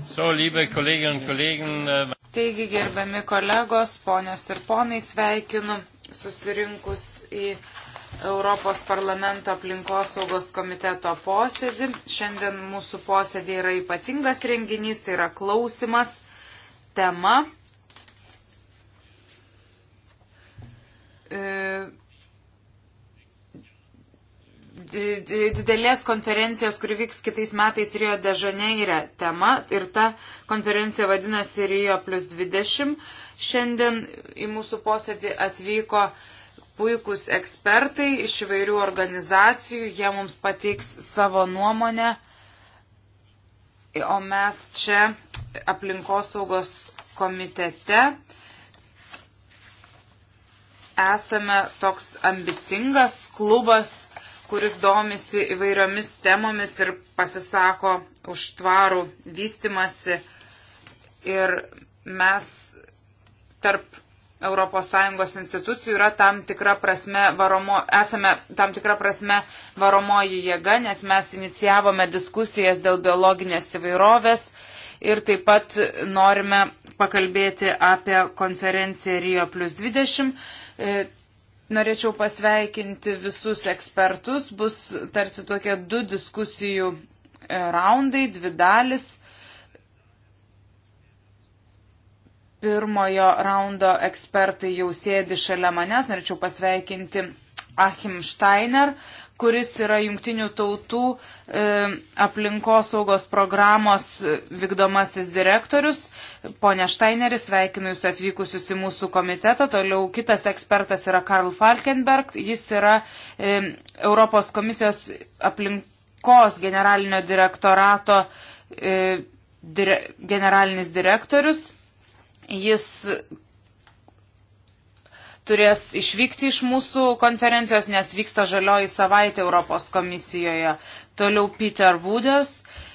So, liebe Kolleginnen und Kollegen. Äh, Taigi, gerbiami kolegos, ponios ir ponai, sveikinu susirinkus į Europos parlamento aplinkosaugos komiteto posėdį. Šiandien mūsų posėdė yra ypatingas renginys, tai yra klausimas tema. E, didelės konferencijos, kuri vyks kitais metais Rio de Žaneire tema ir ta konferencija vadinasi Rio plus 20. Šiandien į mūsų posėdį atvyko puikūs ekspertai iš įvairių organizacijų, jie mums pateiks savo nuomonę, o mes čia aplinkosaugos komitete esame toks ambicingas klubas, kuris domisi įvairiomis temomis ir pasisako už tvarų vystimasi. Ir mes tarp ES institucijų yra tam tikra prasme varomo, esame tam tikra prasme varomoji jėga, nes mes inicijavome diskusijas dėl biologinės įvairovės ir taip pat norime pakalbėti apie konferenciją Rio plus 20 norėčiau pasveikinti visus ekspertus. Bus tarsi tokie du diskusijų e, raundai, dvi dalis. Pirmojo raundo ekspertai jau sėdi šalia manęs. Norėčiau pasveikinti Achim Steiner, kuris yra jungtinių tautų e, aplinkosaugos programos vykdomasis direktorius. Pone Štaineris, sveikinu Jūs atvykusius į mūsų komitetą. Toliau kitas ekspertas yra Karl Falkenberg. Jis yra e, Europos komisijos aplinkos generalinio direktorato e, dire, generalinis direktorius. Jis turės išvykti iš mūsų konferencijos, nes vyksta žalioji savaitė Europos komisijoje. Toliau Peter Wooders,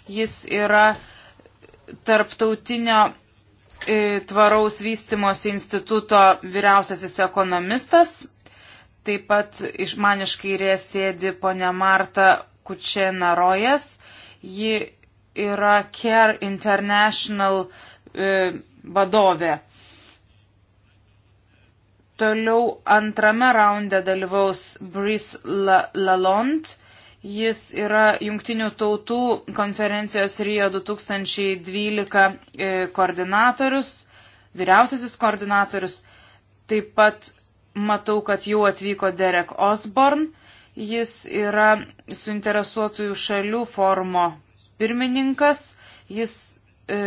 jis yra tarptautinio e, tvaraus vystimosi instituto vyriausiasis ekonomistas. Taip pat iš maniš kairės sėdi ponia Marta Kučenarojas. Ji yra Care International e, vadovė. E, Toliau antrame raunde dalyvaus Brice Lalonde. Jis yra Junktinių tautų konferencijos Rio 2012 e, koordinatorius, vyriausiasis koordinatorius. Taip pat matau, kad jau atvyko Derek Osborne. Jis yra suinteresuotųjų šalių forumo pirmininkas. Jis e,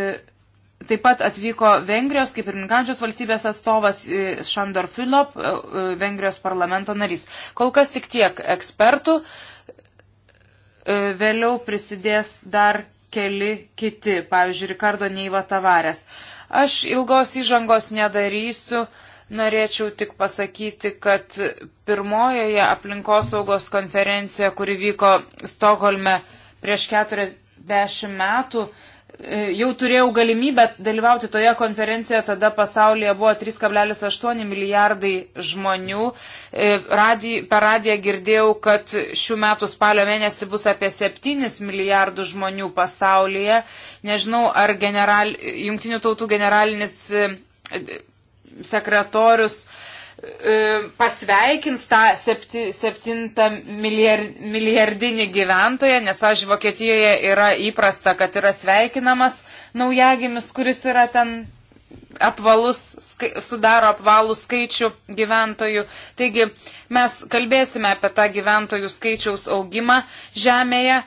Taip pat atvyko Vengrijos, kaip ir minkančios valstybės atstovas e, Šandor Filop, e, e, Vengrijos parlamento narys. Kol kas tik tiek ekspertų, vėliau prisidės dar keli kiti, pavyzdžiui, Rikardo Neiva Tavarės. Aš ilgos įžangos nedarysiu, norėčiau tik pasakyti, kad pirmojoje aplinkosaugos konferencijoje, kuri vyko Stokholme prieš 40 metų, E, jau turėjau galimybę dalyvauti toje konferencijoje, tada pasaulyje buvo 3,8 milijardai žmonių. E, Radį, per radiją girdėjau, kad šių metų spalio mėnesį bus apie 7 milijardų žmonių pasaulyje. Nežinau, ar general, jungtinių tautų generalinis e, sekretorius uh, E, pasveikins tą septi, septintą milijard, milijardinį gyventoją, nes, pažiūrėjau, Vokietijoje yra įprasta, kad yra sveikinamas naujagimis, kuris yra ten apvalus, sudaro apvalų skaičių gyventojų. Taigi mes kalbėsime apie tą gyventojų skaičiaus augimą Žemėje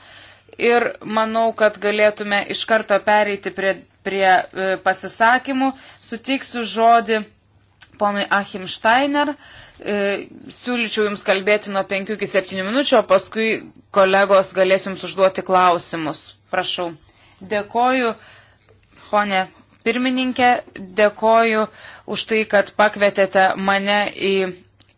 ir manau, kad galėtume iš karto pereiti prie, prie e, pasisakymų. Sutiksiu žodį ponui Achim Steiner. E, siūlyčiau Jums kalbėti nuo 5 iki 7 minučių, o paskui kolegos galės Jums užduoti klausimus. Prašau. Dėkoju, ponė pirmininkė, dėkoju už tai, kad pakvietėte mane į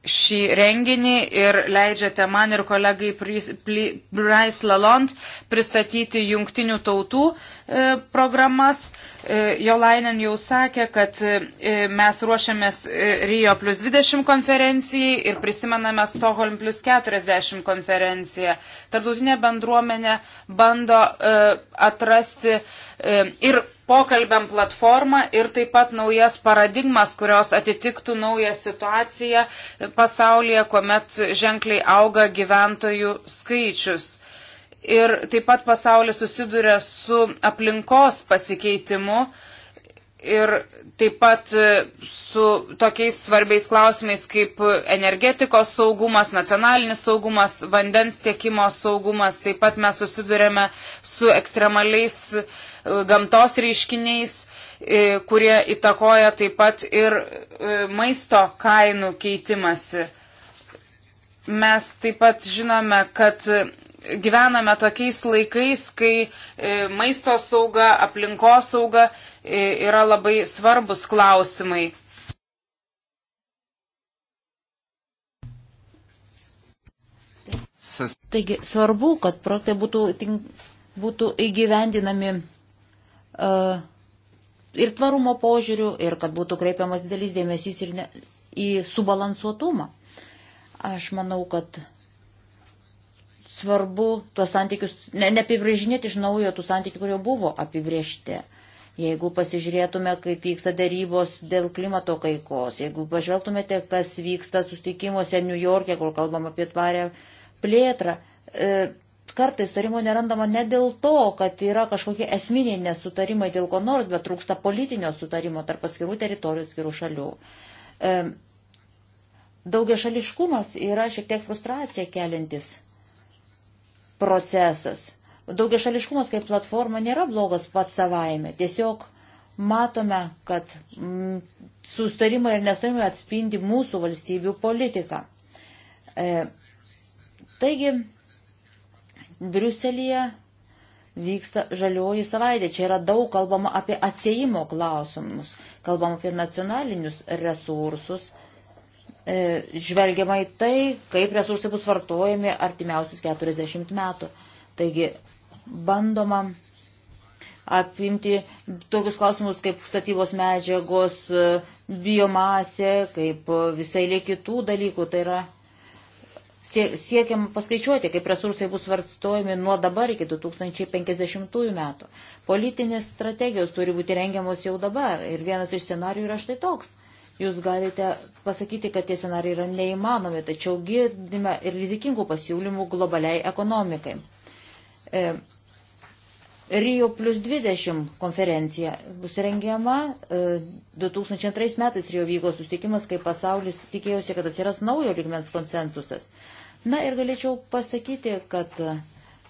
šį renginį ir leidžiate man ir kolegai Bryce Lalonde pristatyti jungtinių tautų e, programas. E, Jolainen jau sakė, kad e, mes ruošiamės Rio plus 20 konferencijai ir prisimename Stoholm plus 40 konferenciją. Tarptautinė bendruomenė bando atrasti ir pokalbiam platformą ir taip pat naujas paradigmas, kurios atitiktų naują situaciją pasaulyje, kuomet ženkliai auga gyventojų skaičius. Ir taip pat pasaulis susiduria su aplinkos pasikeitimu ir taip pat su tokiais svarbiais klausimais kaip energetikos saugumas, nacionalinis saugumas, vandens tiekimo saugumas. Taip pat mes susidurėme su ekstremaliais gamtos reiškiniais, e, kurie įtakoja taip pat ir e, maisto kainų keitimasi. Mes taip pat žinome, kad gyvename tokiais laikais, kai e, maisto sauga, aplinkos sauga yra labai svarbus klausimai. Taigi svarbu, kad projektai būtų, būtų įgyvendinami E, ir tvarumo požiūrių, ir kad būtų kreipiamas didelis dėmesys ir ne, į subalansuotumą. Aš manau, kad svarbu tuos santykius, ne, neapibrėžinėti iš naujo tų santykių, kurie buvo apibrėžti. Jeigu pasižiūrėtume, kaip vyksta dėrybos dėl klimato kaikos, jeigu pažvelgtumėte, kas vyksta sustikimuose New York'e, kur kalbam apie tvarę plėtrą, e, kartais tarimo nerandama ne dėl to, kad yra kažkokie esminiai nesutarimai dėl ko nors, bet trūksta politinio sutarimo tarp atskirų teritorijų, atskirų šalių. E, daugia šališkumas yra šiek tiek frustraciją kelintis procesas. Daugia šališkumas kaip platforma nėra blogas pats savaime. Tiesiog matome, kad mm, sustarimai ir nestarimai atspindi mūsų valstybių politiką. E, taigi, Briuselėje vyksta žalioji savaitė. Čia yra daug kalbama apie atsiejimo klausimus, kalbama apie nacionalinius resursus, e, žvelgiama į tai, kaip resursai bus vartojami artimiausius 40 metų. Taigi bandoma apimti tokius klausimus kaip statybos medžiagos, biomasė, kaip visai lė kitų dalykų. Tai yra siekiam paskaičiuoti, kaip resursai bus vartojami nuo dabar iki 2050 metų. Politinės strategijos turi būti rengiamos jau dabar ir vienas iš scenarių yra štai toks. Jūs galite pasakyti, kad tie scenarijai yra neįmanomi, tačiau girdime ir rizikingų pasiūlymų globaliai ekonomikai. E, Rio plus 20 konferencija bus rengiama. 2002 e, metais Rio vyko susitikimas, kai pasaulis tikėjosi, kad atsiras naujo ligmens konsensusas. Na ir galėčiau pasakyti, kad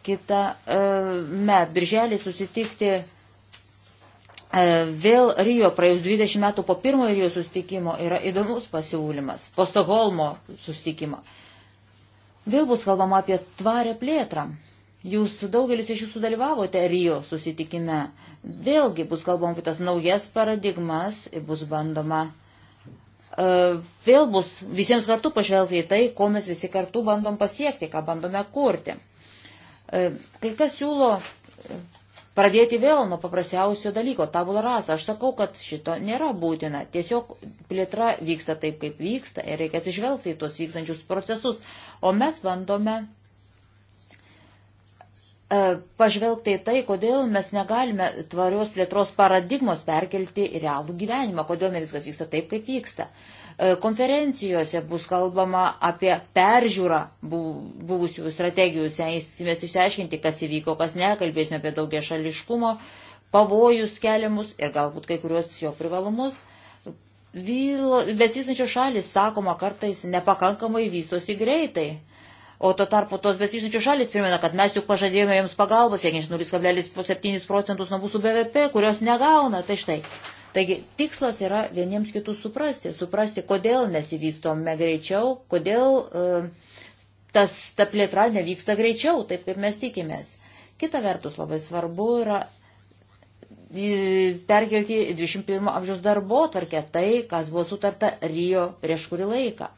kitą e, met, birželį susitikti e, vėl Rijo, praėjus 20 metų po pirmojo Rijo susitikimo, yra įdomus pasiūlymas, po Stokholmo susitikimo. Vėl bus kalbama apie tvarę plėtrą. Jūs daugelis iš jūsų dalyvavote Rijo susitikime. Vėlgi bus kalbama apie tas naujas paradigmas, bus bandoma uh, E, vėl bus visiems kartu pažvelgti į tai, ko mes visi kartu bandom pasiekti, ką bandome kurti. E, kai kas siūlo pradėti vėl nuo paprasčiausio dalyko, tabula rasa. Aš sakau, kad šito nėra būtina. Tiesiog plėtra vyksta taip, kaip vyksta ir reikia atsižvelgti į tuos vykstančius procesus. O mes bandome E, pažvelgti į tai, kodėl mes negalime tvarios plėtros paradigmos perkelti į realų gyvenimą, kodėl ne viskas vyksta taip, kaip vyksta. E, konferencijose bus kalbama apie peržiūrą buvusių strategijų, sėstimės išsiaiškinti, kas įvyko, kas ne, kalbėsime apie daugia šališkumo, pavojus keliamus ir galbūt kai kurios jo privalumus. Besvysančios šalis, sakoma, kartais nepakankamai vystosi greitai O to tarpu tos besivystančios šalis primena, kad mes juk pažadėjome jiems pagalbą, siekiant 0,7 procentus nuo mūsų BVP, kurios negauna. Tai štai. Taigi tikslas yra vieniems kitus suprasti, suprasti, kodėl nesivystome greičiau, kodėl uh, tas, ta plėtra nevyksta greičiau, taip kaip mes tikimės. Kita vertus labai svarbu yra e, perkelti 21 amžiaus darbo tvarkę tai, kas buvo sutarta Rijo prieš kurį laiką.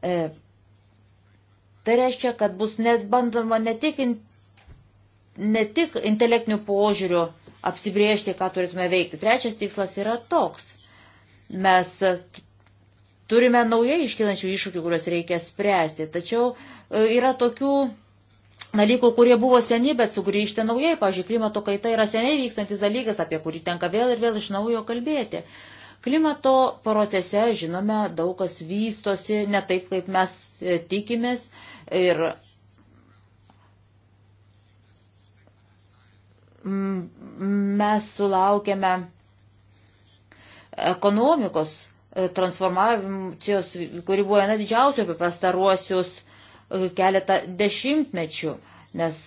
Uh, Tai reiškia, kad bus net bandoma ne tik, in, ne tik intelektinių požiūrių apsibriežti, ką turėtume veikti. Trečias tikslas yra toks. Mes turime naujai iškilančių iššūkių, kuriuos reikia spręsti. Tačiau e, yra tokių dalykų, kurie buvo seni, bet sugrįžti naujai. Pavyzdžiui, klimato kaita yra seniai vykstantis dalykas, apie kurį tenka vėl ir vėl iš naujo kalbėti. Klimato procese, žinome, daug kas vystosi ne taip, kaip mes e, tikimės. Ir mes sulaukėme ekonomikos transformacijos, kuri buvo viena didžiausia apie pastaruosius keletą dešimtmečių, nes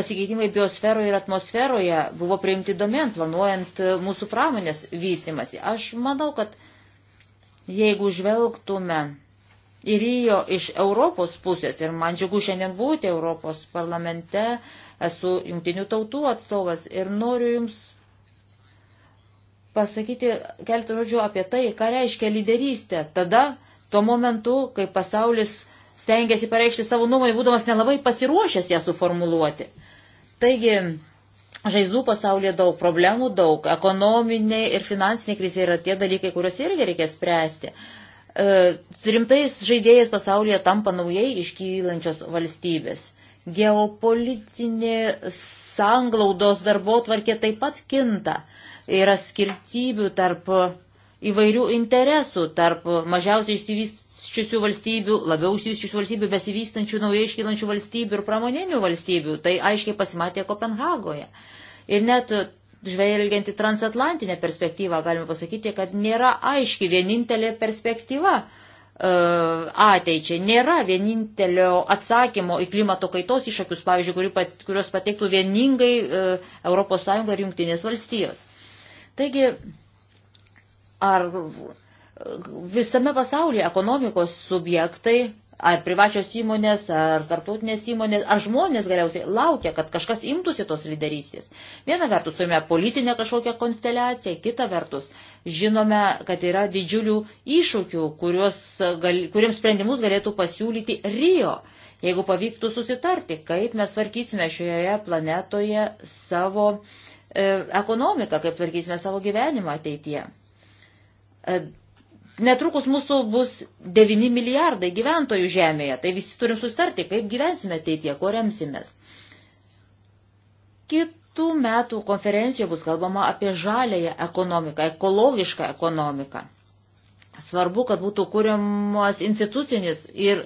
pasikeitimai biosferoje ir atmosferoje buvo priimti domen, planuojant mūsų pramonės vystimasi. Aš manau, kad jeigu žvelgtume ir jo iš Europos pusės. Ir man džiugu šiandien būti Europos parlamente, esu jungtinių tautų atstovas ir noriu Jums pasakyti keletą žodžių apie tai, ką reiškia lyderystė. Tada, tuo momentu, kai pasaulis stengiasi pareikšti savo nuomonę, būdamas nelabai pasiruošęs ją suformuluoti. Taigi, žaizdų pasaulyje daug problemų, daug ekonominė ir finansinė krizė yra tie dalykai, kuriuos irgi reikia spręsti. E, rimtais žaidėjais pasaulyje tampa naujai iškylančios valstybės. Geopolitinė sanglaudos darbo tvarkė taip pat kinta. Yra skirtybių tarp įvairių interesų, tarp mažiausiai išsivysčiusių valstybių, labiau išsivysčiusių valstybių, besivystančių naujai iškylančių valstybių ir pramoninių valstybių. Tai aiškiai pasimatė Kopenhagoje. Ir net žvelgiant į transatlantinę perspektyvą, galime pasakyti, kad nėra aiški vienintelė perspektyva e, ateičiai. Nėra vienintelio atsakymo į klimato kaitos iššūkius, pavyzdžiui, kuriuos pateiktų vieningai ES ir Junktinės valstijos. Taigi, ar visame pasaulyje ekonomikos subjektai ar privačios įmonės, ar tarptautinės įmonės, ar žmonės galiausiai laukia, kad kažkas imtųsi tos lyderystės. Viena vertus turime politinę kažkokią konsteliaciją, kita vertus žinome, kad yra didžiulių iššūkių, kurios, gal, kuriems sprendimus galėtų pasiūlyti Rio. Jeigu pavyktų susitarti, kaip mes tvarkysime šioje planetoje savo e, ekonomiką, kaip tvarkysime savo gyvenimą ateityje. E, Netrukus mūsų bus 9 milijardai gyventojų žemėje, tai visi turim sustarti, kaip gyvensime ateitie, kuo remsimės. Kitų metų konferencijoje bus kalbama apie žalėją ekonomiką, ekologišką ekonomiką. Svarbu, kad būtų kūriamas institucinis ir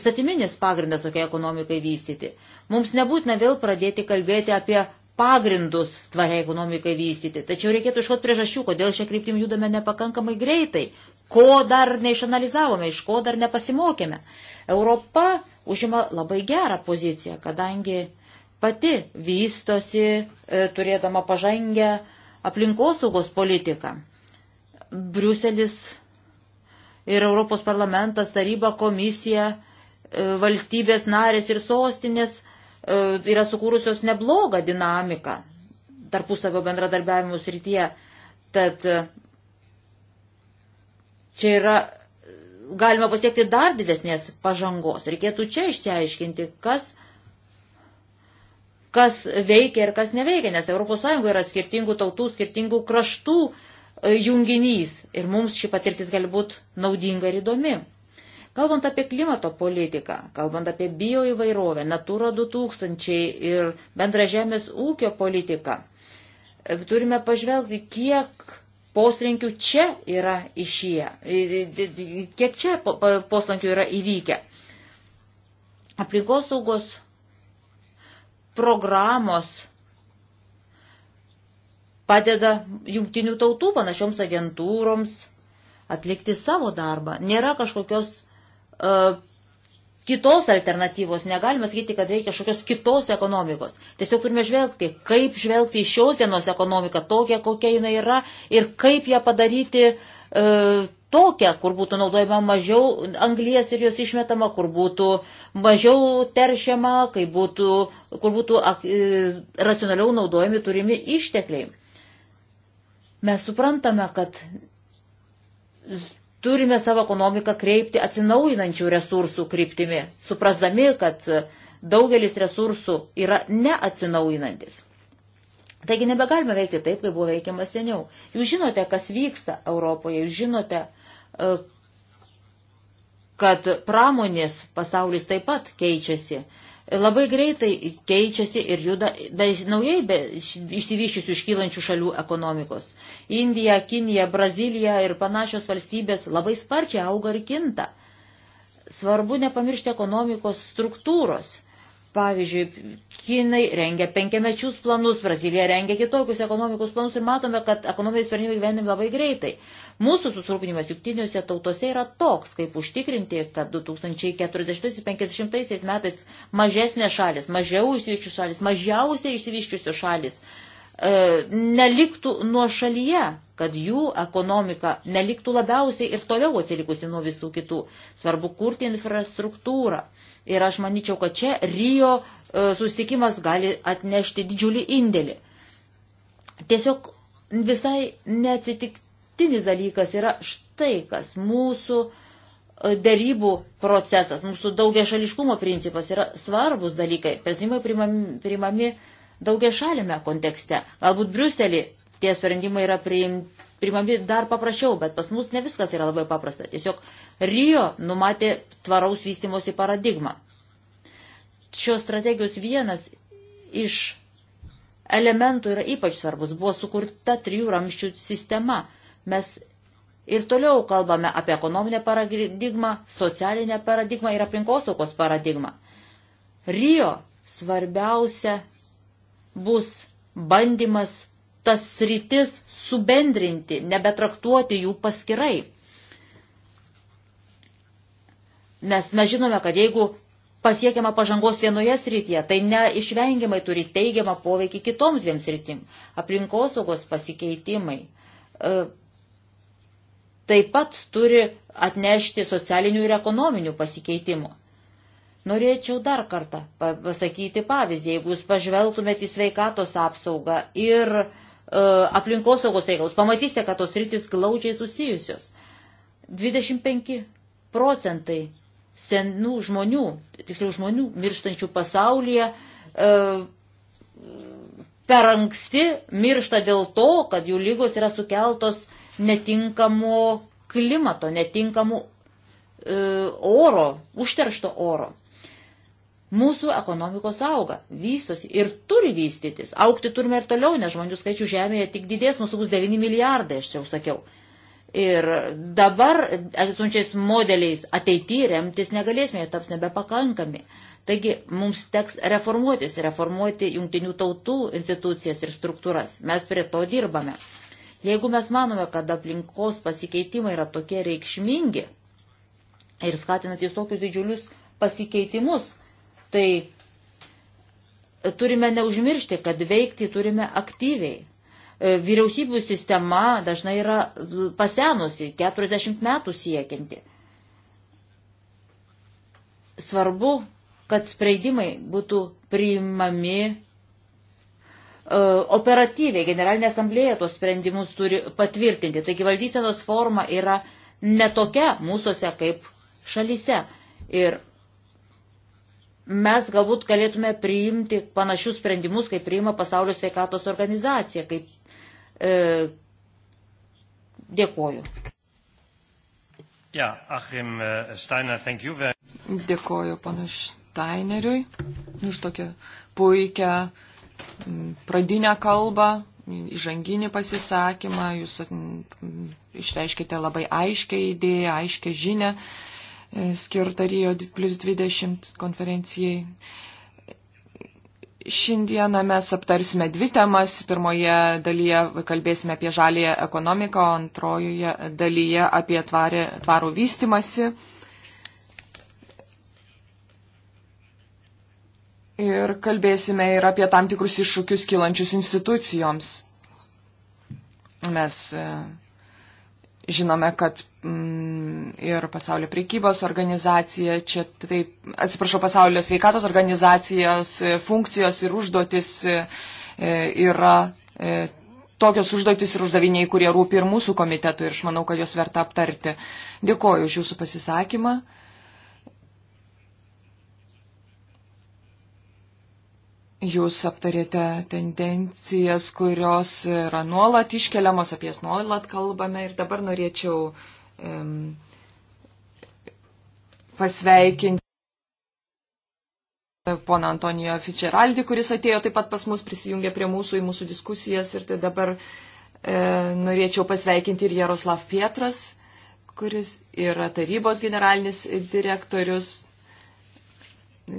įstatyminis pagrindas tokiai ekonomikai vystyti. Mums nebūtina vėl pradėti kalbėti apie pagrindus tvariai ekonomikai vystyti. Tačiau reikėtų iškot priežasčių, kodėl šią kryptim judame nepakankamai greitai, ko dar neišanalizavome, iš ko dar nepasimokėme. Europa užima labai gerą poziciją, kadangi pati vystosi e, turėdama pažangę aplinkosaugos politiką. Briuselis ir Europos parlamentas, taryba, komisija, e, valstybės narės ir sostinės E, yra sukūrusios neblogą dinamiką tarpusavio bendradarbiavimo srityje. Tad e, čia yra galima pasiekti dar didesnės pažangos. Reikėtų čia išsiaiškinti, kas, kas veikia ir kas neveikia, nes ES yra skirtingų tautų, skirtingų kraštų e, junginys ir mums ši patirtis gali būti naudinga ir įdomi. Kalbant apie klimato politiką, kalbant apie bioįvairovę, Natura 2000 ir bendra žemės ūkio politiką, e, turime pažvelgti, kiek poslinkių čia yra išėję, e, e, kiek čia poslinkių yra įvykę. Aplinkosaugos programos padeda jungtinių tautų panašioms agentūroms atlikti savo darbą. Nėra kažkokios uh, kitos alternatyvos, negalime sakyti, kad reikia kažkokios kitos ekonomikos. Tiesiog turime žvelgti, kaip žvelgti į šios dienos ekonomiką, tokią, kokia jinai yra, ir kaip ją padaryti e, tokią, kur būtų naudojama mažiau anglies ir jos išmetama, kur būtų mažiau teršiama, būtų, kur būtų ak, e, racionaliau naudojami turimi ištekliai. Mes suprantame, kad turime savo ekonomiką kreipti atsinaujinančių resursų kryptimi, suprasdami, kad daugelis resursų yra neatsinaujinantis. Taigi nebegalime veikti taip, kaip buvo veikiama seniau. Jūs žinote, kas vyksta Europoje, jūs žinote, e, kad pramonės pasaulis taip pat keičiasi labai greitai keičiasi ir juda be, naujai be, išsivyščiusių iškylančių šalių ekonomikos. Indija, Kinija, Brazilija ir panašios valstybės labai sparčiai auga ir kinta. Svarbu nepamiršti ekonomikos struktūros. Pavyzdžiui, Kinai rengia penkiamečius planus, Brazilija rengia kitokius ekonomikos planus ir matome, kad ekonominiai sprendimai gyvenami labai greitai. Mūsų susirūpinimas jungtinėse tautose yra toks, kaip užtikrinti, kad 2040-50 metais mažesnės šalis, mažiau išsivyščių šalis, mažiausiai išsivyščiusios šalis e, neliktų nuo šalyje, kad jų ekonomika neliktų labiausiai ir toliau atsilikusi nuo visų kitų. Svarbu kurti infrastruktūrą. Ir aš manyčiau, kad čia Rio e, susitikimas gali atnešti didžiulį indėlį. Tiesiog visai neatsitik, Paskutinis dalykas yra štai kas mūsų e, dėrybų procesas, mūsų daugia šališkumo principas yra svarbus dalykai, sprendimai primami, primami daugia šalime kontekste. Galbūt Briuselį tie sprendimai yra primami dar paprasčiau, bet pas mus ne viskas yra labai paprasta. Tiesiog Rio numatė tvaraus vystimosi paradigmą. Šios strategijos vienas iš elementų yra ypač svarbus. Buvo sukurta trijų ramščių sistema Mes ir toliau kalbame apie ekonominę paradigmą, socialinę paradigmą ir aplinkosaugos paradigmą. Rio svarbiausia bus bandymas tas sritis subendrinti, nebetraktuoti jų paskirai. Nes mes žinome, kad jeigu pasiekiama pažangos vienoje srityje, tai neišvengiamai turi teigiamą poveikį kitoms dviem sritim. Aplinkosaugos pasikeitimai, e, taip pat turi atnešti socialinių ir ekonominių pasikeitimų. Norėčiau dar kartą pasakyti pavyzdį, jeigu jūs pažvelgtumėte į sveikatos apsaugą ir e, aplinkosaugos reikalus, pamatysite, kad tos rytis glaudžiai susijusios. 25 procentai senų žmonių, tiksliau žmonių mirštančių pasaulyje, e, per anksti miršta dėl to, kad jų lygos yra sukeltos netinkamo klimato, netinkamo e, oro, užteršto oro. Mūsų ekonomikos auga, vystosi ir turi vystytis. Aukti turime ir toliau, nes žmonių skaičių Žemėje tik didės, mūsų bus 9 milijardai, aš jau sakiau. Ir dabar esančiais modeliais ateityje remtis negalėsime, jie taps nebepakankami. Taigi mums teks reformuotis, reformuoti jungtinių tautų institucijas ir struktūras. Mes prie to dirbame. Jeigu mes manome, kad aplinkos pasikeitimai yra tokie reikšmingi ir skatinantis tokius didžiulius pasikeitimus, tai turime neužmiršti, kad veikti turime aktyviai. E, vyriausybių sistema dažnai yra pasenusi, 40 metų siekianti. Svarbu, kad sprendimai būtų priimami E, operatyviai generalinė asamblėja tos sprendimus turi patvirtinti. Taigi valdysenos forma yra netokia mūsųse kaip šalyse. Ir mes galbūt galėtume priimti panašius sprendimus, kaip priima pasaulio sveikatos organizacija. Kaip, e, dėkoju. Ja, Achim e, Steiner, thank you very much. Dėkoju panu Steineriui už tokią puikią pradinę kalbą, įžanginį pasisakymą, jūs mm, išreiškite labai aiškę idėją, aiškę žinę e, skirtą Rio plus 20 konferencijai. Šiandieną mes aptarsime dvi temas. Pirmoje dalyje kalbėsime apie žalėją ekonomiką, o antrojoje dalyje apie tvarį, tvarų vystimasi. Ir kalbėsime ir apie tam tikrus iššūkius kylančius institucijoms. Mes e, žinome, kad mm, ir pasaulio priekybos organizacija, čia taip, atsiprašau, pasaulio sveikatos organizacijos e, funkcijos ir užduotis e, yra tokios užduotis ir uždaviniai, kurie rūpi ir mūsų komitetui ir aš manau, kad jos verta aptarti. Dėkoju už jūsų pasisakymą. Jūs aptarėte tendencijas, kurios yra nuolat iškeliamos, apie jas nuolat kalbame ir dabar norėčiau um, pasveikinti poną Antonijo Fičeraldį, kuris atėjo taip pat pas mus, prisijungė prie mūsų į mūsų diskusijas ir tai dabar e, norėčiau pasveikinti ir Jaroslav Pietras, kuris yra tarybos generalinis direktorius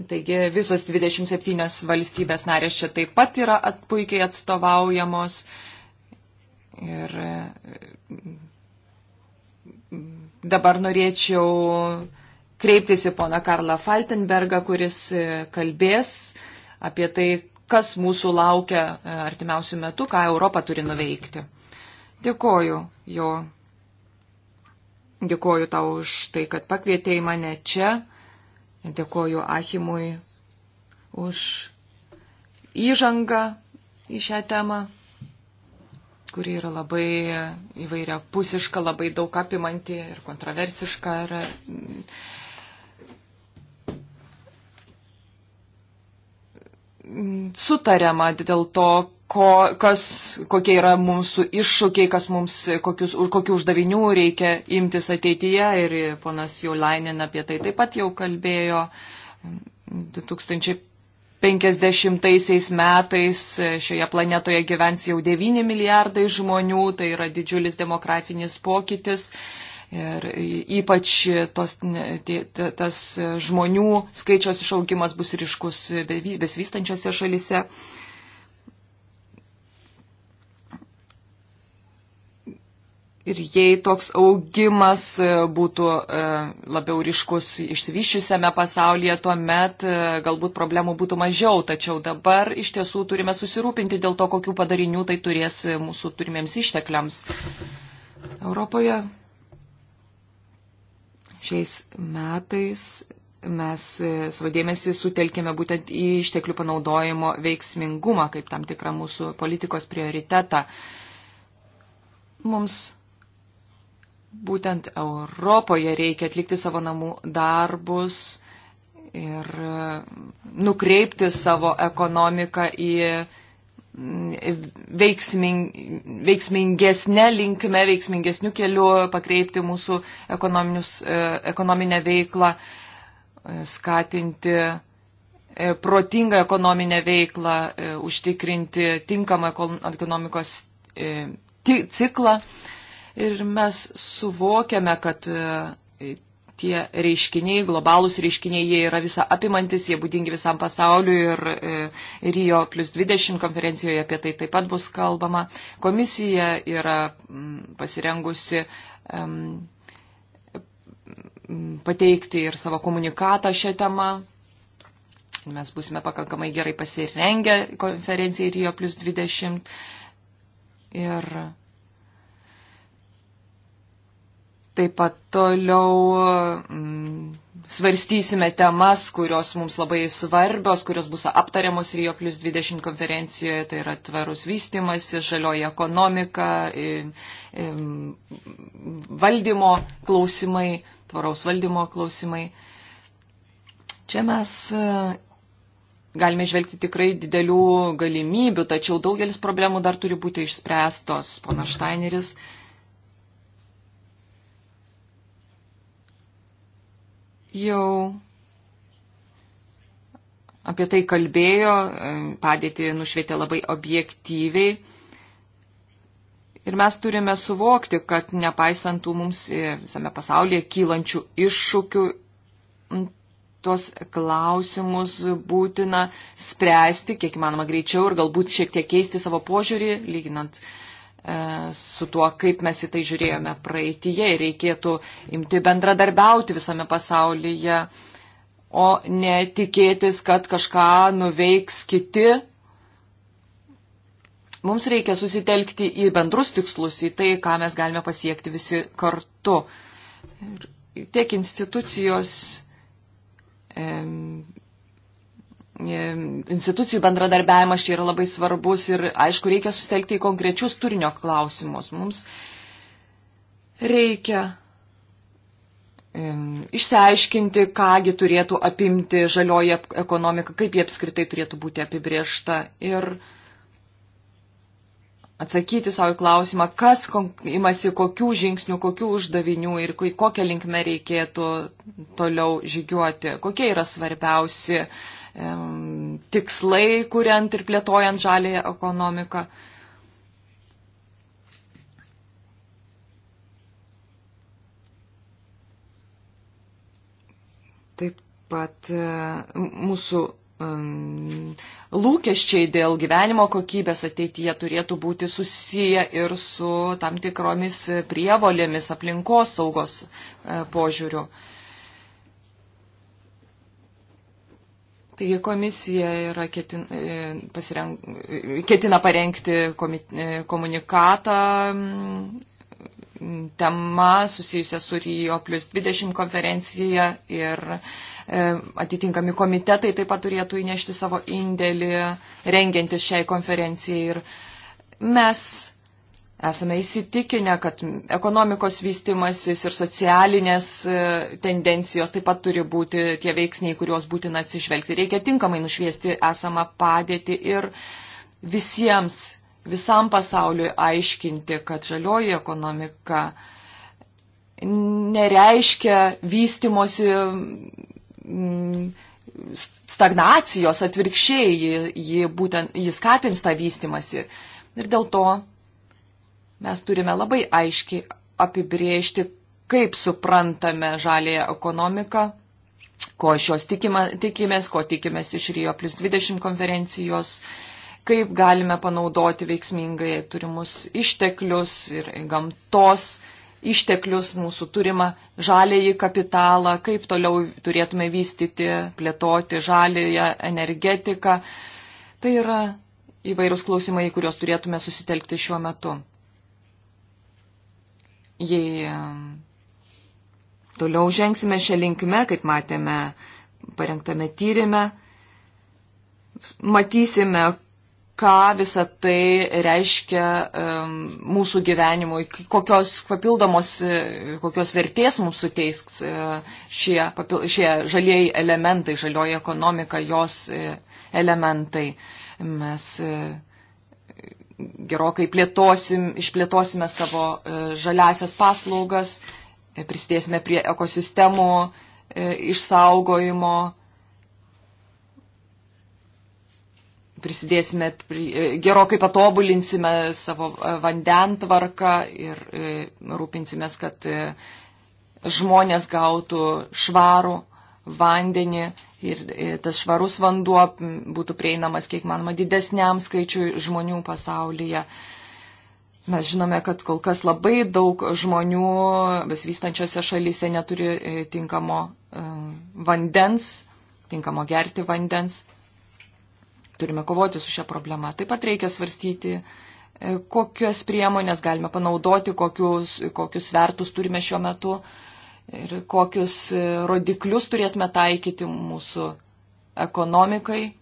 Taigi visos 27 valstybės narės čia taip pat yra at, puikiai atstovaujamos. Ir mm, dabar norėčiau kreiptis į poną Karlą Faltenbergą, kuris e, kalbės apie tai, kas mūsų laukia e, artimiausių metų, ką Europa turi nuveikti. Dėkoju jo. Dėkoju tau už tai, kad pakvietėjai mane čia. Dėkoju Achimui už įžangą į šią temą, kuri yra labai įvairia pusiška, labai daug apimanti ir kontroversiška. Ir, mm, sutariama dėl to, ko, kas, kokie yra mūsų iššūkiai, kas mums, kokius, kokių uždavinių reikia imtis ateityje. Ir ponas Jaulainin apie tai taip pat jau kalbėjo 2050 metais. Šioje planetoje gyvens jau 9 milijardai žmonių, tai yra didžiulis demografinis pokytis. Ir ypač tos, tie, tas žmonių skaičiaus išaugimas bus ryškus besivystančiose šalise. Be Ir jei toks augimas e, būtų e, labiau ryškus išsivyščiusiame pasaulyje, tuomet e, galbūt problemų būtų mažiau. Tačiau dabar iš tiesų turime susirūpinti dėl to, kokių padarinių tai turės mūsų turimiems ištekliams. Europoje šiais metais mes savo dėmesį sutelkėme būtent į išteklių panaudojimo veiksmingumą kaip tam tikrą mūsų politikos prioritetą. Mums būtent Europoje reikia atlikti savo namų darbus ir e, nukreipti savo ekonomiką į veiksming, veiksmingesnė linkme, veiksmingesnių kelių, pakreipti mūsų e, ekonominę veiklą, e, skatinti protingą ekonominę veiklą, užtikrinti tinkamą ekonomikos ciklą. Ir mes suvokiame, kad e, tie reiškiniai, globalūs reiškiniai, jie yra visa apimantis, jie būdingi visam pasauliu ir e, Rio plus 20 konferencijoje apie tai taip pat bus kalbama. Komisija yra pasirengusi pateikti ir savo komunikatą šią temą. Mes būsime pakankamai gerai pasirengę konferencijai Rio plus 20. Ir Taip pat toliau mm, svarstysime temas, kurios mums labai svarbios, kurios bus aptariamos Rio plus 20 konferencijoje, tai yra tvarus vystimas, žalioji ekonomika, valdymo klausimai, tvaraus valdymo klausimai. Čia mes e, galime žvelgti tikrai didelių galimybių, tačiau daugelis problemų dar turi būti išspręstos. Pana Štaineris jau apie tai kalbėjo, e, padėtį nušvietė labai objektyviai. Ir mes turime suvokti, kad nepaisant tų mums e, visame pasaulyje kylančių iššūkių, tuos klausimus būtina spręsti, kiek įmanoma greičiau ir galbūt šiek tiek keisti savo požiūrį, lyginant uh, E, su tuo, kaip mes į tai žiūrėjome praeitįje ir reikėtų imti bendradarbiauti visame pasaulyje, o ne tikėtis, kad kažką nuveiks kiti. Mums reikia susitelkti į bendrus tikslus, į tai, ką mes galime pasiekti visi kartu. Ir tiek institucijos. E, E, institucijų bendradarbiavimas čia yra labai svarbus ir, aišku, reikia sustelkti į konkrečius turinio klausimus. Mums reikia e, išsiaiškinti, kągi turėtų apimti žalioji ekonomika, kaip jie apskritai turėtų būti apibriešta ir atsakyti savo į klausimą, kas imasi kokių žingsnių, kokių uždavinių ir kokią linkmę reikėtų toliau žygiuoti, kokie yra svarbiausi tikslai, kuriant ir plėtojant žalėją ekonomiką. Taip pat e, mūsų lūkesčiai dėl gyvenimo kokybės ateityje turėtų būti susiję ir su tam tikromis prievolėmis aplinkos saugos e, požiūriu. Taigi komisija yra ketin, e, pasireng, ketina parengti komit, e, komunikatą tema susijusia su Rio plus 20 konferencija ir e, atitinkami komitetai taip pat turėtų įnešti savo indėlį rengiantis šiai konferencijai. Ir mes Esame įsitikinę, kad ekonomikos vystimasis ir socialinės e, tendencijos taip pat turi būti tie veiksniai, kuriuos būtina atsižvelgti. Reikia tinkamai nušviesti esamą padėtį ir visiems, visam pasauliui aiškinti, kad žalioji ekonomika nereiškia vystimosi mm, stagnacijos, atvirkščiai ji, ji būtent, ji skatins tą vystimasi. Ir dėl to Mes turime labai aiškiai apibriežti, kaip suprantame žalėją ekonomiką, ko iš jos tikima, tikimės, ko tikimės iš Rio plus 20 konferencijos, kaip galime panaudoti veiksmingai turimus išteklius ir gamtos išteklius, mūsų turimą žalėjį kapitalą, kaip toliau turėtume vystyti, plėtoti žalėją energetiką. Tai yra įvairūs klausimai, kuriuos turėtume susitelkti šiuo metu. Jei toliau žengsime šią linkmę, kaip matėme parengtame tyrimė, matysime, ką visa tai reiškia um, mūsų gyvenimui, kokios papildomos, e, kokios vertės mums suteiks uh, šie, papil, šie žalieji elementai, žalioji ekonomika, jos uh, elementai. Mes uh, gerokai plėtosim, išplėtosime savo e, žaliasias paslaugas, e, prisidėsime prie ekosistemų e, išsaugojimo, prisidėsime, prie, gerokai patobulinsime savo vandentvarką ir rūpinsimės, kad žmonės gautų švarų vandenį ir e, tas švarus vanduo būtų prieinamas kiek manoma didesniam skaičiui žmonių pasaulyje. Mes žinome, kad kol kas labai daug žmonių besivystančiose šalyse neturi e, tinkamo e, vandens, tinkamo gerti vandens. Turime kovoti su šia problema. Taip pat reikia svarstyti, kokias priemonės galime panaudoti, kokius, kokius svertus turime šiuo metu ir kokius e, rodiklius turėtume taikyti mūsų ekonomikai,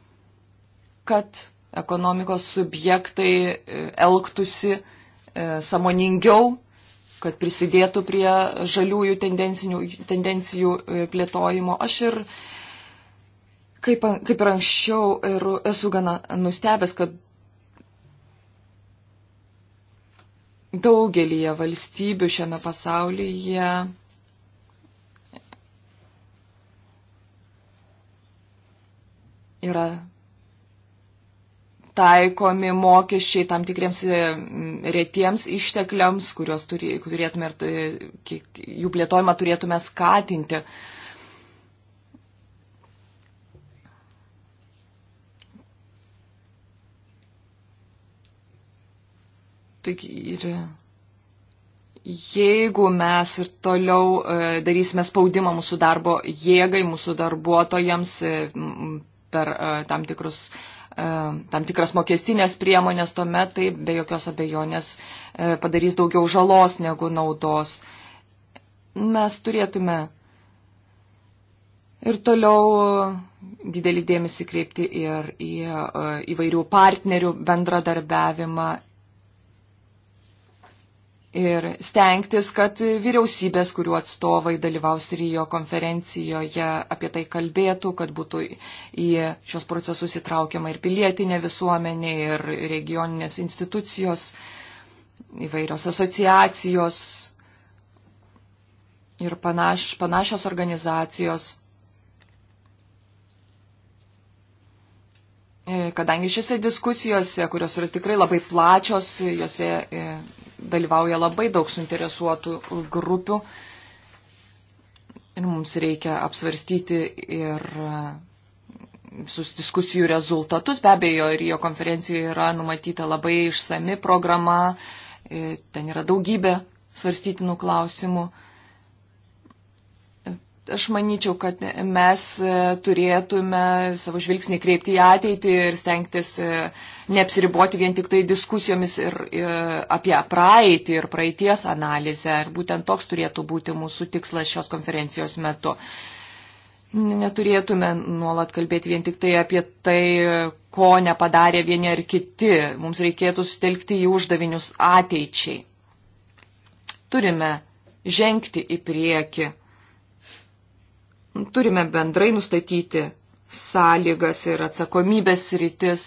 kad ekonomikos subjektai e, elgtųsi e, samoningiau, kad prisidėtų prie žaliųjų tendencijų plėtojimo. Aš ir kaip, kaip ir anksčiau ir esu gana nustebęs, kad daugelįje valstybių šiame pasaulyje yra taikomi mokesčiai tam tikriems e, retiems ištekliams, kuriuos turėtume ir jų plėtojimą turėtume skatinti. Taigi ir jeigu mes ir toliau e, darysime spaudimą mūsų darbo jėgai, mūsų darbuotojams, e, per e, tam, tikrus, e, tam tikras mokestinės priemonės, tuomet tai be jokios abejonės e, padarys daugiau žalos negu naudos. Mes turėtume ir toliau didelį dėmesį kreipti ir į įvairių partnerių bendradarbiavimą ir stengtis, kad vyriausybės, kurių atstovai dalyvaus Rijo konferencijoje, apie tai kalbėtų, kad būtų į šios procesus įtraukiama ir pilietinė visuomenė, ir regioninės institucijos, įvairios asociacijos ir panaš, panašios organizacijos. E, kadangi šiose diskusijose, kurios yra tikrai labai plačios, jose e, dalyvauja labai daug suinteresuotų grupių ir mums reikia apsvarstyti ir visus e, diskusijų rezultatus. Be abejo, Rio konferencijoje yra numatyta labai išsami programa, e, ten yra daugybė svarstytinų klausimų. Aš manyčiau, kad mes e, turėtume savo žvilgsnį kreipti į ateitį ir stengtis e, neapsiriboti vien tik tai diskusijomis ir, ir e, apie praeitį ir praeities analizę. Ir būtent toks turėtų būti mūsų tikslas šios konferencijos metu. Neturėtume nuolat kalbėti vien tik tai apie tai, ko nepadarė vieni ar kiti. Mums reikėtų sutelkti į uždavinius ateičiai. Turime žengti į priekį turime bendrai nustatyti sąlygas ir atsakomybės rytis,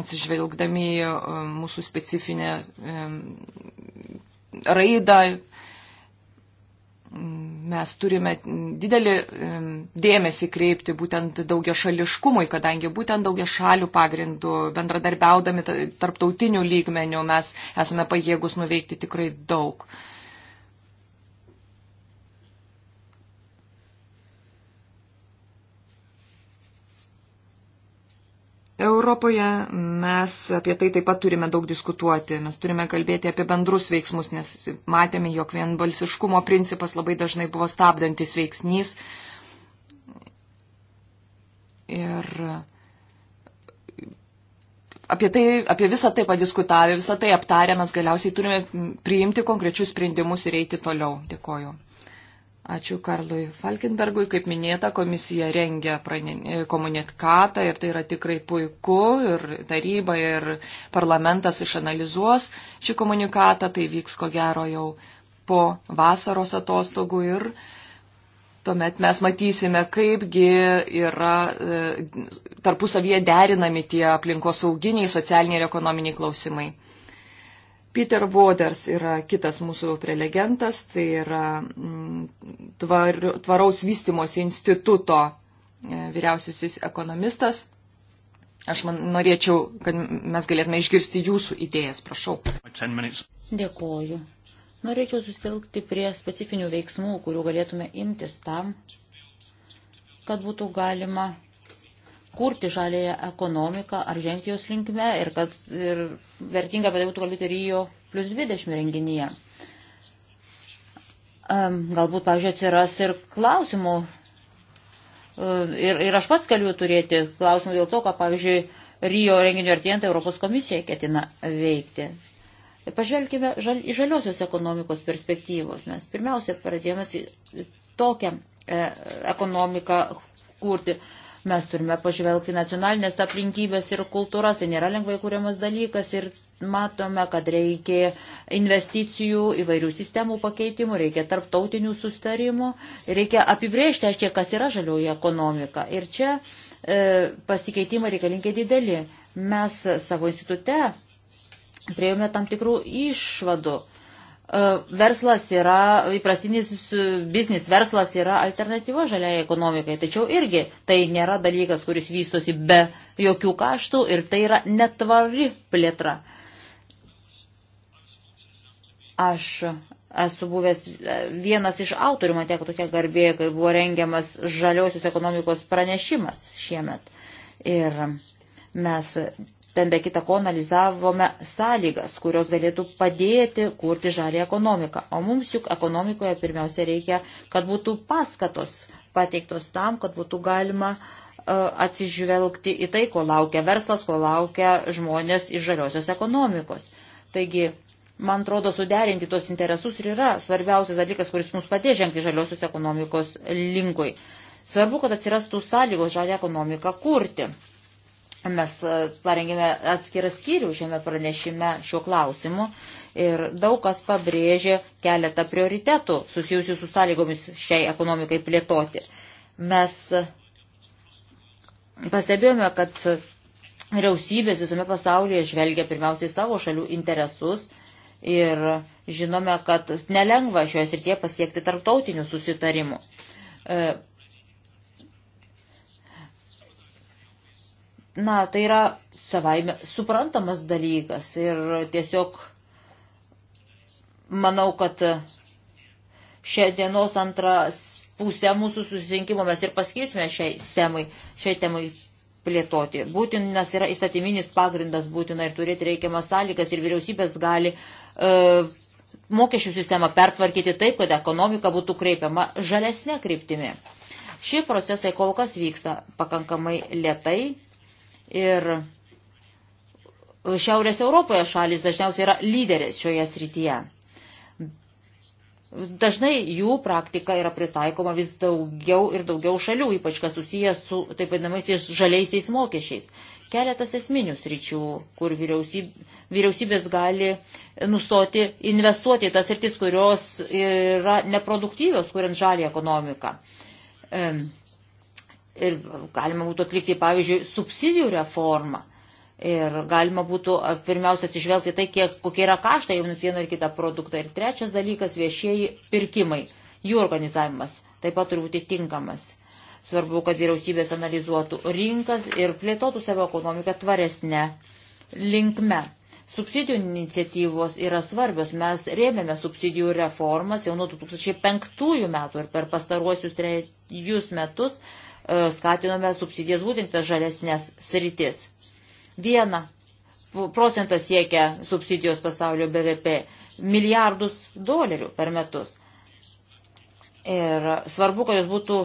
atsižvelgdami e, mūsų specifinę e, raidą. Mes turime didelį e, dėmesį kreipti būtent daugia šališkumui, kadangi būtent daugia šalių pagrindų, bendradarbiaudami tarptautinių lygmenių, mes esame pajėgus nuveikti tikrai daug. Uh, Europoje mes apie tai taip pat turime daug diskutuoti, mes turime kalbėti apie bendrus veiksmus, nes matėme, jog vienbalsiškumo principas labai dažnai buvo stabdantis veiksnys. Ir apie, tai, apie visą tai padiskutavę, visą tai aptarę, mes galiausiai turime priimti konkrečius sprendimus ir eiti toliau. Dėkoju. Ačiū Karlui Falkenbergui. Kaip minėta, komisija rengia komunikatą ir tai yra tikrai puiku. Ir taryba, ir parlamentas išanalizuos šį komunikatą. Tai vyks ko gero jau po vasaros atostogų ir tuomet mes matysime, kaipgi yra e, tarpusavyje derinami tie aplinkosauginiai, socialiniai ir ekonominiai klausimai. Peter Voders yra kitas mūsų prelegentas, tai yra mm, tvar, tvaraus vystimosi instituto e, vyriausiasis ekonomistas. Aš man, norėčiau, kad mes galėtume išgirsti jūsų idėjas, prašau. Dėkoju. Norėčiau susilgti prie specifinių veiksmų, kurių galėtume imtis tam, kad būtų galima kurti žalėją ekonomiką ar žengti jos linkme ir kad ir vertinga apie tai būtų kalbėti Rijo plus 20 renginyje. Galbūt, pavyzdžiui, atsiras ir klausimų. E, ir, ir aš pats galiu turėti klausimų dėl to, ką, pavyzdžiui, Rijo renginio artėjant Europos komisija ketina veikti. Pažvelkime žal, į žaliosios ekonomikos perspektyvos. Mes pirmiausia pradėjome tokią e, ekonomiką kurti, Mes turime pažvelgti nacionalinės aplinkybės ir kultūras, tai nėra lengvai kūriamas dalykas ir matome, kad reikia investicijų, įvairių sistemų pakeitimų, reikia tarptautinių sustarimų, reikia apibrėžti, aiškiai, kas yra žalioji ekonomika. Ir čia e, pasikeitimai reikalingi dideli. Mes savo institute priejome tam tikrų išvadų. E, E, verslas yra, įprastinis e, biznis verslas yra alternatyva žaliai ekonomikai, tačiau irgi tai nėra dalykas, kuris vystosi be jokių kaštų ir tai yra netvari plėtra. Aš esu buvęs e, vienas iš autorių, man teko tokia garbė, kai buvo rengiamas žaliosios ekonomikos pranešimas šiemet. Ir mes Ten be kita ko analizavome sąlygas, kurios galėtų padėti kurti žalį ekonomiką. O mums juk ekonomikoje pirmiausia reikia, kad būtų paskatos pateiktos tam, kad būtų galima uh, atsižvelgti į tai, ko laukia verslas, ko laukia žmonės iš žaliosios ekonomikos. Taigi, man atrodo, suderinti tos interesus ir yra svarbiausias dalykas, kuris mums padės žengti žaliosios ekonomikos linkui. Svarbu, kad atsirastų sąlygos žalę ekonomiką kurti. Mes e, parengėme atskirą skyrių šiame pranešime šiuo klausimu ir daug kas pabrėžė keletą prioritetų susijusių su sąlygomis šiai ekonomikai plėtoti. Mes e, pastebėjome, kad vyriausybės visame pasaulyje žvelgia pirmiausiai savo šalių interesus ir žinome, kad nelengva šioje srityje pasiekti tarptautinių susitarimų. E, na, tai yra savaime suprantamas dalykas ir tiesiog manau, kad šiandienos antras pusę mūsų susirinkimo mes ir paskirsime šiai, semai, šiai temai plėtoti. Būtinas yra įstatyminis pagrindas, būtina ir turėti reikiamas sąlygas ir vyriausybės gali e, mokesčių sistemą pertvarkyti taip, kad ekonomika būtų kreipiama žalesnė kryptimi. Šie procesai kol kas vyksta pakankamai lietai Ir Šiaurės Europoje šalis dažniausiai yra lyderės šioje srityje. Dažnai jų praktika yra pritaikoma vis daugiau ir daugiau šalių, ypač kas susijęs su taip vadinamaisiais žaliaisiais mokesčiais. Keletas esminių sričių, kur vyriausybė, vyriausybės gali nustoti investuoti į tas sritis, kurios yra neproduktyvios, kuriant žalį ekonomiką. E, Ir galima būtų atlikti, pavyzdžiui, subsidijų reformą. Ir galima būtų pirmiausia atsižvelgti tai, kiek, kokie yra kaštai jau net vieną ar kitą produktą. Ir trečias dalykas - viešieji pirkimai. Jų organizavimas taip pat turi būti tinkamas. Svarbu, kad vyriausybės analizuotų rinkas ir plėtotų savo ekonomiką tvaresnę linkme. Subsidijų iniciatyvos yra svarbios. Mes rėmėme subsidijų reformas jau nuo 2005 metų ir per pastaruosius trejus metus E, skatinome subsidijas būtent tas žalesnės sritis. Viena procentas siekia subsidijos pasaulio BVP milijardus dolerių per metus. Ir svarbu, kad jos būtų,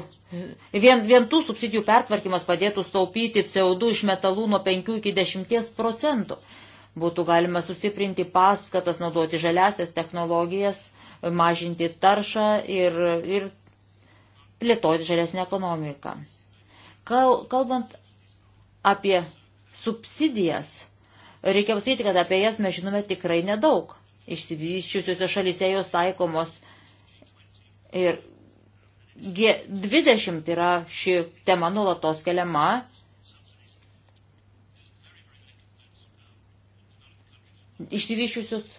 vien, vien tų subsidijų pertvarkymas padėtų staupyti CO2 iš metalų nuo 5 iki 10 procentų. Būtų galima sustiprinti paskatas, naudoti žaliasias technologijas, mažinti taršą ir, ir plėtoti žalesnę ekonomiką. Kalbant apie subsidijas, reikia pasakyti, kad apie jas mes žinome tikrai nedaug. Išsivyščiusiuose šalyse jos taikomos ir G20 yra ši tema nulatos keliama. Išsivyščiusius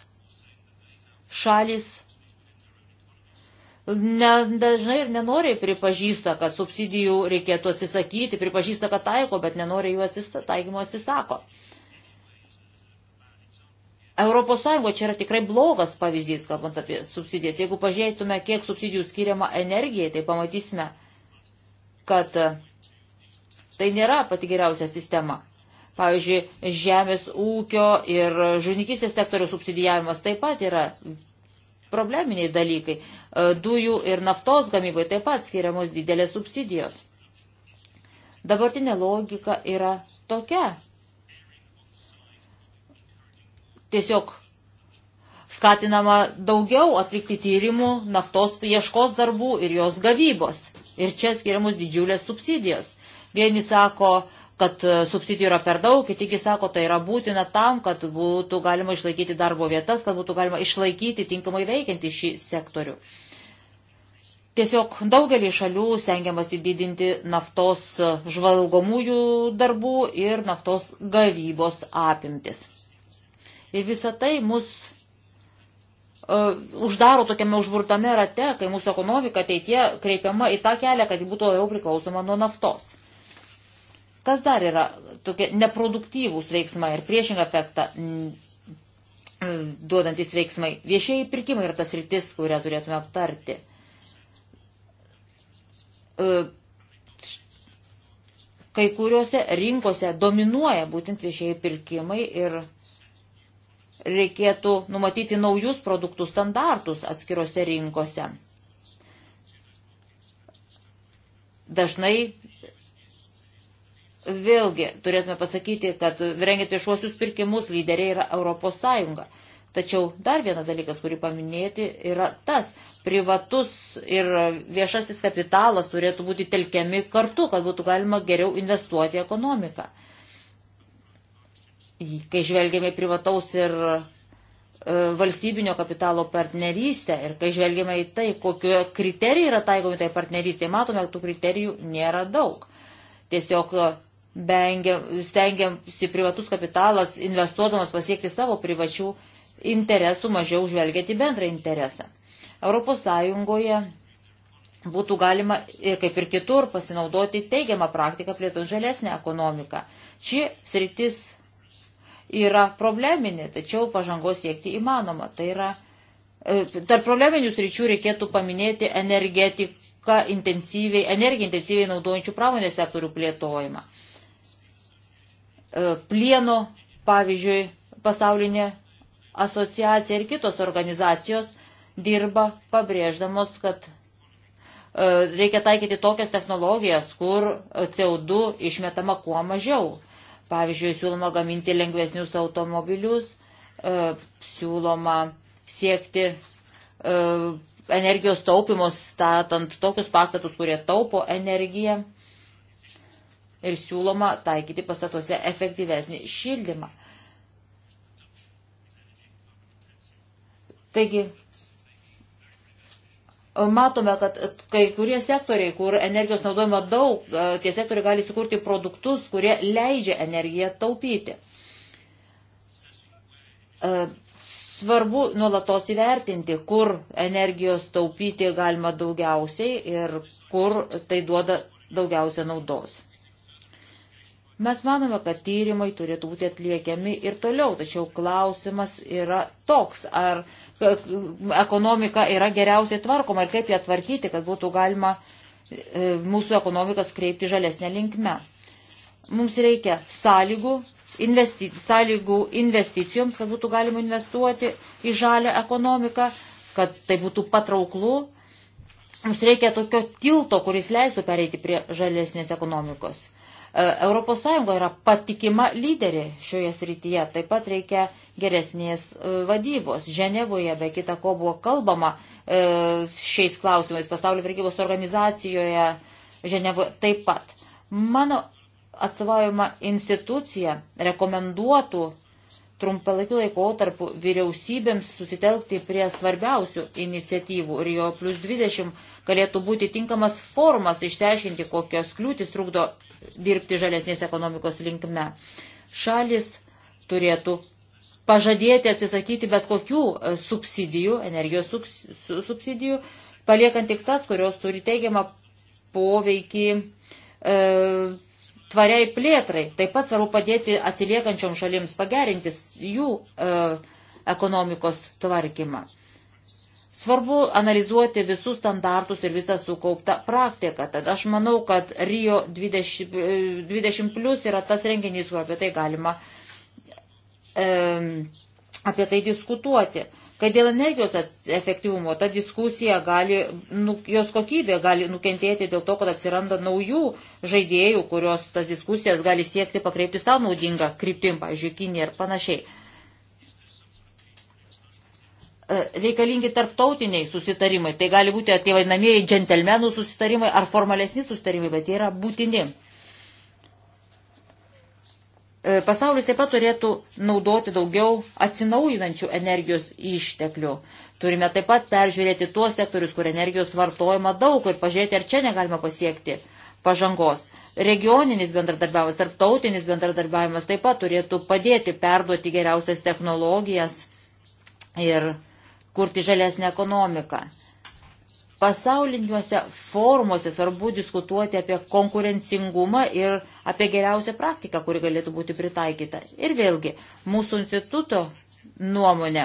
šalis dažnai ir nenoriai pripažįsta, kad subsidijų reikėtų atsisakyti, pripažįsta, kad taiko, bet nenoriai jų atsisa, taikymo atsisako. Europos Sąjungo čia yra tikrai blogas pavyzdys, kalbant apie subsidijas. Jeigu pažiūrėtume, kiek subsidijų skiriama energijai, tai pamatysime, kad tai nėra pati geriausia sistema. Pavyzdžiui, žemės ūkio ir žuvininkystės sektorių subsidijavimas taip pat yra probleminiai dalykai. E, dujų ir naftos gamybai taip pat skiriamos didelės subsidijos. Dabartinė logika yra tokia. Tiesiog skatinama daugiau atlikti tyrimų naftos ieškos darbų ir jos gavybos. Ir čia skiriamos didžiulės subsidijos. Vieni sako, kad e, subsidijų yra per daug, kitigi sako, tai yra būtina tam, kad būtų galima išlaikyti darbo vietas, kad būtų galima išlaikyti tinkamai veikiantį šį sektorių. Tiesiog daugelį šalių stengiamas įdidinti naftos žvalgomųjų darbų ir naftos gavybos apimtis. Ir visa tai mus uh, uždaro tokiame užburtame rate, kai mūsų ekonomika ateitie kreipiama į tą kelią, kad ji būtų labiau priklausoma nuo naftos. Kas dar yra tokie neproduktyvūs veiksmai ir priešingą efektą mm, duodantis veiksmai? Viešieji pirkimai yra tas rytis, kurią turėtume aptarti. E, kai kuriuose rinkose dominuoja būtent viešieji pirkimai ir reikėtų numatyti naujus produktų standartus atskirose rinkose. Dažnai vėlgi turėtume pasakyti, kad rengiant viešuosius pirkimus lyderiai yra Europos Sąjunga. Tačiau dar vienas dalykas, kurį paminėti, yra tas, privatus ir viešasis kapitalas turėtų būti telkiami kartu, kad būtų galima geriau investuoti ekonomiką. Kai žvelgėme privataus ir e, valstybinio kapitalo partnerystę ir kai žvelgėme į tai, kokie kriterijai yra taikomi tai partnerystėje, matome, kad tų kriterijų nėra daug. Tiesiog stengiamsi privatus kapitalas investuodamas pasiekti savo privačių interesų, mažiau žvelgiant į bendrą interesą. Europos Sąjungoje būtų galima ir kaip ir kitur pasinaudoti teigiamą praktiką plėtos žalesnę ekonomiką. Ši sritis yra probleminė, tačiau pažangos siekti įmanoma. Tai yra, e, tarp probleminių sričių reikėtų paminėti energetiką intensyviai, energiją intensyviai naudojančių pramonės sektorių plėtojimą. E, plieno, pavyzdžiui, pasaulinė asociacija ir kitos organizacijos dirba pabrėždamos, kad e, reikia taikyti tokias technologijas, kur CO2 išmetama kuo mažiau. Pavyzdžiui, siūloma gaminti lengvesnius automobilius, e, siūloma siekti energijos taupimos, statant tokius pastatus, kurie taupo energiją ir siūloma taikyti pastatuose efektyvesnį šildymą. Taigi, matome, kad kai kurie sektoriai, kur energijos naudojama daug, e, tie sektoriai gali sukurti produktus, kurie leidžia energiją taupyti. E, svarbu nuolatos įvertinti, kur energijos taupyti galima daugiausiai ir kur tai duoda daugiausia naudos. Mes manome, kad tyrimai turėtų būti atliekiami ir toliau, tačiau klausimas yra toks, ar ekonomika yra geriausiai tvarkoma ir kaip ją tvarkyti, kad būtų galima e, mūsų ekonomikas kreipti žalesnė linkme. Mums reikia sąlygų, investi sąlygų investicijoms, kad būtų galima investuoti į žalę ekonomiką, kad tai būtų patrauklu. Mums reikia tokio tilto, kuris leistų pereiti prie žalesnės ekonomikos ES yra patikima lyderė šioje srityje, taip pat reikia geresnės e, vadybos. Ženevoje be kita ko buvo kalbama e, šiais klausimais pasaulio prekybos organizacijoje Ženevoje taip pat. Mano atstovaujama institucija rekomenduotų trumpalaikiu laikotarpiu vyriausybėms susitelkti prie svarbiausių iniciatyvų ir jo plus 20 galėtų būti tinkamas formas išsiaiškinti, kokios kliūtis trukdo dirbti žalesnės ekonomikos linkme. Šalis turėtų pažadėti atsisakyti bet kokių e, subsidijų, energijos subsidijų, paliekant tik tas, kurios turi teigiamą poveikį e, tvariai plėtrai. Taip pat svarbu padėti atsiliekančiom šalims pagerintis jų e, ekonomikos tvarkymą. Svarbu analizuoti visus standartus ir visą sukauptą praktiką. Tad aš manau, kad Rio 20, 20 e, plus yra tas renginys, kur apie tai galima e, apie tai diskutuoti. E, kad dėl energijos efektyvumo ta diskusija gali, nu, jos kokybė gali nukentėti dėl to, kad atsiranda naujų žaidėjų, kurios tas diskusijas gali siekti pakreipti savo naudingą kryptim, pavyzdžiui, Kinė ir panašiai. E, reikalingi tarptautiniai susitarimai, tai gali būti tie vadinamieji džentelmenų susitarimai ar formalesni susitarimai, bet jie yra būtini. E, pasaulis taip pat turėtų naudoti daugiau atsinaujinančių energijos išteklių. Turime taip pat peržiūrėti tuos sektorius, kur energijos vartojama daug ir pažiūrėti, ar čia negalima pasiekti pažangos. Regioninis bendradarbiavimas, tarptautinis bendradarbiavimas taip pat turėtų padėti perduoti geriausias technologijas ir kurti žalesnę ekonomiką. Pasauliniuose formuose svarbu diskutuoti apie konkurencingumą ir apie geriausią praktiką, kuri galėtų būti pritaikyta. Ir vėlgi, mūsų instituto nuomonė,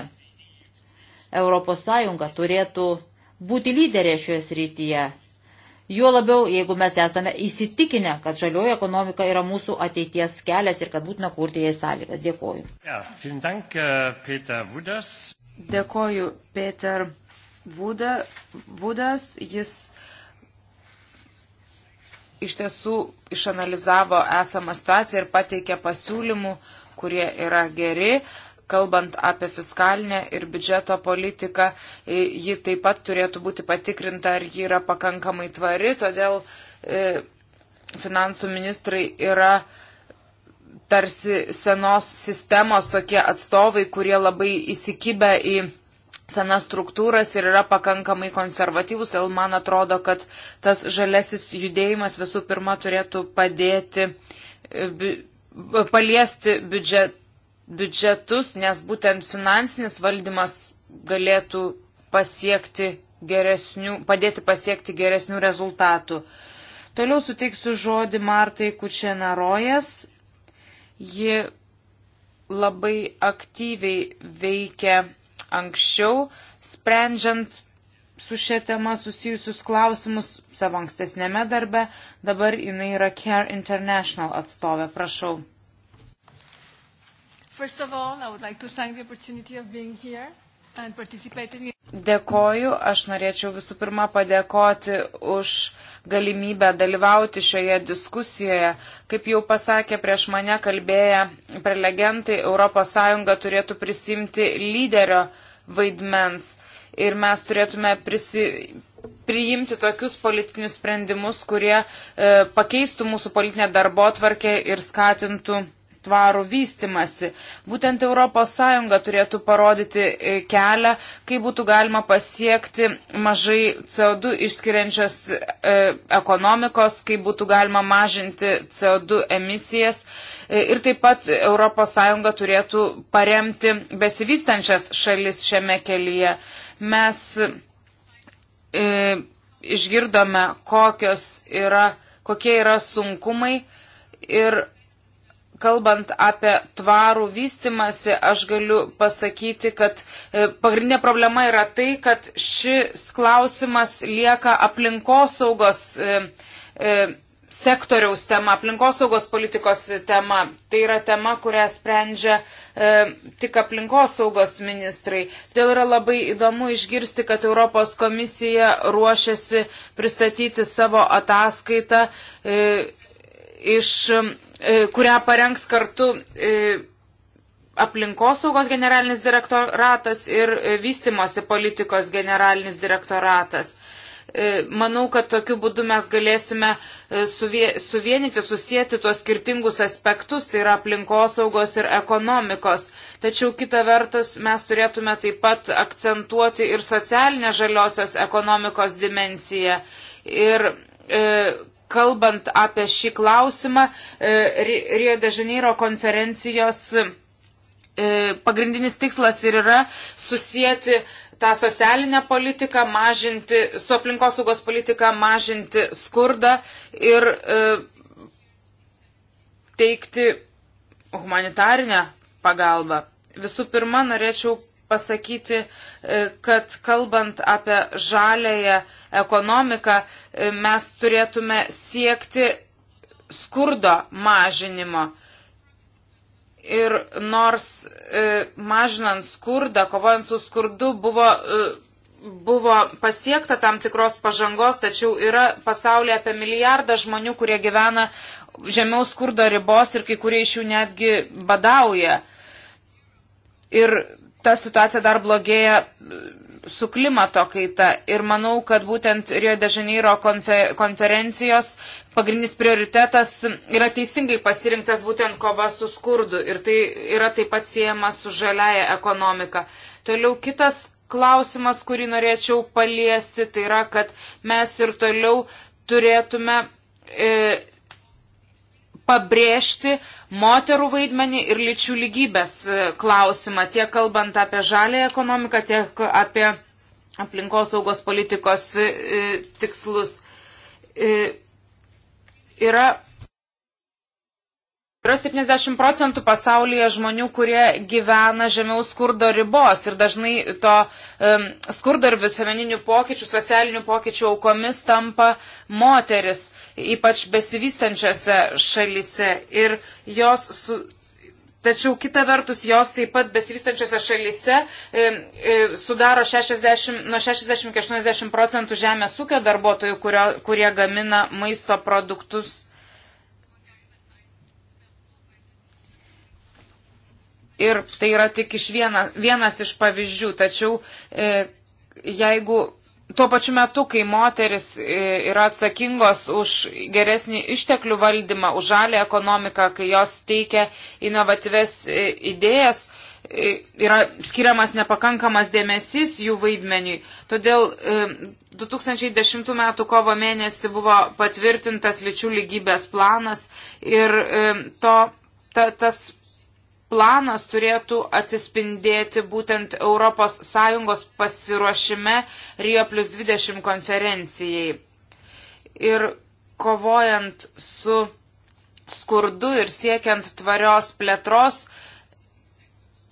ES turėtų būti lyderė šioje srityje. Juo labiau, jeigu mes esame įsitikinę, kad žalioji ekonomika yra mūsų ateities kelias ir kad būtina kurti jai sąlygas. Dėkoju. Ja, dank, äh, Peter Dėkoju, Peter Vuda, Vudas, jis iš tiesų išanalizavo esamą situaciją ir pateikė pasiūlymų, kurie yra geri. Kalbant apie fiskalinę ir biudžeto politiką, ji taip pat turėtų būti patikrinta, ar ji yra pakankamai tvari, todėl finansų ministrai yra tarsi senos sistemos tokie atstovai, kurie labai įsikibę į senas struktūras ir yra pakankamai konservatyvus, ir man atrodo, kad tas žalesis judėjimas visų pirma turėtų padėti e, paliesti biudžet, biudžetus, nes būtent finansinis valdymas galėtų pasiekti geresnių, padėti pasiekti geresnių rezultatų. Toliau suteiksiu žodį Martai Kučienarojas. Ji labai aktyviai veikia anksčiau, sprendžiant su šia tema susijusius klausimus savo ankstesnėme darbe. Dabar jinai yra Care International atstovė. Prašau. All, like Dėkoju, aš norėčiau visų pirma padėkoti už galimybę dalyvauti šioje diskusijoje. Kaip jau pasakė prieš mane kalbėję prelegentai, ES turėtų prisimti lyderio vaidmens ir mes turėtume prisi, priimti tokius politinius sprendimus, kurie e, pakeistų mūsų politinę darbo tvarkę ir skatintų tvarų vystimasi. Būtent ES turėtų parodyti e, kelią, kaip būtų galima pasiekti mažai CO2 išskiriančios e, ekonomikos, kaip būtų galima mažinti CO2 emisijas. E, ir taip pat ES turėtų paremti besivystančias šalis šiame kelyje. Mes e, išgirdome, kokios yra, kokie yra sunkumai ir kalbant apie tvarų vystimąsi, aš galiu pasakyti, kad e, pagrindinė problema yra tai, kad šis klausimas lieka aplinkosaugos e, e, sektoriaus tema, aplinkosaugos politikos tema. Tai yra tema, kurią sprendžia e, tik aplinkosaugos ministrai. Todėl yra labai įdomu išgirsti, kad Europos komisija ruošiasi pristatyti savo ataskaitą e, iš E, kurią parengs kartu e, aplinkosaugos generalinis direktoratas ir e, vystimosi politikos generalinis direktoratas. Manau, kad tokiu būdu mes galėsime suvienyti, susijęti tuos skirtingus aspektus, tai yra aplinkosaugos ir ekonomikos. Tačiau kita vertas mes turėtume taip pat akcentuoti ir socialinę žaliosios ekonomikos dimenciją. Ir e, kalbant apie šį klausimą, e, Rio de Janeiro konferencijos e, pagrindinis tikslas ir yra susijęti tą socialinę politiką, mažinti, su aplinkosaugos politika mažinti skurdą ir e, teikti humanitarinę pagalbą. Visų pirma, norėčiau pasakyti, e, kad kalbant apie žalėją ekonomiką, e, mes turėtume siekti skurdo mažinimo. Ir nors e, mažinant skurdą, kovojant su skurdu, buvo, buvo pasiekta tam tikros pažangos, tačiau yra pasaulyje apie milijardą žmonių, kurie gyvena žemiau skurdo ribos ir kai kurie iš jų netgi badauja. Ir ta situacija dar blogėja su klimato kaita. Ir manau, kad būtent Rio de Janeiro konferencijos pagrindinis prioritetas yra teisingai pasirinktas būtent kova su skurdu. Ir tai yra taip pat siejama su žaliaja ekonomika. Toliau kitas klausimas, kurį norėčiau paliesti, tai yra, kad mes ir toliau turėtume e, pabrėžti, moterų vaidmenį ir lyčių lygybės e, klausimą, tiek kalbant apie žalę ekonomiką, tiek apie aplinkosaugos politikos e, e, tikslus. Yra Yra 70 procentų pasaulyje žmonių, kurie gyvena žemiau skurdo ribos ir dažnai to um, skurdo ir visuomeninių pokyčių, socialinių pokyčių aukomis tampa moteris, ypač besivystančiose šalise. Ir jos su, Tačiau kita vertus, jos taip pat besivystančiose šalise e, e, sudaro 60, nuo 60 iki 80 procentų žemės ūkio darbuotojų, kurio, kurie gamina maisto produktus Ir tai yra tik iš viena, vienas iš pavyzdžių, tačiau e, jeigu tuo pačiu metu, kai moteris e, yra atsakingos už geresnį išteklių valdymą, už žalę ekonomiką, kai jos teikia inovatyves e, idėjas, e, yra skiriamas nepakankamas dėmesys jų vaidmeniui. Todėl 2010 m. kovo mėnesį buvo patvirtintas lyčių lygybės planas ir to, ta, tas planas turėtų atsispindėti būtent ES pasiruošime Rio plus 20 konferencijai. Ir kovojant su skurdu ir siekiant tvarios plėtros,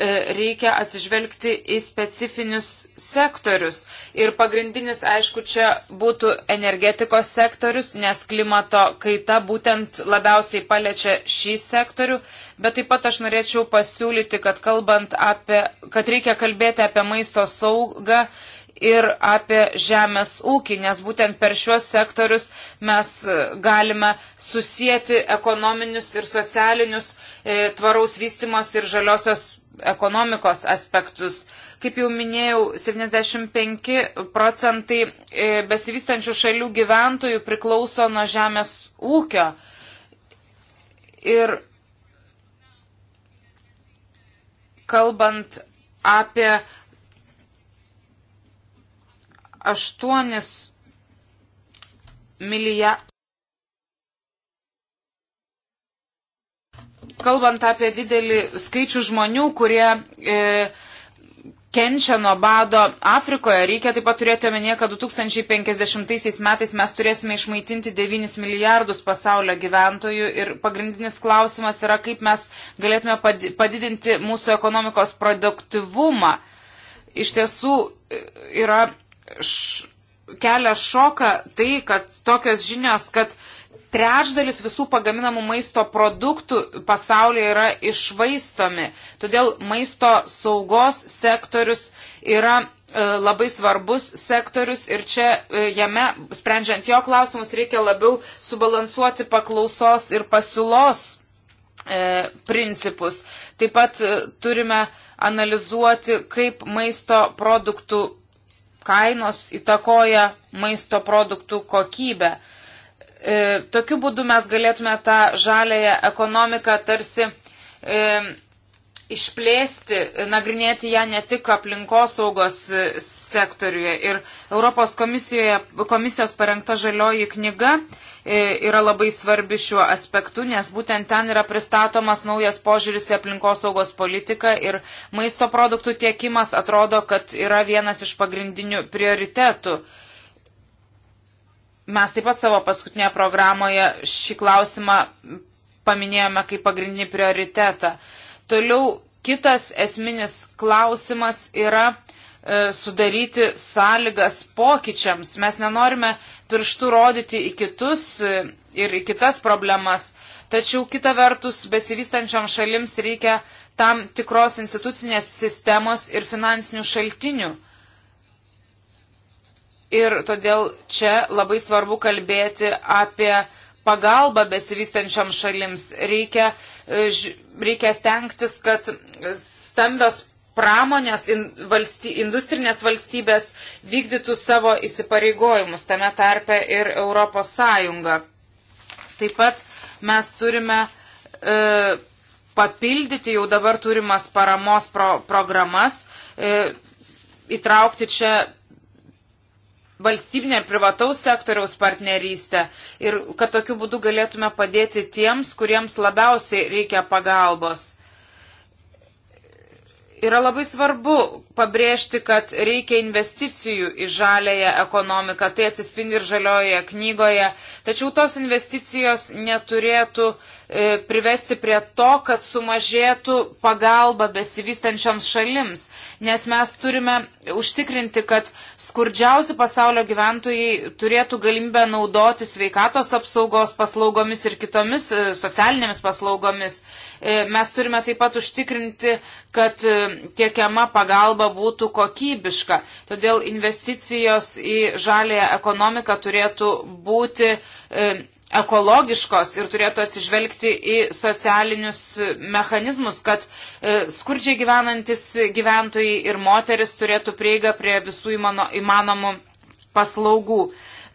E, reikia atsižvelgti į specifinius sektorius. Ir pagrindinis, aišku, čia būtų energetikos sektorius, nes klimato kaita būtent labiausiai paliečia šį sektorių. Bet taip pat aš norėčiau pasiūlyti, kad, apie, kad reikia kalbėti apie maisto saugą ir apie žemės ūkį, nes būtent per šiuos sektorius mes e, galime susijęti ekonominius ir socialinius e, tvaraus vystimos ir žaliosios ekonomikos aspektus. Kaip jau minėjau, 75 procentai e, besivystančių šalių gyventojų priklauso nuo žemės ūkio. Ir kalbant apie 8 milijardų kalbant apie didelį skaičių žmonių, kurie e, kenčia nuo bado Afrikoje, reikia taip pat turėti omenyje, kad 2050 metais mes turėsime išmaitinti 9 milijardus pasaulio gyventojų ir pagrindinis klausimas yra, kaip mes galėtume padidinti mūsų ekonomikos produktivumą. Iš tiesų e, yra š, kelia šoka tai, kad tokios žinios, kad trečdalis visų pagaminamų maisto produktų pasaulyje yra išvaistomi. Todėl maisto saugos sektorius yra e, labai svarbus sektorius ir čia e, jame, sprendžiant jo klausimus, reikia labiau subalansuoti paklausos ir pasiūlos e, principus. Taip pat turime analizuoti, kaip maisto produktų kainos įtakoja maisto produktų kokybę. E, tokiu būdu mes galėtume tą žalėją ekonomiką tarsi e, išplėsti, nagrinėti ją ne tik aplinkosaugos e, sektoriuje. Ir Europos komisijos parengta žalioji knyga e, yra labai svarbi šiuo aspektu, nes būtent ten yra pristatomas naujas požiūris į aplinkosaugos politiką ir maisto produktų tiekimas atrodo, kad yra vienas iš pagrindinių prioritetų. Mes taip pat savo paskutinėje programoje šį klausimą paminėjome kaip pagrindinį prioritetą. Toliau kitas esminis klausimas yra e, sudaryti sąlygas pokyčiams. Mes nenorime pirštų rodyti į kitus e, ir į kitas problemas, tačiau kita vertus besivystančiam šalims reikia tam tikros institucinės sistemos ir finansinių šaltinių ir todėl čia labai svarbu kalbėti apie pagalbą besivystančiam šalims. Reikia, e, reikia stengtis, kad stambios pramonės, in, valsty, industrinės valstybės vykdytų savo įsipareigojimus, tame tarpe ir Europos Sąjunga. Taip pat mes turime e, papildyti jau dabar turimas paramos pro, programas, e, įtraukti čia valstybinę ir privataus sektoriaus partnerystę ir kad tokiu būdu galėtume padėti tiems, kuriems labiausiai reikia pagalbos. Yra labai svarbu pabrėžti, kad reikia investicijų į žalėją ekonomiką, tai atsispindi ir žaliojoje knygoje, tačiau tos investicijos neturėtų uh, E, privesti prie to, kad sumažėtų pagalba besivystančioms šalims, nes mes turime užtikrinti, kad skurdžiausi pasaulio gyventojai turėtų galimybę naudoti sveikatos apsaugos paslaugomis ir kitomis e, socialinėmis paslaugomis. E, mes turime taip pat užtikrinti, kad tiekiama pagalba būtų kokybiška. Todėl investicijos į žalėją ekonomiką turėtų būti ekologiškos ir turėtų atsižvelgti į socialinius mechanizmus, kad e, skurdžiai gyvenantis gyventojai ir moteris turėtų prieigą prie visų įmanomų paslaugų.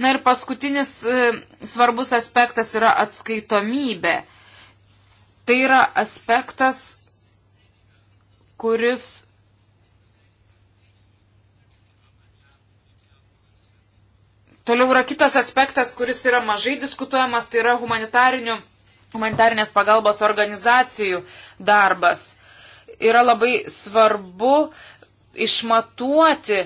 Na ir paskutinis e, svarbus aspektas yra atskaitomybė. Tai yra aspektas, kuris Toliau yra kitas aspektas, kuris yra mažai diskutuojamas, tai yra humanitarinės pagalbos organizacijų darbas. Yra labai svarbu išmatuoti,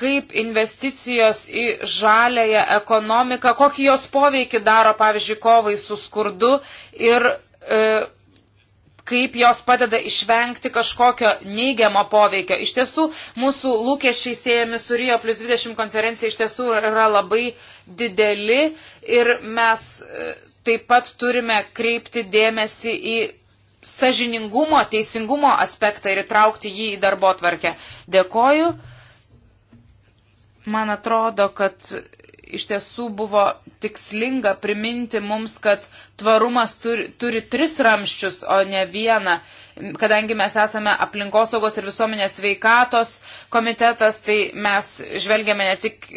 kaip investicijos į žalėją ekonomiką, kokį jos poveikį daro, pavyzdžiui, kovai su skurdu ir e, kaip jos padeda išvengti kažkokio neigiamo poveikio. Iš tiesų, mūsų lūkesčiai siejami su Rio plus 20 konferencija iš tiesų yra labai dideli ir mes e, taip pat turime kreipti dėmesį į sažiningumo, teisingumo aspektą ir įtraukti jį į darbo tvarkę. Dėkoju. Man atrodo, kad iš tiesų buvo tikslinga priminti mums, kad tvarumas turi, turi tris ramščius, o ne vieną. Kadangi mes esame aplinkosaugos ir visuomenės veikatos komitetas, tai mes žvelgiame, ne tik,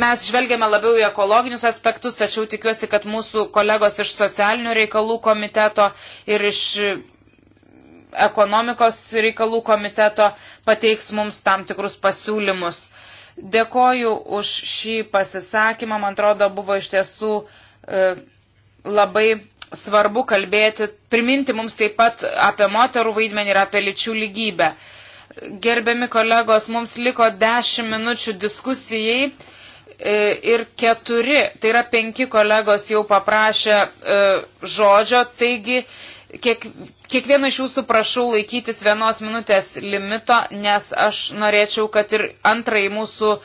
mes žvelgiame labiau į ekologinius aspektus, tačiau tikiuosi, kad mūsų kolegos iš socialinių reikalų komiteto ir iš ekonomikos reikalų komiteto pateiks mums tam tikrus pasiūlymus. Dėkoju už šį pasisakymą. Man atrodo, buvo iš tiesų e, labai svarbu kalbėti, priminti mums taip pat apie moterų vaidmenį ir apie lyčių lygybę. Gerbiami kolegos, mums liko 10 minučių diskusijai e, ir keturi, tai yra penki kolegos jau paprašė e, žodžio, taigi Kiek, kiekvieną iš jūsų prašau laikytis vienos minutės limito, nes aš norėčiau, kad ir antrąjį mūsų e,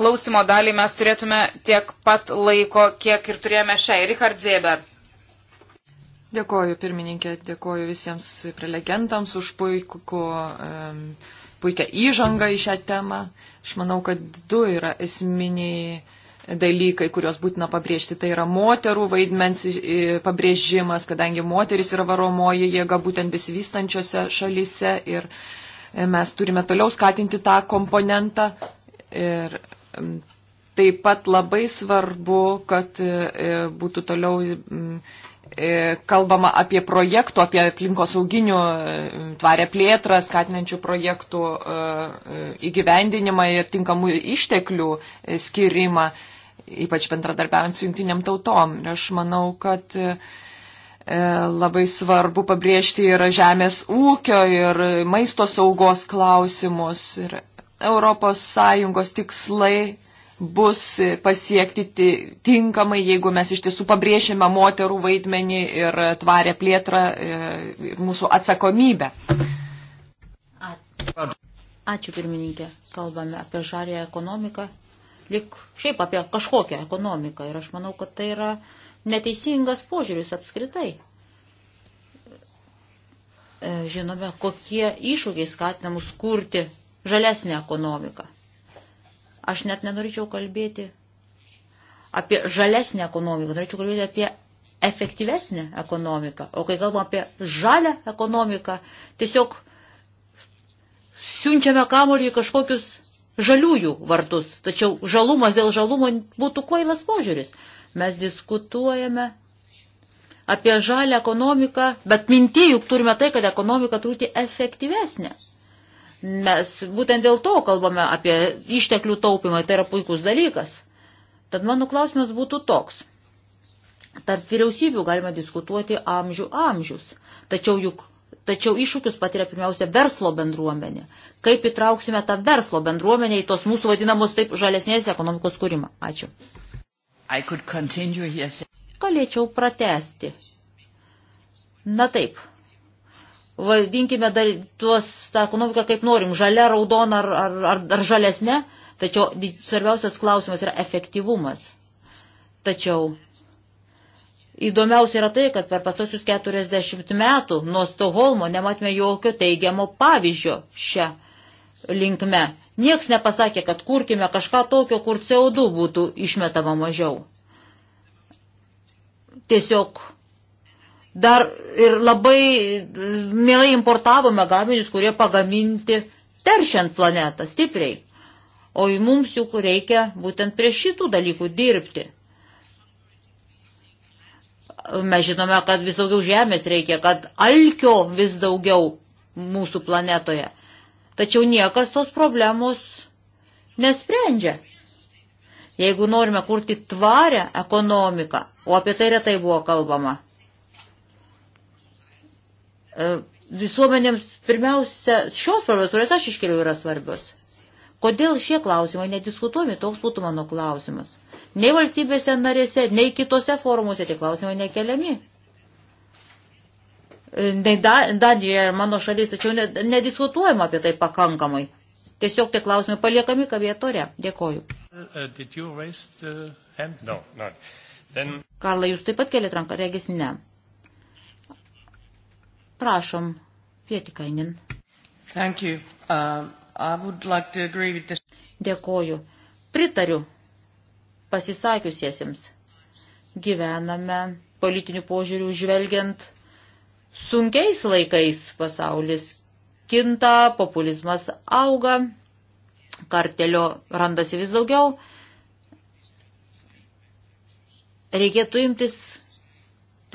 klausimo dalį mes turėtume tiek pat laiko, kiek ir turėjome šiai. Richard Zieber. Dėkoju, pirmininkė, dėkoju visiems prelegentams už puikų, e, puikią įžangą į šią temą. Aš manau, kad du yra esminiai dalykai, kuriuos būtina pabrėžti, tai yra moterų vaidmens pabrėžimas, kadangi moteris yra varomoji jėga būtent besivystančiose šalyse ir e, mes turime toliau skatinti tą komponentą. Ir taip pat labai svarbu, kad e, e, būtų toliau kalbama apie projektų, apie aplinkosauginių tvarę plėtrą, skatinančių projektų įgyvendinimą ir tinkamų išteklių skirimą ypač bendradarbiaujant su jungtiniam tautom. Ir aš manau, kad e, e, labai svarbu pabrėžti ir žemės ūkio ir maisto saugos klausimus. Ir ES tikslai bus pasiekti tinkamai, jeigu mes iš tiesų pabrėšime moterų vaidmenį ir tvarę plėtrą e, ir mūsų atsakomybę. Ačiū, Ačiū pirmininkė. Kalbame apie žalę ekonomiką lik šiaip apie kažkokią ekonomiką. Ir aš manau, kad tai yra neteisingas požiūris apskritai. E, žinome, kokie iššūkiai skatina mus kurti žalesnę ekonomiką. Aš net nenorėčiau kalbėti apie žalesnę ekonomiką, norėčiau kalbėti apie efektyvesnę ekonomiką. O kai kalbam apie žalę ekonomiką, tiesiog siunčiame kamuolį į kažkokius žaliųjų vardus. Tačiau žalumas dėl žalumo būtų kvailas požiūris. Mes diskutuojame apie žalę ekonomiką, bet mintį juk turime tai, kad ekonomika turi būti efektyvesnė. Mes būtent dėl to kalbame apie išteklių taupimą, tai yra puikus dalykas. Tad mano klausimas būtų toks. Tarp vyriausybių galima diskutuoti amžių amžius, tačiau juk Tačiau iššūkius patiria pirmiausia verslo bendruomenė. Kaip įtrauksime tą verslo bendruomenę į tos mūsų vadinamos taip žalesnės ekonomikos kūrimą? Ačiū. Galėčiau pratesti. Na taip. Vadinkime dar tuos tą ekonomiką kaip norim, žalia, raudona ar, ar, ar, ar žalesnė, tačiau svarbiausias klausimas yra efektyvumas. Tačiau Įdomiausia yra tai, kad per pasosius 40 metų nuo Stoholmo nematome jokio teigiamo pavyzdžio šią linkme. Niekas nepasakė, kad kurkime kažką tokio, kur CO2 būtų išmetama mažiau. Tiesiog dar ir labai mielai importavome gaminius, kurie pagaminti teršiant planetą stipriai. O mums juk reikia būtent prie šitų dalykų dirbti Mes žinome, kad vis daugiau žemės reikia, kad alkio vis daugiau mūsų planetoje. Tačiau niekas tos problemos nesprendžia. Jeigu norime kurti tvarę ekonomiką, o apie tai retai buvo kalbama, e, visuomenėms pirmiausia šios problemos, kurias aš iškeliu, yra svarbios. Kodėl šie klausimai nediskutuomi, toks būtų mano klausimas nei valstybėse narėse, nei kitose forumuose tie klausimai nekeliami. E, nei Danijoje ir mano šalis, tačiau nediskutuojama apie tai pakankamai. Tiesiog tie klausimai paliekami kavietore. Dėkoju. Uh, uh, no, Then... Karla, jūs taip pat keliat ranką, regis ne. Prašom, Pietikainin. Thank you. Uh, I would like to agree with this. Dėkoju. Pritariu pasisakiusiesiems. Gyvename politinių požiūrių žvelgiant sunkiais laikais pasaulis kinta, populizmas auga, kartelio randasi vis daugiau. Reikėtų imtis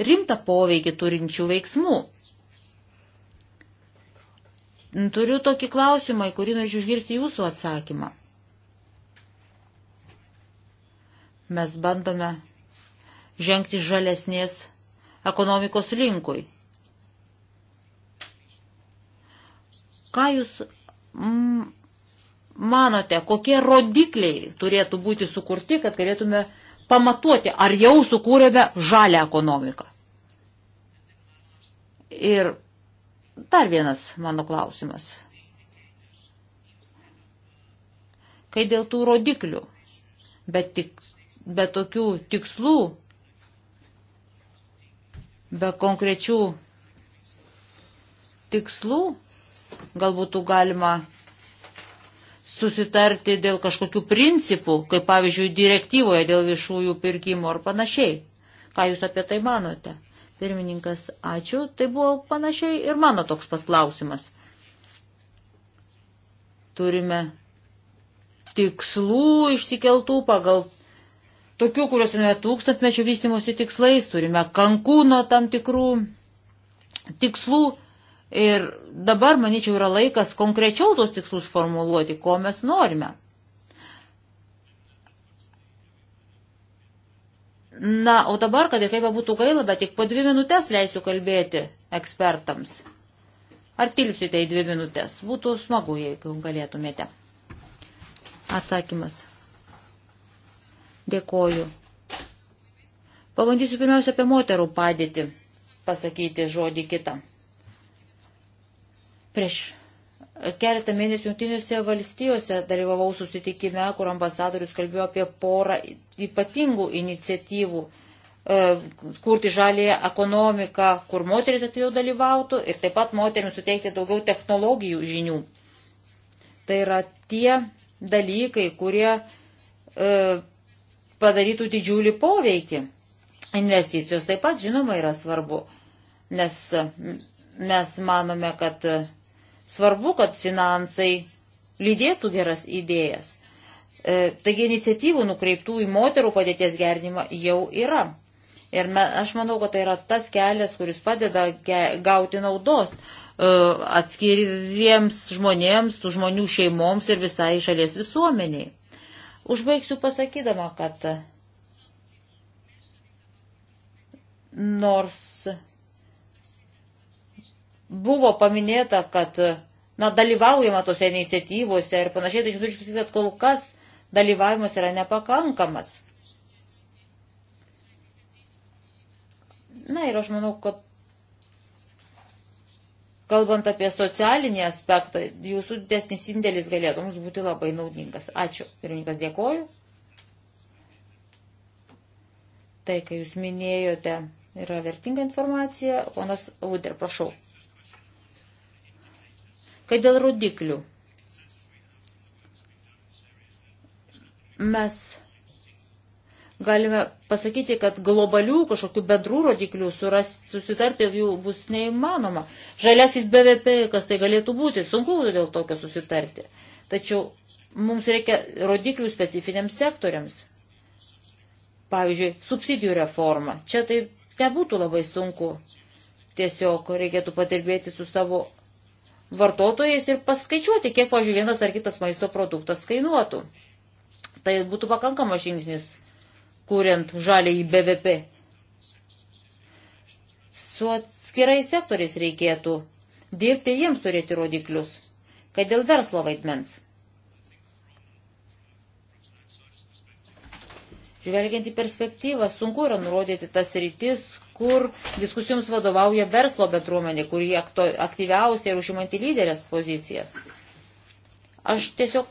rimtą poveikį turinčių veiksmų. Turiu tokį klausimą, į kurį norėčiau išgirsti jūsų atsakymą. Mes bandome žengti žalesnės ekonomikos linkui. Ką Jūs mm, manote, kokie rodikliai turėtų būti sukurti, kad galėtume pamatuoti, ar jau sukūrėme žalę ekonomiką? Ir dar vienas mano klausimas. Kai dėl tų rodiklių, bet tik be tokių tikslų, be konkrečių tikslų, galbūt galima susitarti dėl kažkokių principų, kaip pavyzdžiui direktyvoje dėl viešųjų pirkimų ar panašiai. Ką Jūs apie tai manote? Pirmininkas, ačiū. Tai buvo panašiai ir mano toks pat klausimas. Turime tikslų išsikeltų pagal tokių, kurios yra tūkstantmečio vystimosi tikslais, turime kankūno tam tikrų tikslų. Ir dabar, manyčiau, yra laikas konkrečiau tos tikslus formuluoti, ko mes norime. Na, o dabar, kad ir kaip būtų gaila, bet tik po dvi minutės leisiu kalbėti ekspertams. Ar tilpsite į dvi minutės? Būtų smagu, jeigu galėtumėte. Atsakymas. Dėkoju. Pabandysiu pirmiausia apie moterų padėtį pasakyti žodį kitą. Prieš keletą mėnesių jungtinėse valstijose dalyvavau susitikime, kur ambasadorius kalbėjo apie porą ypatingų iniciatyvų e, kurti žalėje ekonomiką, kur moteris atviau dalyvautų ir taip pat moteriams suteikti daugiau technologijų žinių. Tai yra tie dalykai, kurie e, padarytų didžiulį poveikį. Investicijos taip pat, žinoma, yra svarbu, nes mes manome, kad e, svarbu, kad finansai lydėtų geras idėjas. E, taigi iniciatyvų nukreiptų į moterų padėties gerinimą jau yra. Ir me, aš manau, kad tai yra tas kelias, kuris padeda ge, gauti naudos e, atskiriems žmonėms, tų žmonių šeimoms ir visai šalies visuomeniai. Užbaigsiu pasakydama, kad nors buvo paminėta, kad na, dalyvaujama tose iniciatyvose ir panašiai, tai turiu pasakyti, kad kol kas dalyvavimas yra nepakankamas. Na ir aš manau, kad Kalbant apie socialinį aspektą, jūsų desnis indėlis galėtų mums būti labai naudingas. Ačiū. Pirmininkas, dėkoju. Tai, kai jūs minėjote, yra vertinga informacija. Ponas Uder, prašau. Kai dėl rodiklių. Mes galime pasakyti, kad globalių kažkokių bendrų rodiklių suras, susitarti jų bus neįmanoma. Žaliasis BVP, kas tai galėtų būti, sunku dėl tokio susitarti. Tačiau mums reikia rodiklių specifiniams sektoriams. Pavyzdžiui, subsidijų reforma. Čia tai nebūtų labai sunku. Tiesiog reikėtų patirbėti su savo vartotojais ir paskaičiuoti, kiek, pavyzdžiui, vienas ar kitas maisto produktas kainuotų. Tai būtų pakankamas žingsnis kuriant žaliai BVP. Su atskirais sektoriais reikėtų dirbti jiems turėti rodiklius, kad dėl verslo vaidmens. Žvelgiant į perspektyvą, sunku yra nurodyti tas rytis, kur diskusijoms vadovauja verslo bendruomenė, kur jie aktyviausiai ir užimanti lyderės pozicijas. Aš tiesiog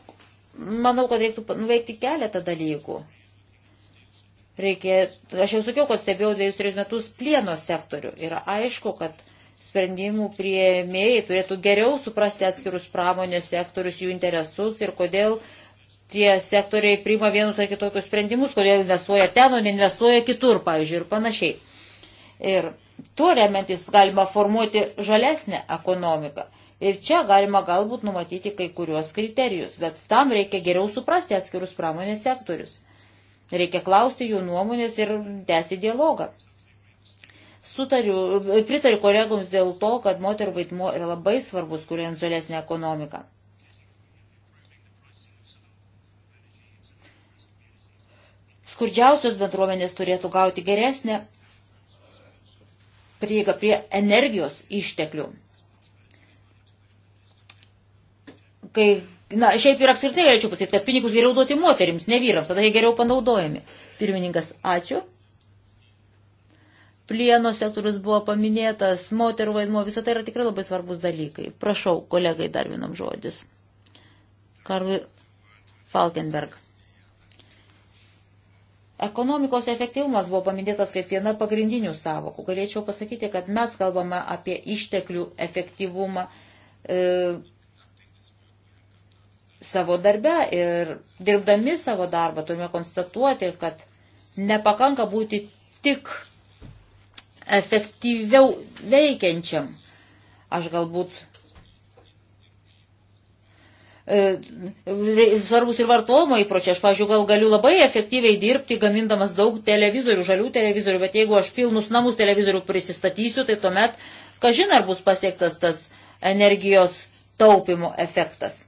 manau, kad reiktų nuveikti keletą dalykų reikės, aš jau sakiau, kad stebėjau dviejus tris metus plieno sektorių. Yra aišku, kad sprendimų prieimėjai turėtų geriau suprasti atskirus pramonės sektorius, jų interesus ir kodėl tie sektoriai priima vienus ar kitokius sprendimus, kodėl investuoja ten, o neinvestuoja kitur, pavyzdžiui, ir panašiai. Ir tuo remiantis galima formuoti žalesnę ekonomiką. Ir čia galima galbūt numatyti kai kuriuos kriterijus, bet tam reikia geriau suprasti atskirus pramonės sektorius. Reikia klausti jų nuomonės ir tęsti dialogą. Sutariu, pritariu kolegoms dėl to, kad moterų vaidmuo yra labai svarbus, kuriant žalesnę ekonomiką. Skurdžiausios bendruomenės turėtų gauti geresnę prieigą prie energijos išteklių. Kai Na, šiaip ir apskritai galėčiau pasakyti, kad pinigus geriau duoti moterims, ne vyrams, tada jie geriau panaudojami. Pirmininkas, ačiū. Plieno sektorius buvo paminėtas, moterų vaidmuo, visą tai yra tikrai labai svarbus dalykai. Prašau, kolegai dar vienam žodis. Karlui Falkenberg. Ekonomikos efektyvumas buvo paminėtas kaip viena pagrindinių savokų. Galėčiau pasakyti, kad mes kalbame apie išteklių efektyvumą, e, savo darbe ir dirbdami savo darbą turime konstatuoti, kad nepakanka būti tik efektyviau veikiančiam. Aš galbūt e, svarbus ir vartojimo įpročiai. Aš, pavyzdžiui, gal galiu labai efektyviai dirbti, gamindamas daug televizorių, žalių televizorių, bet jeigu aš pilnus namus televizorių prisistatysiu, tai tuomet, kažin ar bus pasiektas tas energijos taupimo efektas.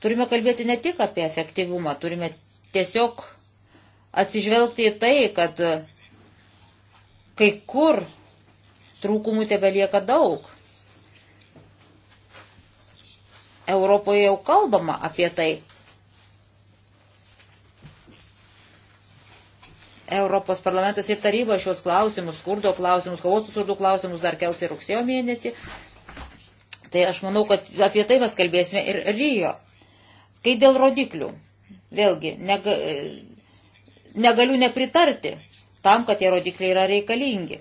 Turime kalbėti ne tik apie efektyvumą, turime tiesiog atsižvelgti į tai, kad kai kur trūkumų tebelieka daug. Europoje jau kalbama apie tai. Europos parlamentas į tarybą šios klausimus, skurdo klausimus, kovos su skurdu klausimus dar kels ir rugsėjo mėnesį. Tai aš manau, kad apie tai mes kalbėsime ir Rijo Kai dėl rodiklių, vėlgi, nega, negaliu nepritarti tam, kad tie rodikliai yra reikalingi.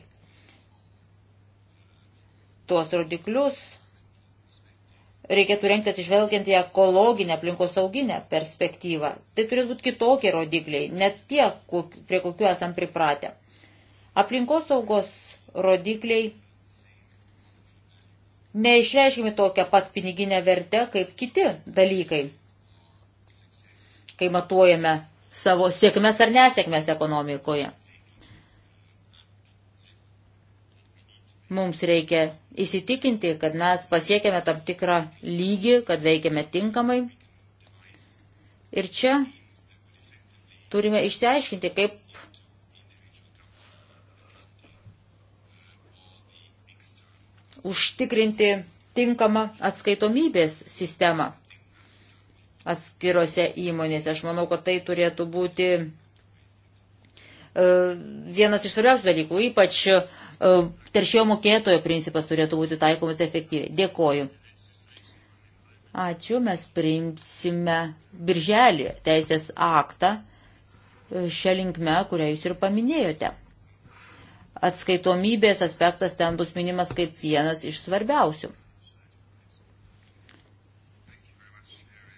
Tuos rodiklius reikėtų renkti atsižvelgiant į ekologinę aplinkos sauginę perspektyvą. Tai turėtų būti kitokie rodikliai, net tie, prie kokių esam pripratę. Aplinkos saugos rodikliai neišreiškimi tokią pat piniginę vertę kaip kiti dalykai kai matuojame savo sėkmes ar nesėkmes ekonomikoje. Mums reikia įsitikinti, kad mes pasiekėme tam tikrą lygį, kad veikiame tinkamai. Ir čia turime išsiaiškinti, kaip užtikrinti tinkamą atskaitomybės sistemą atskirose įmonėse. Aš manau, kad tai turėtų būti e, vienas iš svarbiausių dalykų, ypač e, teršėjo mokėtojo principas turėtų būti taikomas efektyviai. Dėkoju. Ačiū, mes priimsime birželį teisės aktą e, šią linkmę, kurią jūs ir paminėjote. Atskaitomybės aspektas ten bus minimas kaip vienas iš svarbiausių.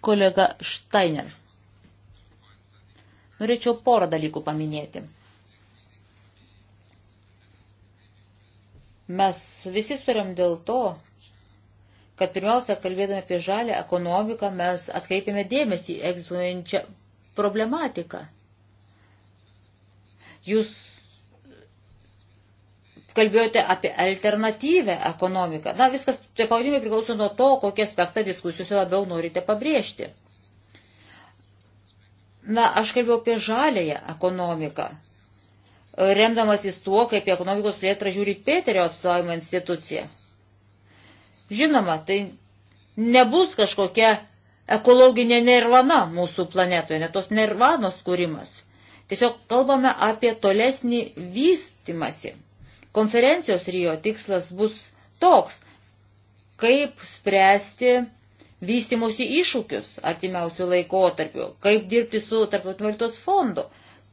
kolega Steiner. Norėčiau porą dalykų paminėti. Mes visi suriam dėl to, kad pirmiausia, kalbėdami apie žalę ekonomiką, mes atkreipiame dėmesį į egzistuojančią problematiką. Jūs kalbėjote apie alternatyvę ekonomiką. Na, viskas, tie pavadimai priklauso nuo to, kokį aspektą diskusijose labiau norite pabrėžti. Na, aš kalbėjau apie žalėją ekonomiką, remdamasis tuo, kaip ekonomikos plėtrą žiūri Pėterio atstovimo institucija. Žinoma, tai nebus kažkokia ekologinė nirvana mūsų planetoje, net tos nirvanos kūrimas. Tiesiog kalbame apie tolesnį vystimasi. Konferencijos Rijo tikslas bus toks, kaip spręsti vystimosi iššūkius artimiausių laikotarpių, kaip dirbti su tarptautinio valiutos fondu,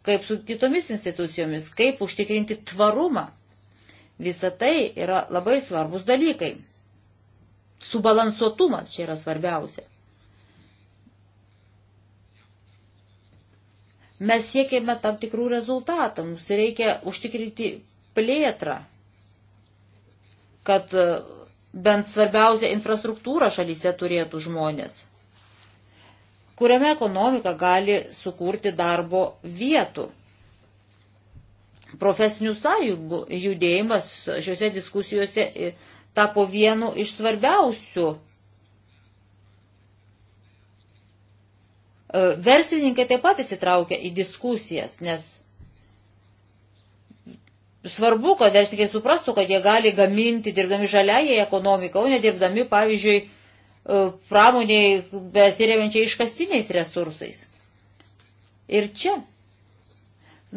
kaip su kitomis institucijomis, kaip užtikrinti tvarumą. Visa tai yra labai svarbus dalykai. Subalansuotumas čia yra svarbiausia. Mes siekėme tam tikrų rezultatų, mums reikia užtikrinti plėtrą, kad bent svarbiausia infrastruktūra šalyse turėtų žmonės, kuriame ekonomika gali sukurti darbo vietų. Profesinių sąjungų judėjimas šiuose diskusijose e, tapo vienu iš svarbiausių. E, verslininkai taip pat įsitraukia į diskusijas, nes Svarbu, kad verslininkai suprastų, kad jie gali gaminti dirbdami žaliąją ekonomiką, o nedirbdami, pavyzdžiui, e, pramoniai besiremiančiai iškastiniais resursais. Ir čia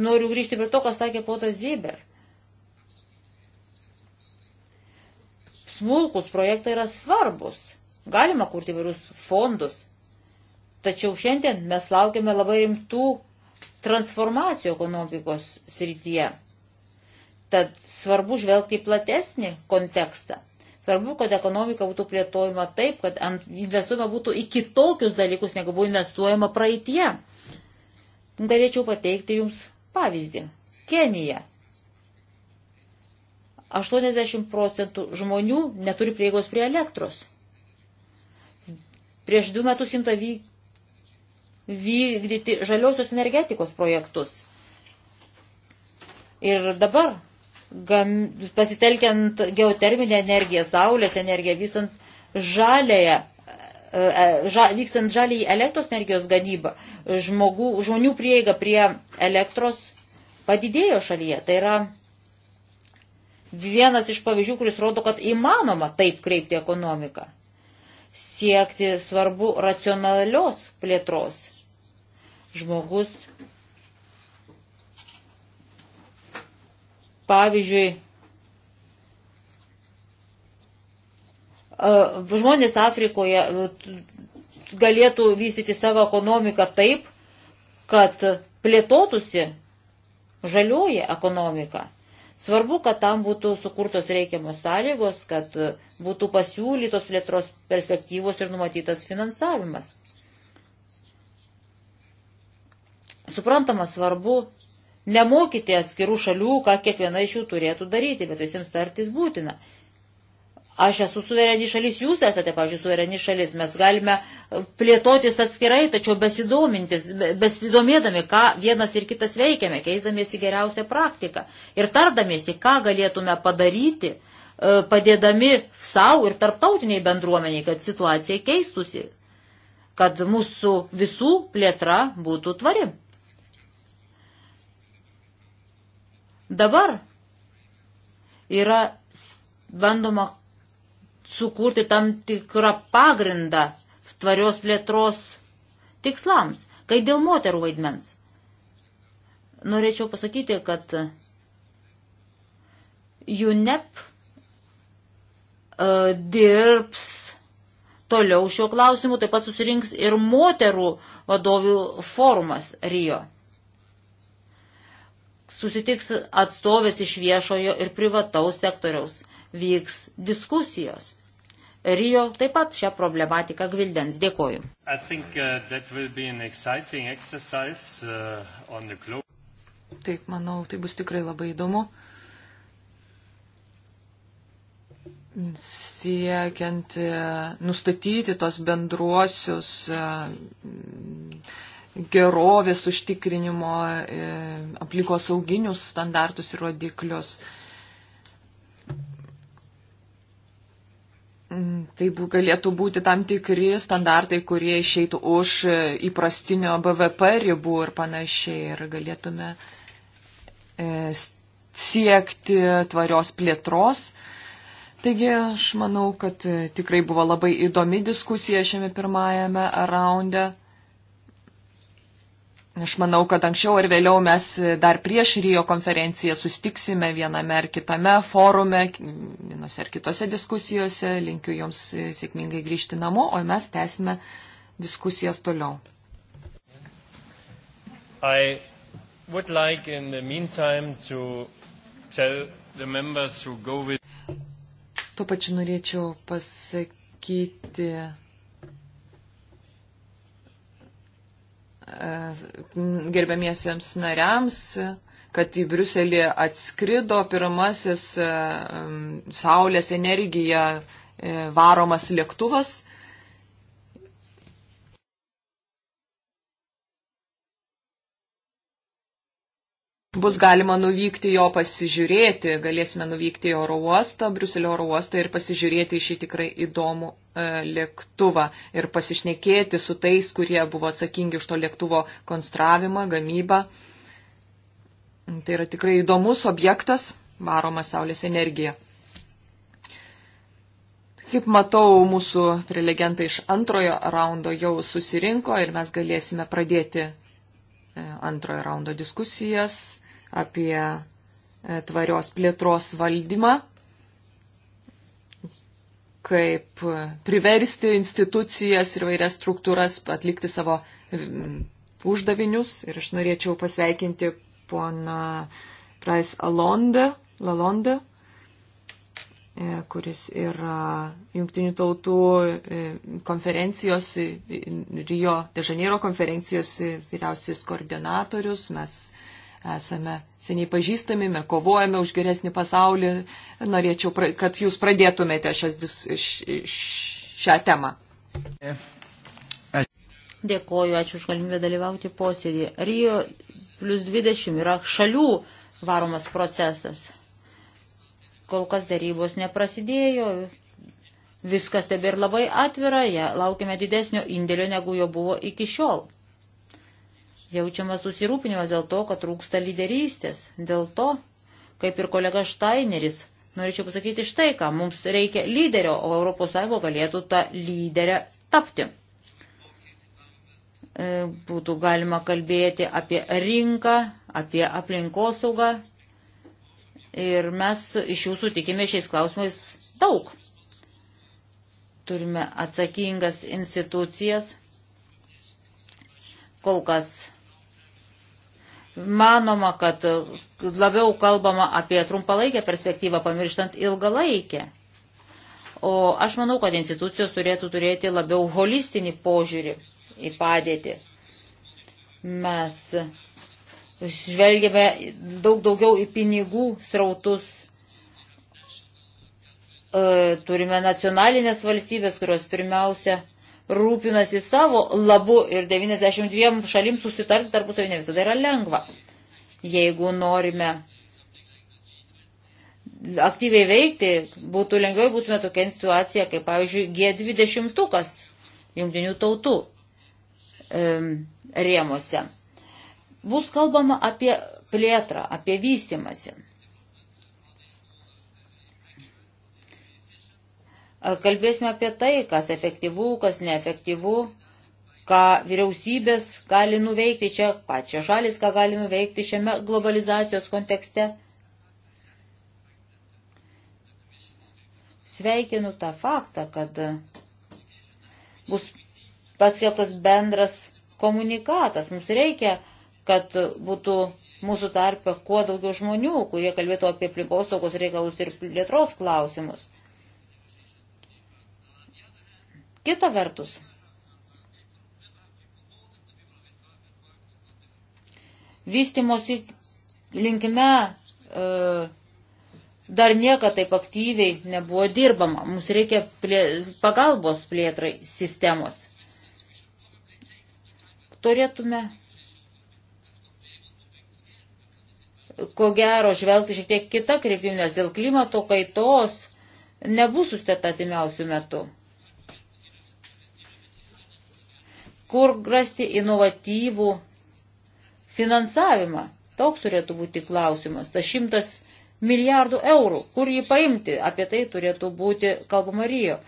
noriu grįžti prie to, ką sakė potas Zyber. Smulkus projektai yra svarbus. Galima kurti vairius fondus. Tačiau šiandien mes laukiame labai rimtų transformacijų ekonomikos srityje. Tad svarbu žvelgti į platesnį kontekstą. Svarbu, kad ekonomika būtų plėtojama taip, kad investuojama būtų į kitokius dalykus, negu buvo investuojama praeitie. Galėčiau pateikti Jums pavyzdį. Kenija. 80 procentų žmonių neturi prieigos prie elektros. Prieš du metus imta vykdyti žaliosios energetikos projektus. Ir dabar gam, pasitelkiant geoterminę energiją, saulės energiją, vystant žalėje, e, ža, vykstant žaliai elektros energijos gadybą, žmogų, žmonių prieiga prie elektros padidėjo šalyje. Tai yra vienas iš pavyzdžių, kuris rodo, kad įmanoma taip kreipti ekonomiką. Siekti svarbu racionalios plėtros. Žmogus Pavyzdžiui, žmonės Afrikoje galėtų vystyti savo ekonomiką taip, kad plėtotųsi žalioji ekonomika. Svarbu, kad tam būtų sukurtos reikiamos sąlygos, kad būtų pasiūlytos plėtros perspektyvos ir numatytas finansavimas. Suprantama, svarbu nemokyti atskirų šalių, ką kiekviena iš jų turėtų daryti, bet visiems tartis būtina. Aš esu suvereni šalis, jūs esate, pavyzdžiui, suvereni šalis, mes galime uh, plėtotis atskirai, tačiau besidomintis, besidomėdami, ką vienas ir kitas veikiame, keisdamiesi geriausią praktiką ir tardamiesi, ką galėtume padaryti, uh, padėdami savo ir tarptautiniai bendruomeniai, kad situacija keistusi, kad mūsų visų plėtra būtų tvari. Dabar yra bandoma sukurti tam tikrą pagrindą tvarios plėtros tikslams, kai dėl moterų vaidmens. Norėčiau pasakyti, kad UNEP e, dirbs toliau šiuo klausimu, taip pat susirinks ir moterų vadovių forumas Rio susitiks atstovės iš viešojo ir privataus sektoriaus, vyks diskusijos. Rio taip pat šią problematiką gvildens. Dėkoju. Think, uh, uh Taip, manau, tai bus tikrai labai įdomu. Siekiant uh, nustatyti tos bendruosius uh, gerovės užtikrinimo, e, aplikos sauginius standartus ir rodiklius. Mm, tai galėtų būti tam tikri standartai, kurie išeitų už e, įprastinio BVP ribų ir panašiai. Ir galėtume e, siekti tvarios plėtros. Taigi aš manau, kad tikrai buvo labai įdomi diskusija šiame pirmajame raunde. Aš manau, kad anksčiau ar vėliau mes dar prieš Rio konferenciją sustiksime viename ar kitame forume, vienose ar kitose diskusijose. Linkiu Jums sėkmingai grįžti namo, o mes tęsime diskusijas toliau. I would like in the meantime to tell the members who go with. Tuo pačiu norėčiau pasakyti. E, gerbėmiesiems nariams, kad į Briuselį atskrido pirmasis e, Saulės energija e, varomas lėktuvas. bus galima nuvykti jo pasižiūrėti, galėsime nuvykti į oro uostą, Bruselio oro uostą ir pasižiūrėti šį tikrai įdomų e, lėktuvą ir pasišnekėti su tais, kurie buvo atsakingi už to lėktuvo konstravimą, gamybą. Tai yra tikrai įdomus objektas, varomas Saulės energija. Kaip matau, mūsų prelegentai iš antrojo raundo jau susirinko ir mes galėsime pradėti e, antrojo raundo diskusijas apie e, tvarios plėtros valdymą, kaip priversti institucijas ir vairias struktūras atlikti savo uždavinius. Ir aš norėčiau pasveikinti poną Price Alonde, Lalonde, e, kuris yra Junktinių tautų e, konferencijos, Rio de Janeiro konferencijos vyriausias koordinatorius. Mes esame seniai pažįstami, mes kovojame už geresnį pasaulį. Norėčiau, kad jūs pradėtumėte šias, šią temą. Dėkoju, ačiū už galimybę dalyvauti posėdėje. Rio plus 20 yra šalių varomas procesas. Kol kas darybos neprasidėjo, viskas tebėr labai atvira, ja, laukime didesnio indėlio, negu jo buvo iki šiol jaučiamas susirūpinimas dėl to, kad trūksta lyderystės. Dėl to, kaip ir kolega Štaineris, norėčiau pasakyti štai ką, mums reikia lyderio, o ES galėtų tą lyderę tapti. E, būtų galima kalbėti apie rinką, apie aplinkosaugą. Ir mes iš jūsų tikime šiais klausimais daug. Turime atsakingas institucijas, kol kas manoma, kad labiau kalbama apie trumpalaikę perspektyvą, pamirštant ilgalaikę. O aš manau, kad institucijos turėtų turėti labiau holistinį požiūrį į padėtį. Mes žvelgiame daug daugiau į pinigų srautus. E, turime nacionalinės valstybės, kurios pirmiausia rūpinasi savo labu ir 92 šalims susitarti tarpusavį ne visada yra lengva. Jeigu norime aktyviai veikti, būtų lengviau būtume tokia situacija, kaip pavyzdžiui G20 jungtinių tautų e, rėmose. Bus kalbama apie plėtrą, apie vystimąsi. Kalbėsime apie tai, kas efektyvu, kas neefektyvu, ką vyriausybės gali nuveikti čia, pačios šalis ką gali nuveikti šiame globalizacijos kontekste. Sveikinu tą faktą, kad bus paskelbtas bendras komunikatas. Mums reikia, kad būtų mūsų tarpe kuo daugiau žmonių, kurie kalbėtų apie aplinkosaugos reikalus ir plėtros klausimus. Kita vertus, vystimosi linkime e, dar niekada taip aktyviai nebuvo dirbama. Mums reikia plė, pagalbos plėtrai sistemos. Turėtume, ko gero, žvelgti šiek tiek kitą kryptimį, nes dėl klimato kaitos nebus susteta atimiausių metų. kur grasti inovatyvų finansavimą. Toks turėtų būti klausimas. Tas šimtas milijardų eurų, kur jį paimti, apie tai turėtų būti kalbama Rijo.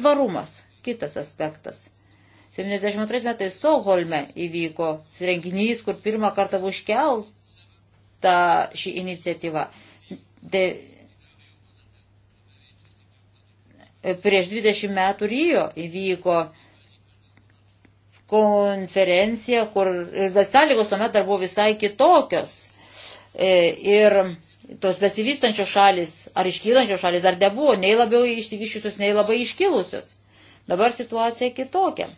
Tvarumas, kitas aspektas. 72 metais Soholme įvyko renginys, kur pirmą kartą buvo iškelta ši iniciatyva. De, prieš 20 metų Rijo įvyko konferencija, kur e, sąlygos tuomet dar buvo visai kitokios. E, ir tos besivystančios šalis ar iškylančios šalis dar nebuvo nei labiau išsivyščiusios, nei labai iškilusios. Dabar situacija kitokia.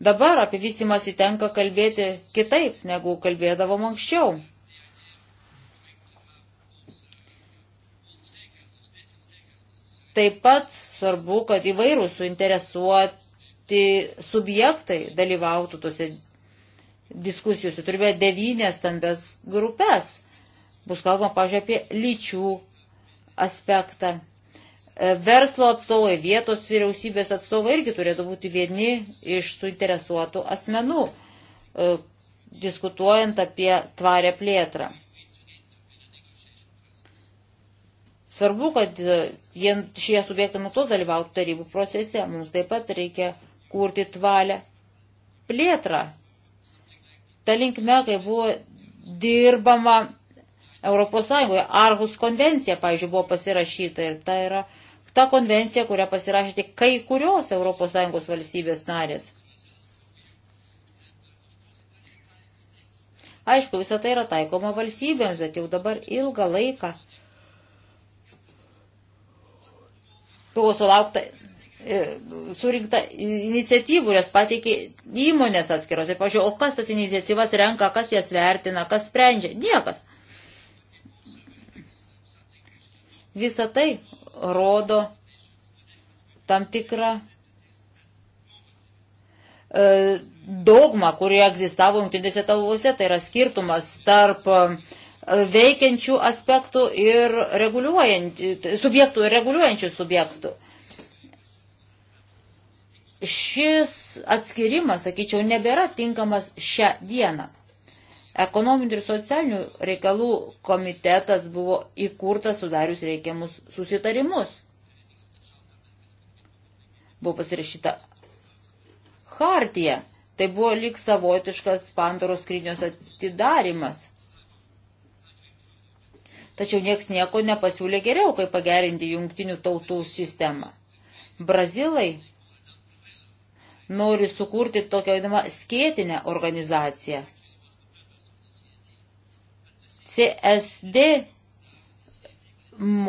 Dabar apie vystimąsi tenka kalbėti kitaip, negu kalbėdavom anksčiau. taip pat svarbu, kad įvairių suinteresuoti subjektai dalyvautų tose diskusijose. Turime devynės stambės grupės. Bus kalbama, pažiūrėjau, apie lyčių aspektą. E, verslo atstovai, vietos vyriausybės atstovai irgi turėtų būti vieni iš suinteresuotų asmenų, e, diskutuojant apie tvarę plėtrą. Svarbu, kad e, jie, šie subjektai nuo to dalyvautų tarybų procese. Mums taip pat reikia kurti tvalę plėtrą. Ta linkme, kai buvo dirbama Europos Sąjungoje, Argus konvencija, pavyzdžiui, buvo pasirašyta ir tai yra ta konvencija, kurią pasirašė tik kai kurios Europos Sąjungos valstybės narės. Aišku, visą tai yra taikoma valstybėms, bet jau dabar ilgą laiką buvo sulaukta e, surinkta iniciatyvų, jas pateikė įmonės atskiros. Ir pažiūrėjau, o kas tas iniciatyvas renka, kas jas vertina, kas sprendžia. Niekas. Visa tai rodo tam tikrą e, dogma, kurie egzistavo jungtinėse tavuose, tai yra skirtumas tarp uh, veikiančių aspektų ir subjektų ir reguliuojančių subjektų. Šis atskirimas, sakyčiau, nebėra tinkamas šią dieną. Ekonominių ir socialinių reikalų komitetas buvo įkurtas sudarius reikiamus susitarimus. Buvo pasirašyta hartija. Tai buvo lyg savotiškas Pandoros skrynios atidarimas tačiau nieks nieko nepasiūlė geriau, kaip pagerinti jungtinių tautų sistemą. Brazilai nori sukurti tokią vadinamą skėtinę organizaciją. CSD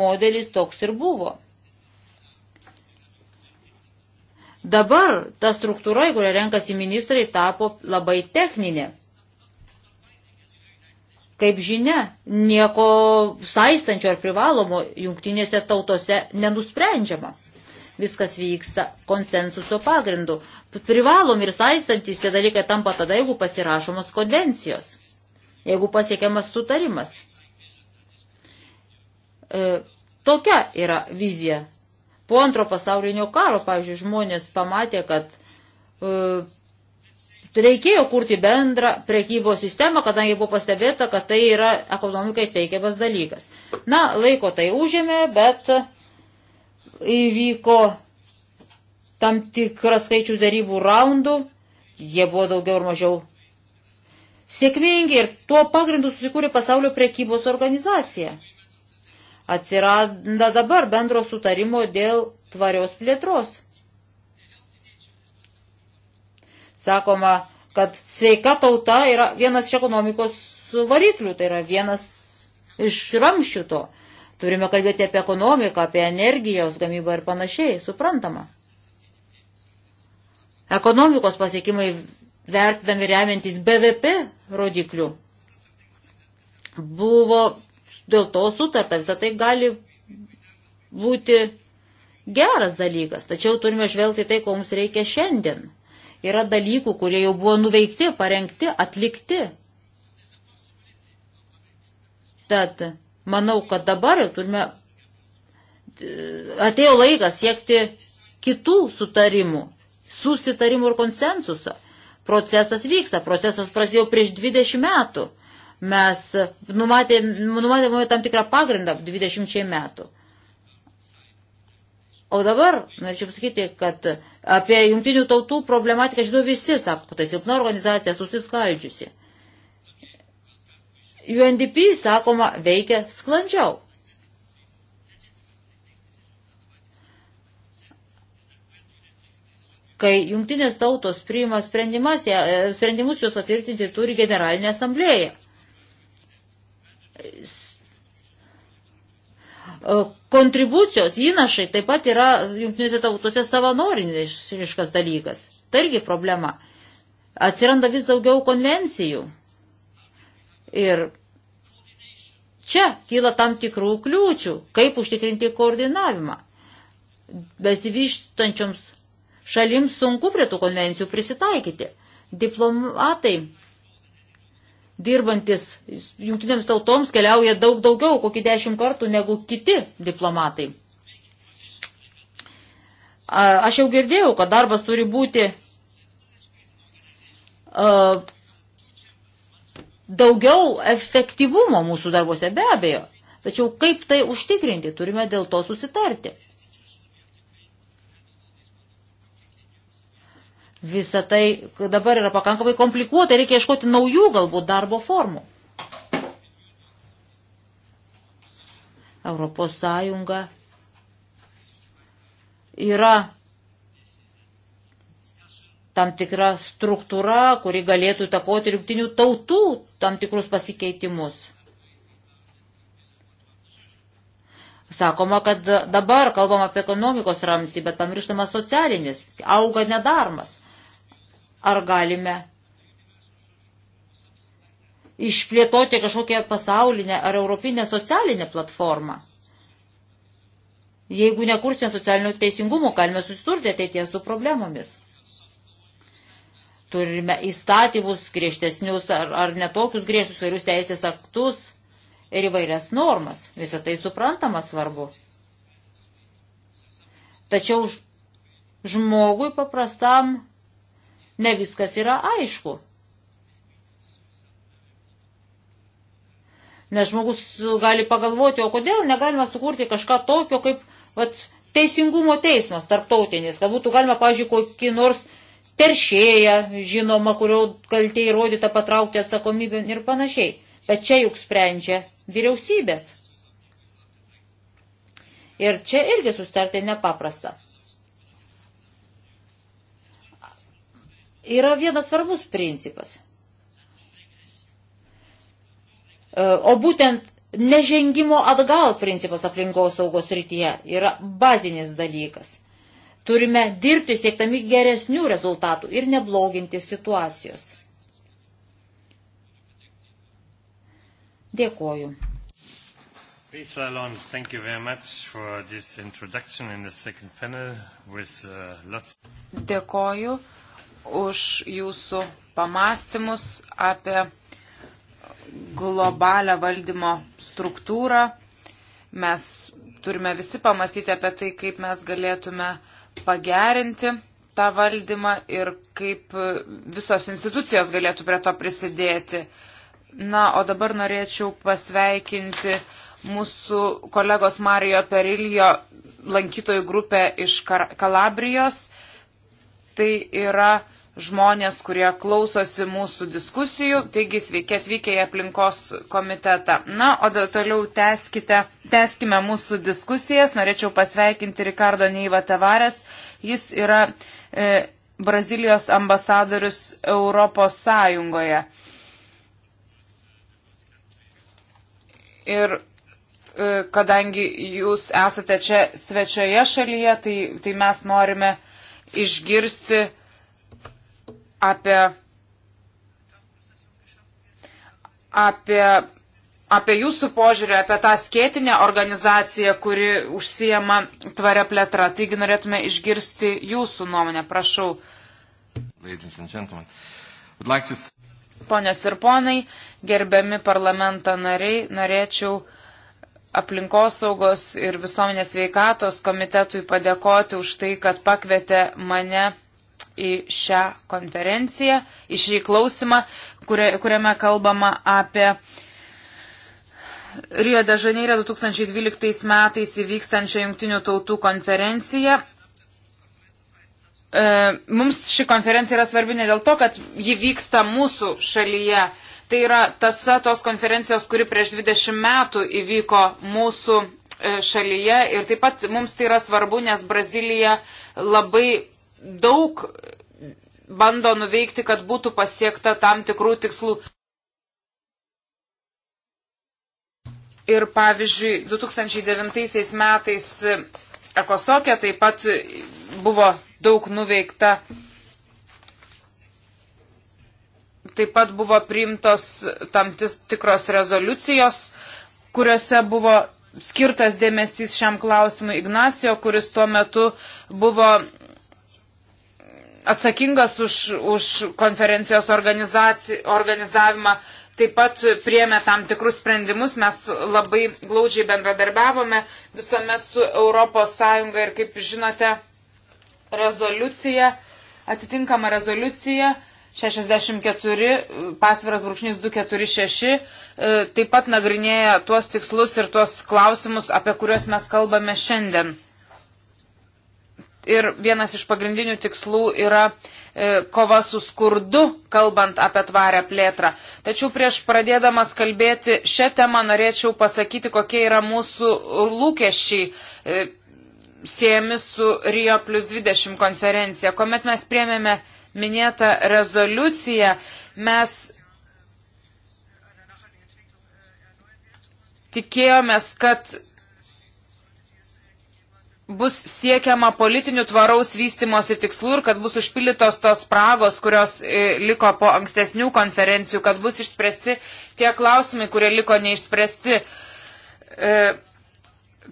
modelis toks ir buvo. Dabar ta struktūra, kurią renkasi ministrai, tapo labai techninė. Kaip žinia, nieko saistančio ar privalomo jungtinėse tautose nenusprendžiama. Viskas vyksta konsensuso pagrindu. Privalom ir saistantis tie dalykai tampa tada, jeigu pasirašomos konvencijos, jeigu pasiekiamas sutarimas. E, tokia yra vizija. Po antro pasaulinio karo, pavyzdžiui, žmonės pamatė, kad e, Reikėjo kurti bendrą prekybos sistemą, kadangi buvo pastebėta, kad tai yra ekonomikai teikiamas dalykas. Na, laiko tai užėmė, bet įvyko tam tikras skaičių darybų raundų, jie buvo daugiau ir mažiau sėkmingi ir tuo pagrindu susikūrė pasaulio prekybos organizacija. Atsiranda dabar bendro sutarimo dėl tvarios plėtros. Sakoma, kad sveika tauta yra vienas iš ekonomikos variklių, tai yra vienas iš ramščių to. Turime kalbėti apie ekonomiką, apie energijos gamybą ir panašiai, suprantama. Ekonomikos pasiekimai vertinami remiantis BVP rodiklių. Buvo dėl to sutarta, visą tai gali būti geras dalykas, tačiau turime žvelgti tai, ko mums reikia šiandien. Yra dalykų, kurie jau buvo nuveikti, parengti, atlikti. Tad manau, kad dabar jau turime e, atėjo laikas siekti kitų sutarimų, susitarimų ir konsensusą. Procesas vyksta, procesas prasidėjo prieš 20 metų. Mes numatėme, numatėme tam tikrą pagrindą 20 metų. O dabar, norėčiau pasakyti, kad apie jungtinių tautų problematiką žino visi, sako, kad tai silpna organizacija susiskaldžiusi. UNDP, sakoma, veikia sklandžiau. Kai jungtinės tautos priima sprendimus, sprendimus juos patvirtinti turi generalinė asamblėja E, kontribucijos įnašai taip pat yra jungtinėse tautose savanoriškas dalykas. Tai irgi problema. Atsiranda vis daugiau konvencijų. Ir čia kyla tam tikrų kliūčių, kaip užtikrinti koordinavimą. Besivyštančioms šalims sunku prie tų konvencijų prisitaikyti. Diplomatai dirbantis jungtinėms tautoms keliauja daug daugiau, kokį dešimt kartų negu kiti diplomatai. Aš jau girdėjau, kad darbas turi būti daugiau efektyvumo mūsų darbuose, be abejo. Tačiau kaip tai užtikrinti, turime dėl to susitarti. Visą tai dabar yra pakankamai komplikuota, reikia ieškoti naujų galbūt darbo formų. Europos Sąjunga yra tam tikra struktūra, kuri galėtų takoti rinktinių tautų tam tikrus pasikeitimus. Sakoma, kad dabar kalbam apie ekonomikos ramstį, bet pamirštamas socialinis, auga nedarmas. Ar galime išplėtoti kažkokią pasaulinę ar europinę socialinę platformą? Jeigu nekursime socialinio teisingumo, galime susiturti ateities su problemomis. Turime įstatymus griežtesnius ar, ar netokius griežtus vairius teisės aktus ir įvairias normas. Visą tai suprantama svarbu. Tačiau žmogui paprastam Ne viskas yra aišku. Nes žmogus gali pagalvoti, o kodėl negalima sukurti kažką tokio kaip vat, teisingumo teismas tarptautinis, kad būtų galima, pažiūrėjau, kokį nors teršėją, žinoma, kurio kaltė įrodyta patraukti atsakomybę ir panašiai. Bet čia juk sprendžia vyriausybės. Ir čia irgi sustarti nepaprasta. yra vienas svarbus principas. E, o būtent nežengimo atgal principas aplinkos saugos rytyje yra bazinis dalykas. Turime dirbti siektami geresnių rezultatų ir nebloginti situacijos. Dėkoju. Lisa Alon, thank you very much for this introduction in the second panel with uh, lots. Dėkoju. Uh, už jūsų pamastymus apie globalią valdymo struktūrą. Mes turime visi pamastyti apie tai, kaip mes galėtume pagerinti tą valdymą ir kaip visos institucijos galėtų prie to prisidėti. Na, o dabar norėčiau pasveikinti mūsų kolegos Marijo Perilio lankytojų grupę iš Kalabrijos tai yra žmonės, kurie klausosi mūsų diskusijų. Taigi sveiki atvykę į aplinkos komitetą. Na, o toliau teskite, teskime mūsų diskusijas. Norėčiau pasveikinti Rikardo Neiva Tavarės. Jis yra e, Brazilijos ambasadorius Europos Sąjungoje. Ir e, kadangi jūs esate čia svečioje šalyje, tai, tai mes norime e, išgirsti apie, apie, apie jūsų požiūrį, apie tą skėtinę organizaciją, kuri užsijama tvaria plėtra. Taigi norėtume išgirsti jūsų nuomonę, prašau. Like to... Ponios ir ponai, gerbiami parlamento nariai, norėčiau aplinkosaugos ir visuomenės veikatos komitetui padėkoti už tai, kad pakvietė mane į šią konferenciją, į šį klausimą, kuria, kuriame kalbama apie Rio de Žaneirė 2012 metais įvykstančią jungtinių tautų konferenciją. E, mums ši konferencija yra svarbi ne dėl to, kad ji vyksta mūsų šalyje, Tai yra tasa tos konferencijos, kuri prieš 20 metų įvyko mūsų e, šalyje ir taip pat mums tai yra svarbu, nes Brazilija labai daug bando nuveikti, kad būtų pasiekta tam tikrų tikslų. Ir pavyzdžiui, 2009 metais Ekosokė taip pat buvo daug nuveikta Taip pat buvo priimtos tam tikros rezoliucijos, kuriuose buvo skirtas dėmesys šiam klausimui Ignacio, kuris tuo metu buvo atsakingas už, už konferencijos organizavimą, taip pat priemė tam tikrus sprendimus. Mes labai glaudžiai bendradarbiavome visuomet su ES ir, kaip žinote, rezoliucija, atitinkama rezoliucija 64 pasviras brūkšnys 246 e, taip pat nagrinėja tuos tikslus ir tuos klausimus, apie kuriuos mes kalbame šiandien. Ir vienas iš pagrindinių tikslų yra e, kova su skurdu, kalbant apie tvarę plėtrą. Tačiau prieš pradėdamas kalbėti šią temą norėčiau pasakyti, kokie yra mūsų lūkesčiai e, siejami su Rio plus 20 konferencija. Komet mes priemėme minėtą rezoliuciją mes tikėjomės, kad bus siekiama politinių tvaraus vystimosi tikslų ir kad bus užpildytos tos spragos, kurios e, liko po ankstesnių konferencijų, kad bus išspręsti tie klausimai, kurie liko neišspręsti. E,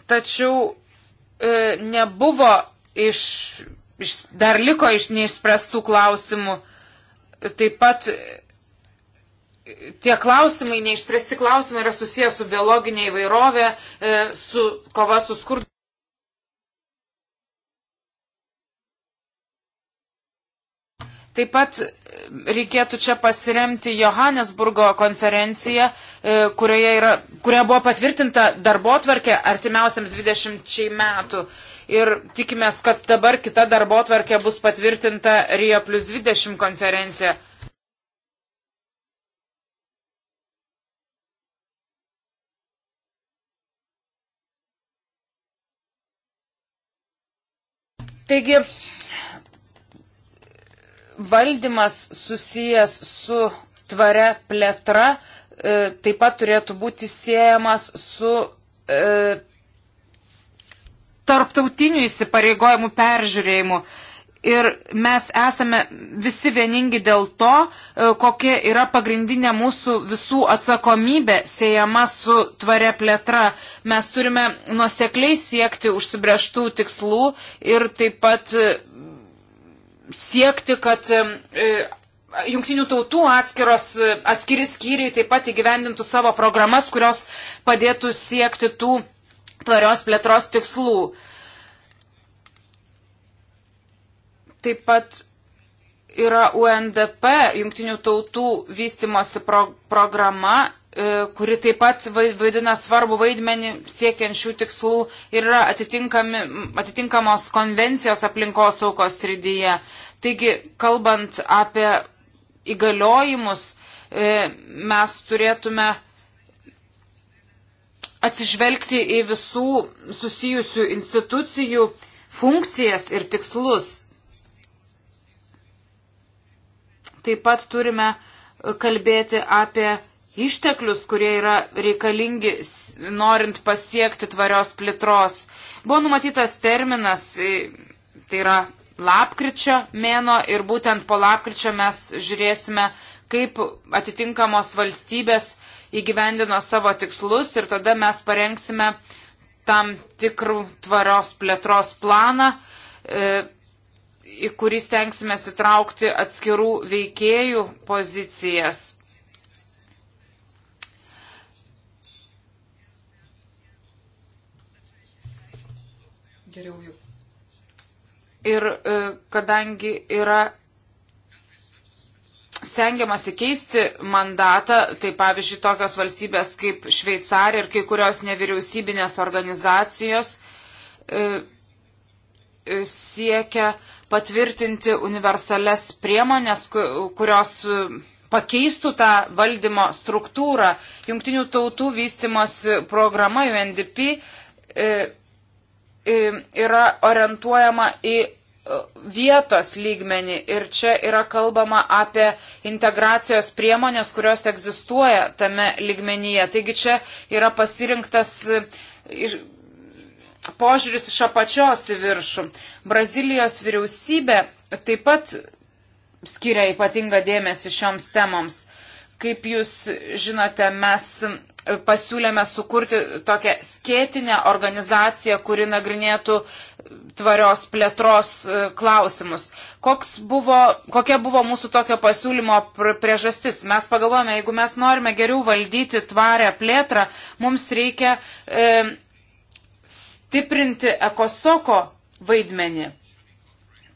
tačiau e, nebuvo iš dar liko iš neišspręstų klausimų. Taip pat tie klausimai, neišspręsti klausimai yra susijęs su biologinė įvairovė, e, su kova su skurdu. Taip pat e, reikėtų čia pasiremti Johannesburgo konferenciją, e, kurioje, yra, kurioje buvo patvirtinta darbo tvarkė artimiausiams 20 metų. Ir tikimės, kad dabar kita darbo tvarkė bus patvirtinta Rio plus 20 konferencija. Taigi, valdymas susijęs su tvare plėtra e, taip pat turėtų būti siejamas su e, tarptautiniu įsipareigojimu peržiūrėjimu. Ir mes esame visi vieningi dėl to, e, kokia yra pagrindinė mūsų visų atsakomybė siejama su tvare plėtra. Mes turime nuosekliai siekti užsibrieštų tikslų ir taip pat e, siekti, kad e, jungtinių tautų atskiros, e, atskiri skyriai taip pat įgyvendintų savo programas, kurios padėtų siekti tų tvarios plėtros tikslų. Taip pat yra UNDP, jungtinių tautų vystimosi pro programa E, kuri taip pat vaidina svarbu vaidmenį siekiančių tikslų ir yra atitinkamos konvencijos aplinkos saukos srityje. Taigi, kalbant apie įgaliojimus, e, mes turėtume atsižvelgti į visų susijusių institucijų funkcijas ir tikslus. Taip pat turime kalbėti apie išteklius, kurie yra reikalingi norint pasiekti tvarios plėtros. Buvo numatytas terminas, e, tai yra lapkričio mėno ir būtent po lapkričio mes žiūrėsime, kaip atitinkamos valstybės įgyvendino savo tikslus ir tada mes parengsime tam tikrų tvarios plėtros planą, e, į kurį stengsime sitraukti atskirų veikėjų pozicijas. pasiteiriauju. Ir e, kadangi yra stengiamasi keisti mandatą, tai pavyzdžiui tokios valstybės kaip Šveicarija ir kai kurios nevyriausybinės organizacijos e, e, siekia patvirtinti universales priemonės, kurios pakeistų tą valdymo struktūrą. Jungtinių tautų vystimos programa UNDP yra orientuojama į e, vietos lygmenį ir čia yra kalbama apie integracijos priemonės, kurios egzistuoja tame lygmenyje. Taigi čia yra pasirinktas e, iš, požiūris iš apačios į viršų. Brazilijos vyriausybė taip pat skiria ypatingą dėmesį šioms temoms. Kaip jūs žinote, mes pasiūlėme sukurti tokią skėtinę organizaciją, kuri nagrinėtų tvarios plėtros e, klausimus. Koks buvo, kokia buvo mūsų tokio pasiūlymo priežastis? Mes pagalvojame, jeigu mes norime geriau valdyti tvarę plėtrą, mums reikia e, stiprinti ekosoko vaidmenį.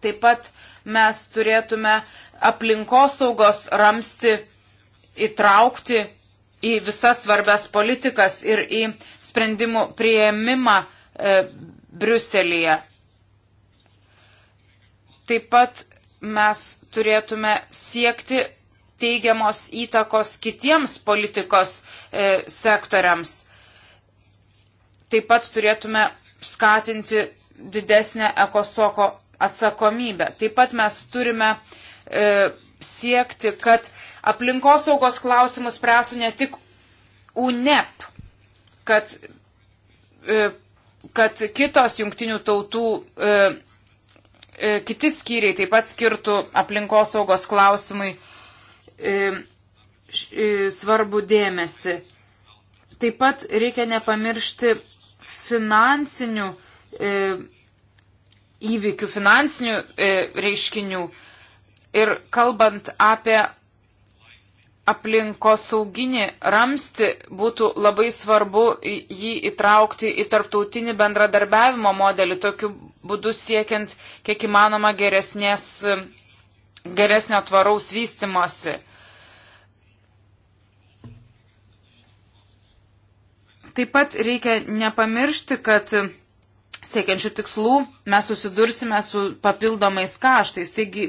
Taip pat mes turėtume aplinkosaugos ramsti įtraukti į visas svarbias politikas ir į sprendimų prieimimą e, Briuselėje. Taip pat mes turėtume siekti teigiamos įtakos kitiems politikos e, sektoriams. Taip pat turėtume skatinti didesnę ekosoko atsakomybę. Taip pat mes turime e, siekti, kad aplinkosaugos klausimus spręstų ne tik UNEP, kad, e, kad kitos jungtinių tautų, e, e, kiti skyriai taip pat skirtų aplinkosaugos klausimui svarbu dėmesį. Taip pat reikia nepamiršti finansinių e, įvykių, finansinių e, reiškinių. Ir kalbant apie aplinkosauginį ramsti būtų labai svarbu jį įtraukti į tarptautinį bendradarbiavimo modelį, tokiu būdu siekiant kiek įmanoma geresnės, geresnio tvaraus vystimosi. Taip pat reikia nepamiršti, kad siekiančių tikslų, mes susidursime su papildomais kaštais. Taigi,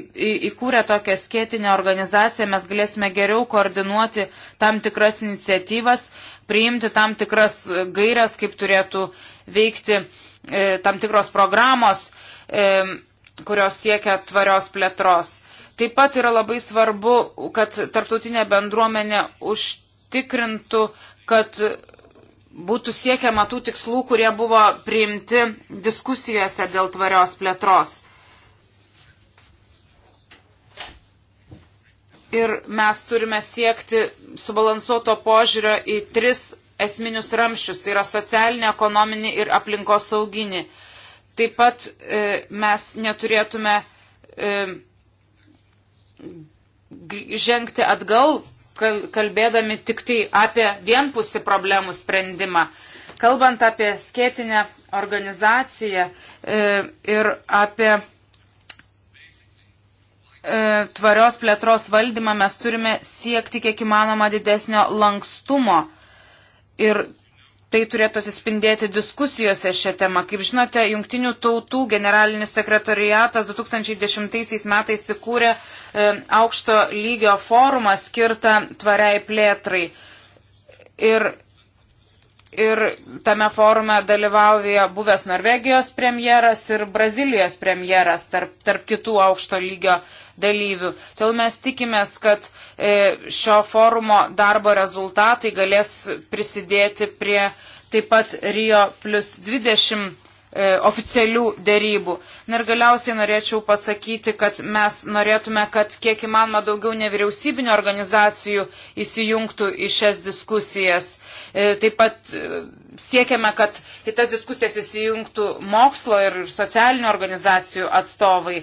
įkūrę tokią skėtinę organizaciją, mes galėsime geriau koordinuoti tam tikras iniciatyvas, priimti tam tikras gairias, kaip turėtų veikti e, tam tikros programos, e, kurios siekia tvarios plėtros. Taip pat yra labai svarbu, kad tarptautinė bendruomenė užtikrintų, kad būtų siekiama tų tikslų, kurie buvo priimti diskusijose dėl tvarios plėtros. Ir mes turime siekti subalansuoto požiūrio į tris esminius ramščius, tai yra socialinį, ekonominį ir aplinkos sauginį. Taip pat e, mes neturėtume e, žengti atgal kalbėdami tik tai apie vienpusį problemų sprendimą. Kalbant apie skėtinę organizaciją e, ir apie e, tvarios plėtros valdymą, mes turime siekti kiek įmanoma didesnio lankstumo. Ir tai turėtų atsispindėti diskusijose šią temą. Kaip žinote, Junktinių tautų generalinis sekretoriatas 2010 metais įkūrė e, aukšto lygio forumą skirtą tvariai plėtrai. Ir, ir tame forume dalyvauja buvęs Norvegijos premjeras ir Brazilijos premjeras tarp, tarp kitų aukšto lygio dalyvių. Todėl mes tikimės, kad E, šio forumo darbo rezultatai galės prisidėti prie taip pat Rio plus 20 e, oficialių dėrybų. Ir galiausiai norėčiau pasakyti, kad mes norėtume, kad kiek įmanoma daugiau nevyriausybinio organizacijų įsijungtų į šias diskusijas. E, taip pat siekiame, kad į tas diskusijas įsijungtų mokslo ir socialinių organizacijų atstovai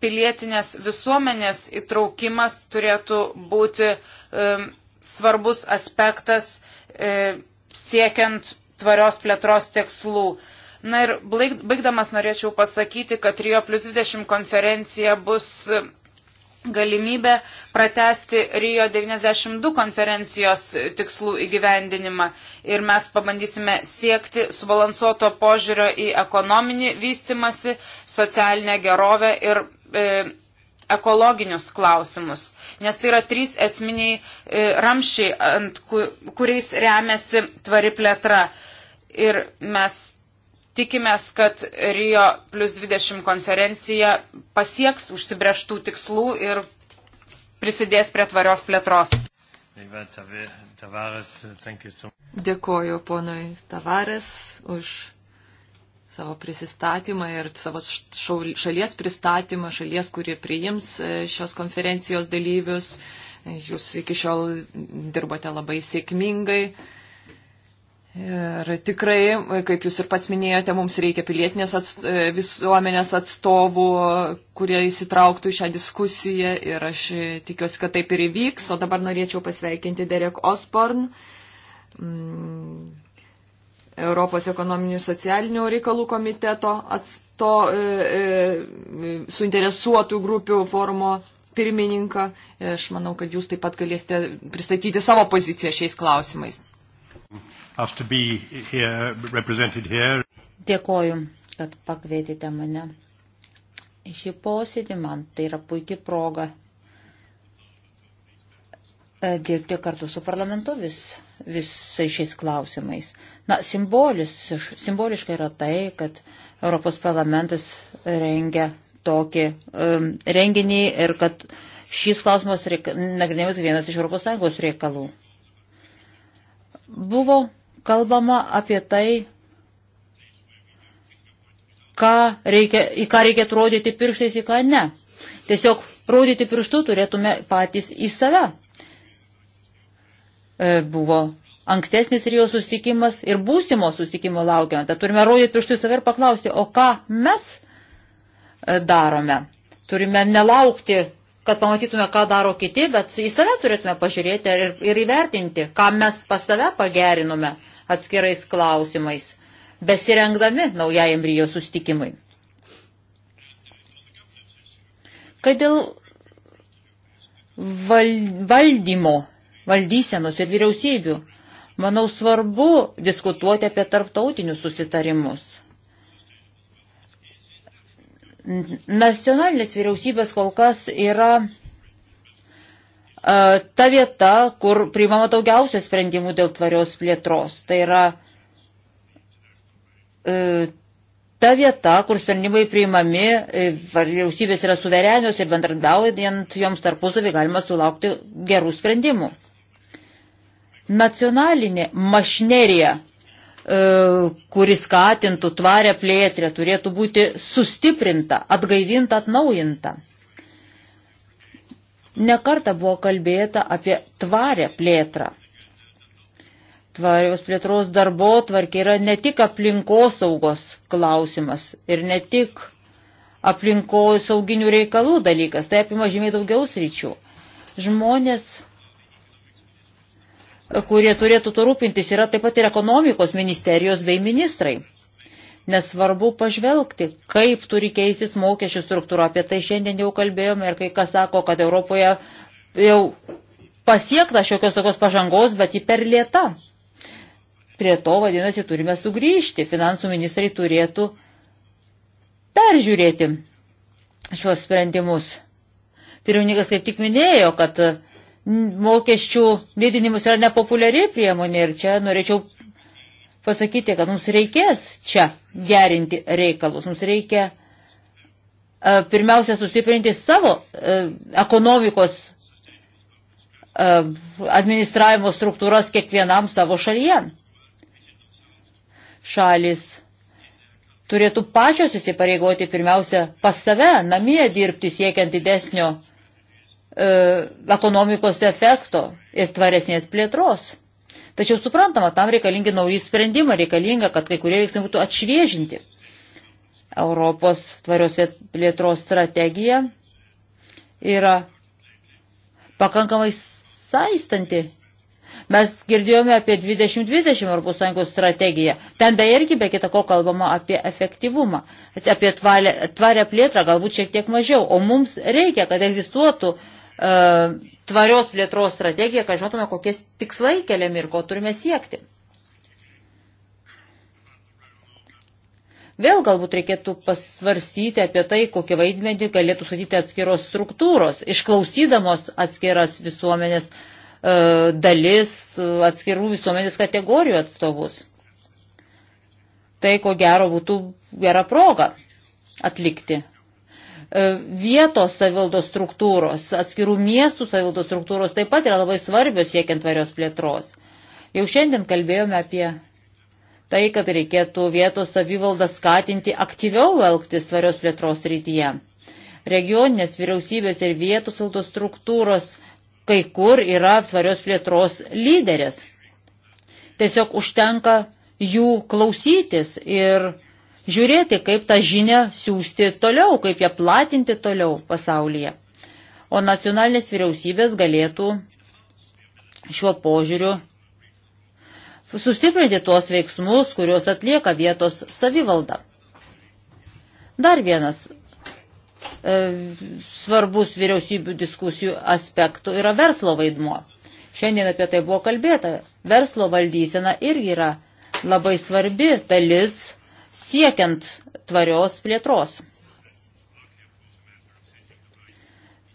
pilietinės visuomenės įtraukimas turėtų būti um, svarbus aspektas um, siekiant tvarios plėtros tikslų. Na ir baigdamas norėčiau pasakyti, kad Rio plus 20 konferencija bus e, galimybė pratesti Rio 92 konferencijos e, tikslų įgyvendinimą. Ir mes pabandysime siekti subalansuoto požiūrio į ekonominį vystimasi, socialinę gerovę ir e, ekologinius klausimus, nes tai yra trys esminiai e, ramšiai, ant ku, kuriais remiasi tvari plėtra. Ir mes tikimės, kad Rio plus 20 konferencija pasieks užsibrieštų tikslų ir prisidės prie tvarios plėtros. Dėkoju ponui Tavares už savo prisistatymą ir savo šalies pristatymą, šalies, kuri priims e, šios konferencijos dalyvius. Jūs iki šiol dirbote labai sėkmingai. Ir tikrai, kaip jūs ir pats minėjote, mums reikia pilietinės atst e, visuomenės atstovų, kurie įsitrauktų į šią diskusiją ir aš tikiuosi, kad taip ir įvyks. O dabar norėčiau pasveikinti Derek Osborne, mm, Europos ekonominių socialinių reikalų komiteto atsto, e, e, suinteresuotų grupių forumo pirmininką. Aš manau, kad jūs taip pat galėsite pristatyti savo poziciją šiais klausimais. Here, Dėkoju, kad pakvietėte mane. Šį posėdį man tai yra puikia proga E, dirbti kartu su parlamentu vis, visais šiais klausimais. Na, simbolis, simboliškai yra tai, kad Europos parlamentas rengia tokį um, renginį ir kad šis klausimas nagrinėjimas vienas iš ES reikalų. Buvo kalbama apie tai, ką reikia, į ką reikia rodyti pirštais, į ką ne. Tiesiog rodyti pirštų turėtume patys į save E, buvo ankstesnis ir jo susitikimas ir būsimo susitikimo laukiame. Tad turime rodyti pirštų į save ir paklausti, o ką mes e, darome. Turime nelaukti, kad pamatytume, ką daro kiti, bet į save turėtume pažiūrėti ir, ir įvertinti, ką mes pas save pagerinome atskirais klausimais, besirengdami naujajam Rijo sustikimui. Kad dėl val, valdymo valdysenos ir vyriausybių. Manau svarbu diskutuoti apie tarptautinius susitarimus. Nacionalinės vyriausybės kol kas yra e, ta vieta, kur priimama daugiausia sprendimų dėl tvarios plėtros. Tai yra e, ta vieta, kur sprendimai priimami, e, vyriausybės yra suverenios ir bendradaujant joms tarpusavį galima sulaukti gerų sprendimų nacionalinė mašinerija, e, kuri skatintų tvarę plėtrę, turėtų būti sustiprinta, atgaivinta, atnaujinta. Nekarta buvo kalbėta apie tvarę plėtrą. Tvarios plėtros darbo tvarkė yra ne tik aplinkosaugos klausimas ir ne tik aplinkosauginių reikalų dalykas, tai apima žymiai daugiau sričių. Žmonės kurie turėtų to rūpintis, yra taip pat ir ekonomikos ministerijos bei ministrai. Nesvarbu pažvelgti, kaip turi keistis mokesčių struktūra. Apie tai šiandien jau kalbėjome ir kai kas sako, kad Europoje jau pasiekta šiokios tokios pažangos, bet ji per lieta. Prie to, vadinasi, turime sugrįžti. Finansų ministrai turėtų peržiūrėti šios sprendimus. Pirmininkas kaip tik minėjo, kad mokesčių didinimus yra nepopuliari priemonė ir čia norėčiau pasakyti, kad mums reikės čia gerinti reikalus, mums reikia e, pirmiausia sustiprinti savo e, ekonomikos e, administravimo struktūras kiekvienam savo šalyje. Šalis turėtų pačios įsipareigoti pirmiausia pas save, namie dirbti siekiant didesnio E, ekonomikos efekto ir tvaresnės plėtros. Tačiau suprantama, tam reikalingi nauji sprendimai, reikalinga, kad kai kurie veiksmai būtų atšviežinti. Europos tvarios plėtros strategija yra pakankamai saistanti. Mes girdėjome apie 2020 Europos Sąjungos strategiją. Ten beje irgi be kita ko kalbama apie efektyvumą, apie tvarę plėtrą, galbūt šiek tiek mažiau. O mums reikia, kad egzistuotų uh, E, tvarios plėtros strategiją, kad žinotume, kokie tikslai keliami ir ko turime siekti. Vėl galbūt reikėtų pasvarstyti apie tai, kokį vaidmenį galėtų sudyti atskiros struktūros, išklausydamos atskiras visuomenės e, dalis, atskirų visuomenės kategorijų atstovus. Tai, ko gero, būtų gera proga atlikti. E, vietos savildos struktūros, atskirų miestų savildos struktūros taip pat yra labai svarbios siekiant tvarios plėtros. Jau šiandien kalbėjome apie tai, kad reikėtų vietos savivaldą skatinti aktyviau elgtis tvarios plėtros rytyje. Regioninės vyriausybės ir vietos savivaldos struktūros kai kur yra tvarios plėtros lyderės. Tiesiog užtenka jų klausytis ir žiūrėti, kaip tą žinią siūsti toliau, kaip ją platinti toliau pasaulyje. O nacionalinės vyriausybės galėtų šiuo požiūriu sustiprinti tuos veiksmus, kuriuos atlieka vietos savivalda. Dar vienas e, svarbus vyriausybių diskusijų aspektų yra verslo vaidmuo. Šiandien apie tai buvo kalbėta. Verslo valdysena irgi yra labai svarbi dalis siekiant tvarios plėtros.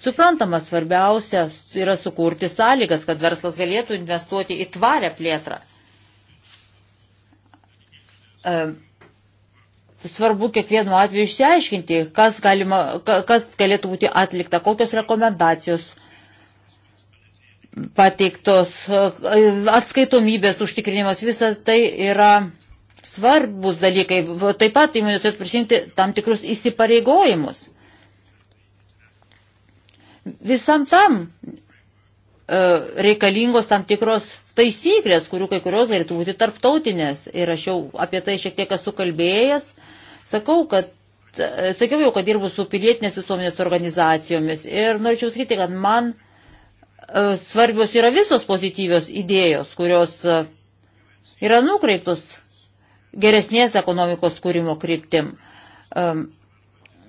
Suprantama, svarbiausia yra sukurti sąlygas, kad verslas galėtų investuoti į tvarę plėtrą. E, svarbu kiekvienu atveju išsiaiškinti, kas, galima, kas galėtų būti atlikta, kokios rekomendacijos pateiktos, e, atskaitomybės užtikrinimas, visa tai yra svarbus dalykai. Taip pat įmonės tai turėtų prisimti tam tikrus įsipareigojimus. Visam tam e, reikalingos tam tikros taisyklės, kurių kai kurios galėtų būti tarptautinės. Ir aš jau apie tai šiek tiek esu kalbėjęs. Sakau, kad, e, sakiau jau, kad dirbu su pilietinės visuomenės organizacijomis. Ir norėčiau sakyti, kad man e, svarbios yra visos pozityvios idėjos, kurios yra nukreiptos geresnės ekonomikos kūrimo kryptim.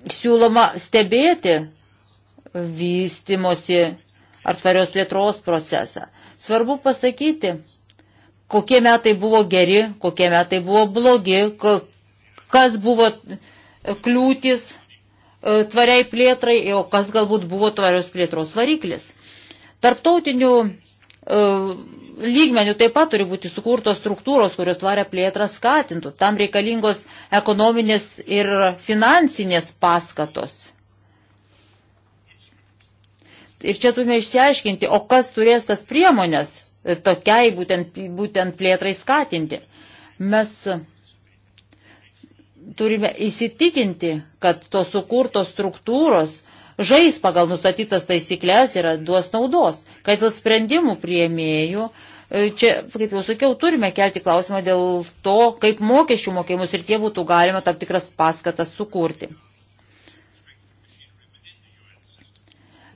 Siūloma stebėti vystimosi ar tvarios plėtros procesą. Svarbu pasakyti, kokie metai buvo geri, kokie metai buvo blogi, kas buvo kliūtis e, tvariai plėtrai, o kas galbūt buvo tvarios plėtros variklis. Tarptautinių e, lygmenių taip pat turi būti sukurtos struktūros, kurios tvarę plėtrą skatintų. Tam reikalingos ekonominės ir finansinės paskatos. Ir čia turime išsiaiškinti, o kas turės tas priemonės e, tokiai būtent, būtent plėtrai skatinti. Mes turime įsitikinti, kad tos sukurtos struktūros žais pagal nustatytas taisyklės ir duos naudos. Kad dėl sprendimų prieimėjų, e, čia, kaip jau sakiau, turime kelti klausimą dėl to, kaip mokesčių mokėjimus ir tie būtų galima tam tikras paskatas sukurti.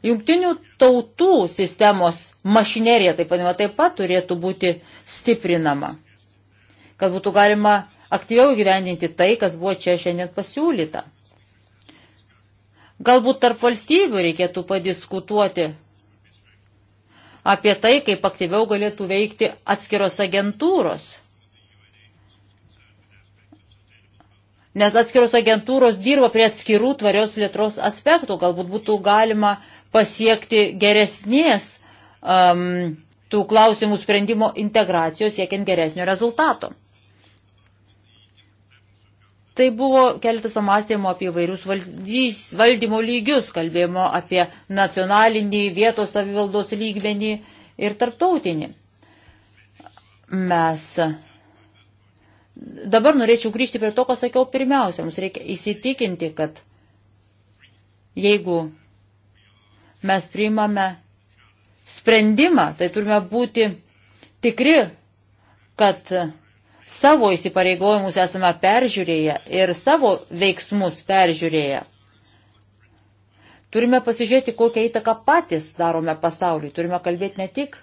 Jungtinių tautų sistemos mašinerija, taip vadinama, taip pat turėtų būti stiprinama, kad būtų galima aktyviau gyvendinti tai, kas buvo čia šiandien pasiūlyta. Galbūt tarp valstybių reikėtų padiskutuoti apie tai, kaip aktyviau galėtų veikti atskiros agentūros. Nes atskiros agentūros dirba prie atskirų tvarios plėtros aspektų. Galbūt būtų galima pasiekti geresnės um, tų klausimų sprendimo integracijos siekiant geresnio rezultato. Tai buvo keletas pamastymų apie įvairius valdys, valdymo lygius, kalbėjimo apie nacionalinį, vietos savivaldos lygmenį ir tarptautinį. Mes dabar norėčiau grįžti prie to, ką sakiau pirmiausia. Mums reikia įsitikinti, kad jeigu mes priimame sprendimą, tai turime būti tikri, kad savo įsipareigojimus esame peržiūrėję ir savo veiksmus peržiūrėję. Turime pasižiūrėti, kokią įtaką patys darome pasauliui. Turime kalbėti ne tik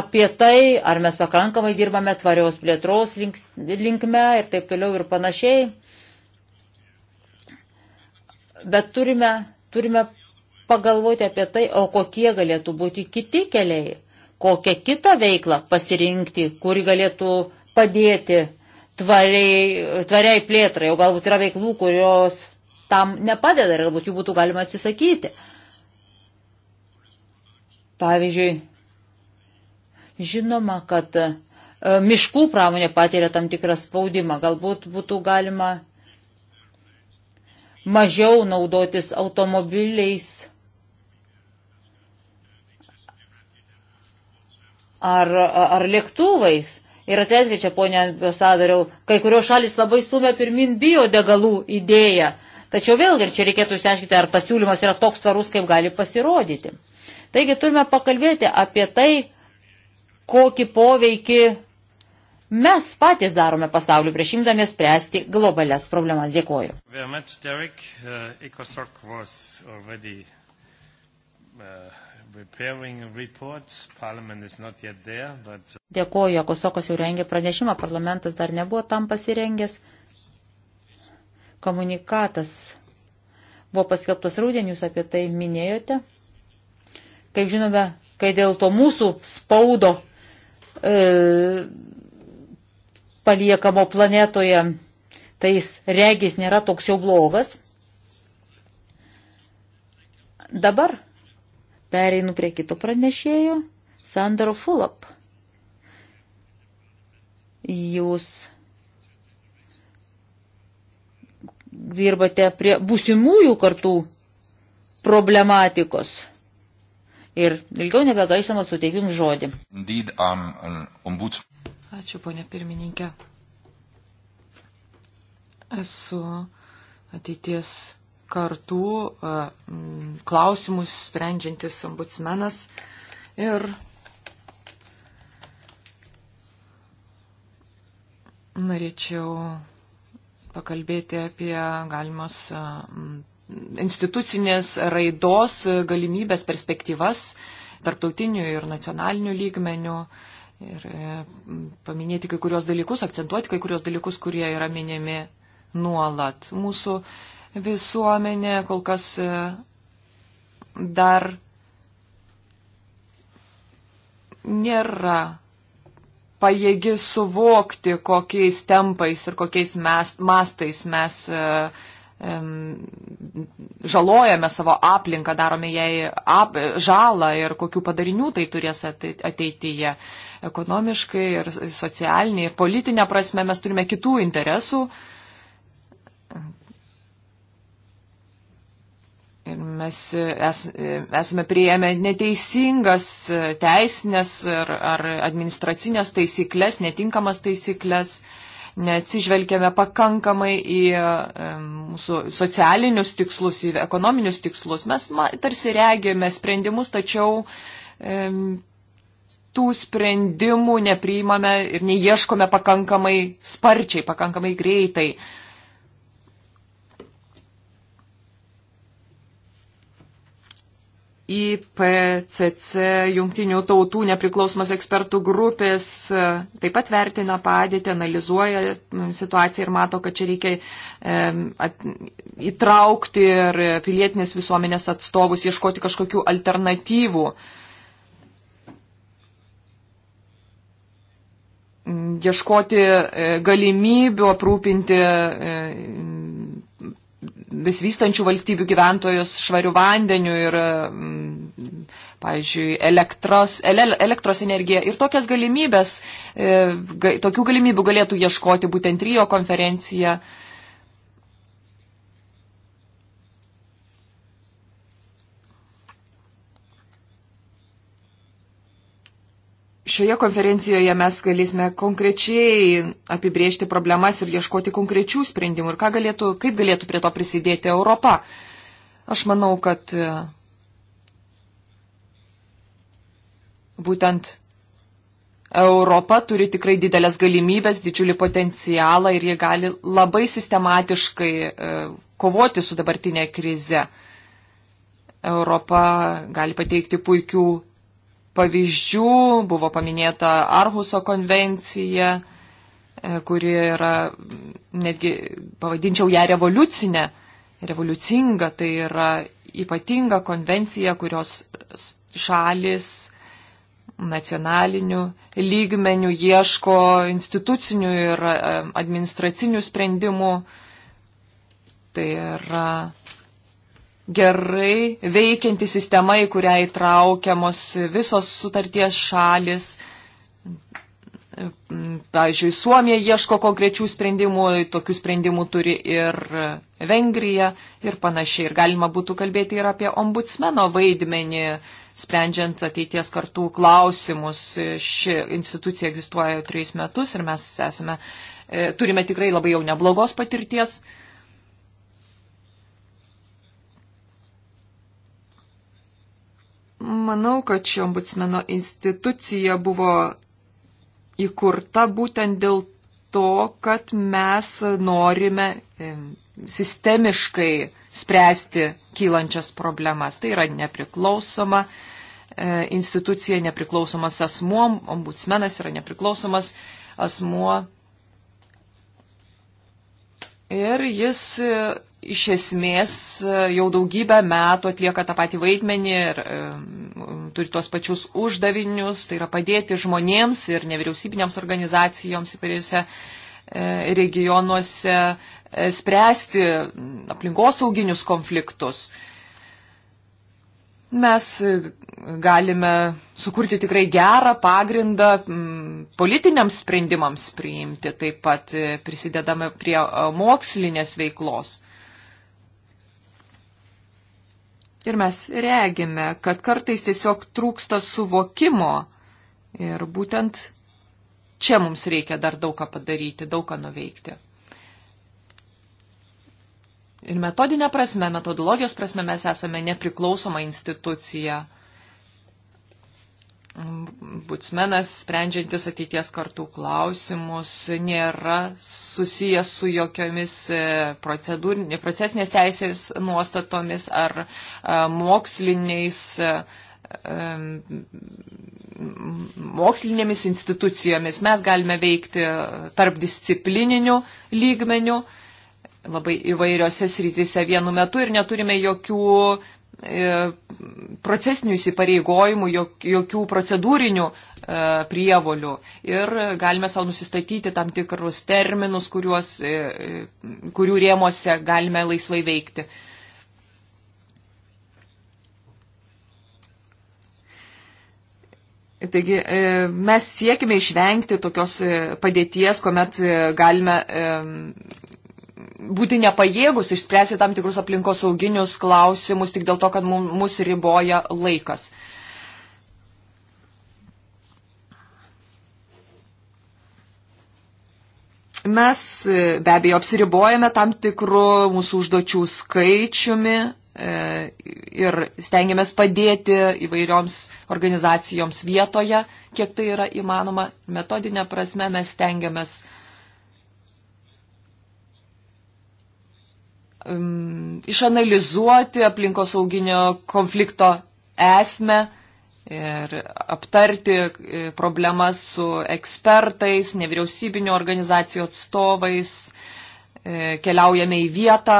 apie tai, ar mes pakankamai dirbame tvarios plėtros linkme ir taip toliau ir panašiai, bet turime, turime pagalvoti apie tai, o kokie galėtų būti kiti keliai, kokią kitą veiklą pasirinkti, kuri galėtų padėti tvariai, tvariai plėtrai, o galbūt yra veiklų, kurios tam nepadeda ir galbūt jų būtų galima atsisakyti. Pavyzdžiui, žinoma, kad e, miškų pramonė patiria tam tikrą spaudimą, galbūt būtų galima mažiau naudotis automobiliais ar, ar lėktuvais. Ir atleiskite čia, ponė ambasadoriau, kai kurios šalis labai stumia pirmin biodegalų idėją. Tačiau vėlgi čia reikėtų išsiaiškinti, ar pasiūlymas yra toks tvarus, kaip gali pasirodyti. Taigi turime pakalbėti apie tai, kokį poveikį mes patys darome pasauliu prieš imdami spręsti globalias problemas. Dėkuoju. Much, Derek. Uh, Uh, Dėkuoju, Jakusokas jau rengė pranešimą, parlamentas dar nebuvo tam pasirengęs. Komunikatas buvo paskelbtas rūdienį, jūs apie tai minėjote. Kaip žinome, kai dėl to mūsų spaudo e, paliekamo planetoje, tai jis regis nėra toks jau blogas. Dabar Pereinu prie kito pranešėjo, Sandro Fulap. Jūs dirbate prie būsimųjų kartų problematikos. Ir ilgiau nebegaištama suteikim žodį. Indeed, um, um, Ačiū, ponė pirmininkė. Esu ateities kartų e, klausimus sprendžiantis ombudsmenas ir norėčiau pakalbėti apie galimas e, institucinės raidos galimybės, perspektyvas tarptautinių ir nacionalinių lygmenių ir e, paminėti kai kurios dalykus, akcentuoti kai kurios dalykus, kurie yra minimi nuolat. Mūsų visuomenė kol kas e, dar nėra pajėgi suvokti, kokiais tempais ir kokiais mes, mastais mes e, žalojame savo aplinką, darome jai ap, žalą ir kokių padarinių tai turės ateityje. Ekonomiškai ir socialiniai ir politinė prasme mes turime kitų interesų, uh, mes es, esame prieėmę neteisingas teisinės ar, ar administracinės taisyklės, netinkamas taisyklės, neatsižvelgėme pakankamai į mūsų socialinius tikslus, į ekonominius tikslus. Mes tarsi regėme sprendimus, tačiau tų sprendimų nepriimame ir neieškome pakankamai sparčiai, pakankamai greitai. IPCC jungtinių tautų nepriklausomas ekspertų grupės e, taip pat vertina padėtį, analizuoja situaciją ir mato, kad čia reikia e, at, įtraukti ir pilietinės visuomenės atstovus, ieškoti kažkokių alternatyvų. Ieškoti e, galimybių aprūpinti besvystančių valstybių gyventojus švarių vandenių ir, m, mm, pavyzdžiui, elektros, ele, elektros energiją. Ir tokias galimybės, e, ga, tokių galimybių galėtų ieškoti būtent Rio konferencija. E, šioje konferencijoje mes galėsime konkrečiai apibriežti problemas ir ieškoti konkrečių sprendimų ir galėtų, kaip galėtų prie to prisidėti Europa. Aš manau, kad būtent Europa turi tikrai didelės galimybės, didžiulį potencialą ir jie gali labai sistematiškai e, kovoti su dabartinė krize. Europa gali pateikti puikių pavyzdžių, buvo paminėta Arhuso konvencija, e, kuri yra, netgi pavadinčiau ją revoliucinę, revoliucinga, tai yra ypatinga konvencija, kurios šalis nacionalinių lygmenių ieško institucinių ir e, administracinių sprendimų. Tai yra gerai veikianti sistema, į kurią įtraukiamos visos sutarties šalis. Pavyzdžiui, Suomija ieško konkrečių sprendimų, tokių sprendimų turi ir Vengrija ir panašiai. Ir galima būtų kalbėti ir apie ombudsmeno vaidmenį, sprendžiant ateities kartų klausimus. Ši institucija egzistuoja jau trejus metus ir mes esame, e, turime tikrai labai jau neblogos patirties. Manau, kad ši ombudsmeno institucija buvo įkurta būtent dėl to, kad mes norime sistemiškai spręsti kylančias problemas. Tai yra nepriklausoma e, institucija, nepriklausomas asmuo, ombudsmenas yra nepriklausomas asmuo. Ir jis e, iš esmės e, jau daugybę metų atlieka tą patį vaidmenį ir e, turi tuos pačius uždavinius, tai yra padėti žmonėms ir nevyriausybinėms organizacijoms įvairiose e, regionuose e, spręsti aplinkosauginius konfliktus. Mes e, galime sukurti tikrai gerą pagrindą politiniams sprendimams priimti, taip pat e, prisidedame prie mokslinės veiklos. Ir mes regime, kad kartais tiesiog trūksta suvokimo. Ir būtent čia mums reikia dar daug ką padaryti, daug ką nuveikti. Ir metodinė prasme, metodologijos prasme mes esame nepriklausoma institucija ombudsmenas, sprendžiantis ateities kartų klausimus, nėra susijęs su jokiomis e, procesinės teisės nuostatomis ar e, moksliniais e, mokslinėmis institucijomis. Mes galime veikti tarp disciplininių lygmenių labai įvairiose srityse vienu metu ir neturime jokių E, procesinių įsipareigojimų, jokių procedūrinių e, prievolių ir galime savo nusistatyti tam tikrus terminus, kuriuos, e, kurių rėmose galime laisvai veikti. Taigi mes siekime išvengti tokios padėties, kuomet galime būti nepajėgus išspręsti tam tikrus aplinkos sauginius klausimus tik dėl to, kad mus riboja laikas. Mes e, be abejo apsiribojame tam tikru mūsų užduočių skaičiumi e, ir stengiamės padėti įvairioms organizacijoms vietoje, kiek tai yra įmanoma. Metodinė prasme mes stengiamės uh, um, išanalizuoti aplinkosauginio konflikto esmę ir aptarti e, problemas su ekspertais, nevyriausybinio organizacijų atstovais, e, keliaujame į vietą.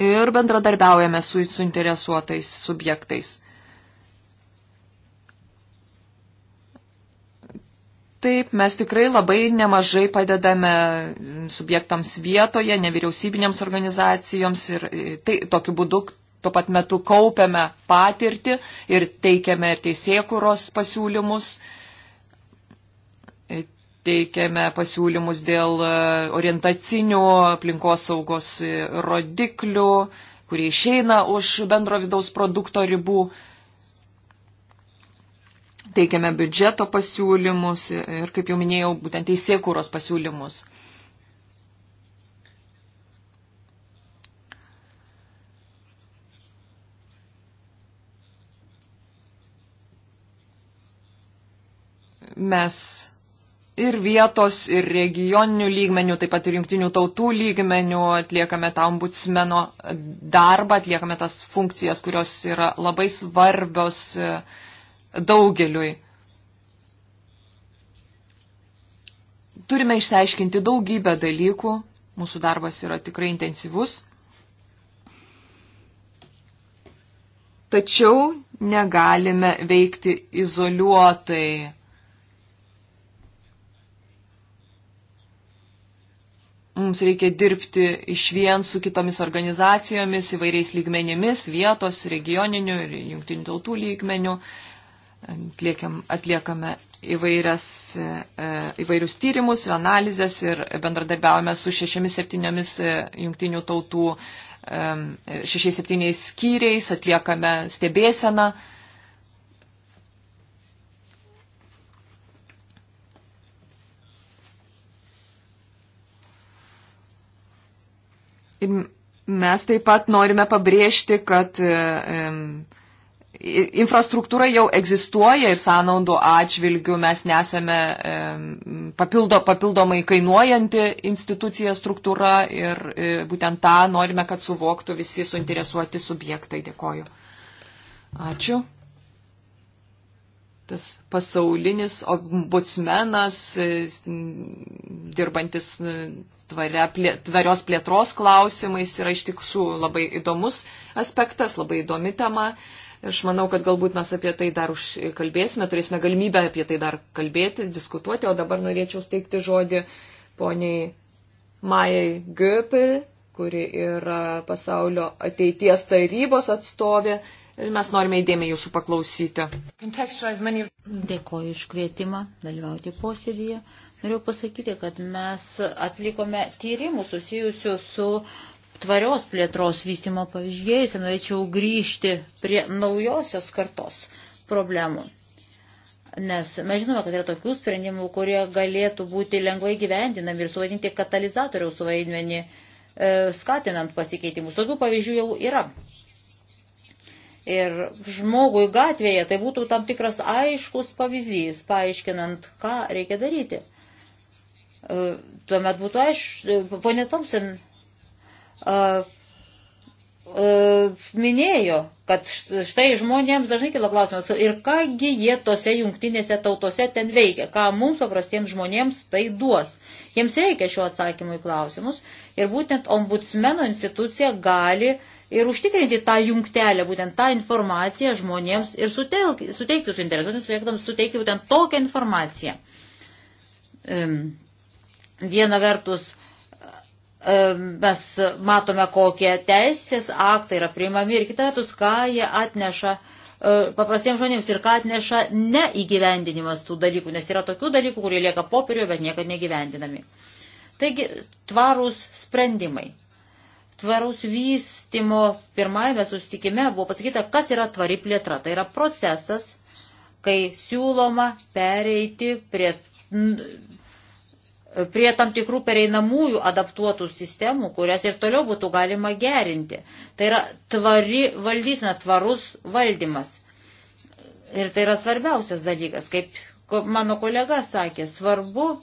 Ir bendradarbiaujame su suinteresuotais subjektais. Taip, mes tikrai labai nemažai padedame subjektams vietoje, nevyriausybinėms organizacijoms ir tai, tokiu būdu tuo pat metu kaupiame patirtį ir teikiame ir teisėkuros pasiūlymus, teikiame pasiūlymus dėl e, orientacinių aplinkos saugos e, rodiklių, kurie išeina už bendro vidaus produkto ribų teikiame biudžeto pasiūlymus ir, kaip jau minėjau, būtent teisėkūros pasiūlymus. Mes ir vietos, ir regioninių lygmenių, taip pat ir jungtinių tautų lygmenių atliekame tą ombudsmeno darbą, atliekame tas funkcijas, kurios yra labai svarbios uh, daugeliui. Turime išsiaiškinti daugybę dalykų, mūsų darbas yra tikrai intensyvus, tačiau negalime veikti izoliuotai. Mums reikia dirbti iš vien su kitomis organizacijomis įvairiais lygmenimis - vietos, regioninių ir jungtinių tautų lygmenių. Uh, atliekam, atliekame įvairias, e, e, įvairius tyrimus, analizės ir bendradarbiavame su šešiamis, septyniomis e, jungtinių tautų šešiais, septyniais skyriais, atliekame stebėseną. Ir mes taip pat norime pabrėžti, kad um, infrastruktūra jau egzistuoja ir sąnaudų atžvilgių mes nesame papildo, papildomai kainuojanti institucija struktūra ir e, būtent tą norime, kad suvoktų visi suinteresuoti subjektai. Dėkoju. Ačiū. Tas pasaulinis ombudsmenas, e, dirbantis e, tvaria, plė, tvarios plėtros klausimais, yra iš tikrųjų labai įdomus aspektas, labai įdomi tema. Aš manau, kad galbūt mes apie tai dar kalbėsime, turėsime galimybę apie tai dar kalbėtis, diskutuoti, o dabar norėčiau steigti žodį poniai Majai Göpel, kuri yra pasaulio ateities tarybos atstovė. Ir mes norime įdėmiai jūsų paklausyti. Dėkoju iš kvietimą dalyvauti posėdėje. Noriu pasakyti, kad mes atlikome tyrimus susijusius su uh, tvarios plėtros vystimo pavyzdžiais ir norėčiau grįžti prie naujosios kartos problemų. Nes mes žinome, kad yra tokių sprendimų, kurie galėtų būti lengvai gyvendinami ir suvaidinti katalizatoriaus vaidmenį, e, skatinant pasikeitimus. Tokių pavyzdžių jau yra. Ir žmogui gatvėje tai būtų tam tikras aiškus pavyzdys, paaiškinant, ką reikia daryti. E, tuomet būtų aišku, e, ponė Thompson minėjo, kad štai žmonėms dažnai kilo klausimas, ir kągi jie tose jungtinėse tautose ten veikia, ką mums paprastiems žmonėms tai duos. Jiems reikia šio atsakymų į klausimus ir būtent ombudsmeno institucija gali ir užtikrinti tą jungtelę, būtent tą informaciją žmonėms ir suteikti, suteikti suinteresuotiems subjektams, suteikti būtent tokią informaciją. Viena vertus, E, mes matome, kokie teisės aktai yra priimami ir kitą vertus, ką jie atneša e, paprastiems žmonėms ir ką atneša neįgyvendinimas tų dalykų, nes yra tokių dalykų, kurie lieka popieriuje, bet niekad negyvendinami. Taigi, tvarūs sprendimai. Tvaraus vystimo pirmajame sustikime buvo pasakyta, kas yra tvari plėtra. Tai yra procesas, kai siūloma pereiti prie prie tam tikrų pereinamųjų adaptuotų sistemų, kurias ir toliau būtų galima gerinti. Tai yra tvari valdysena, tvarus valdymas. Ir tai yra svarbiausias dalykas, kaip mano kolega sakė, svarbu e,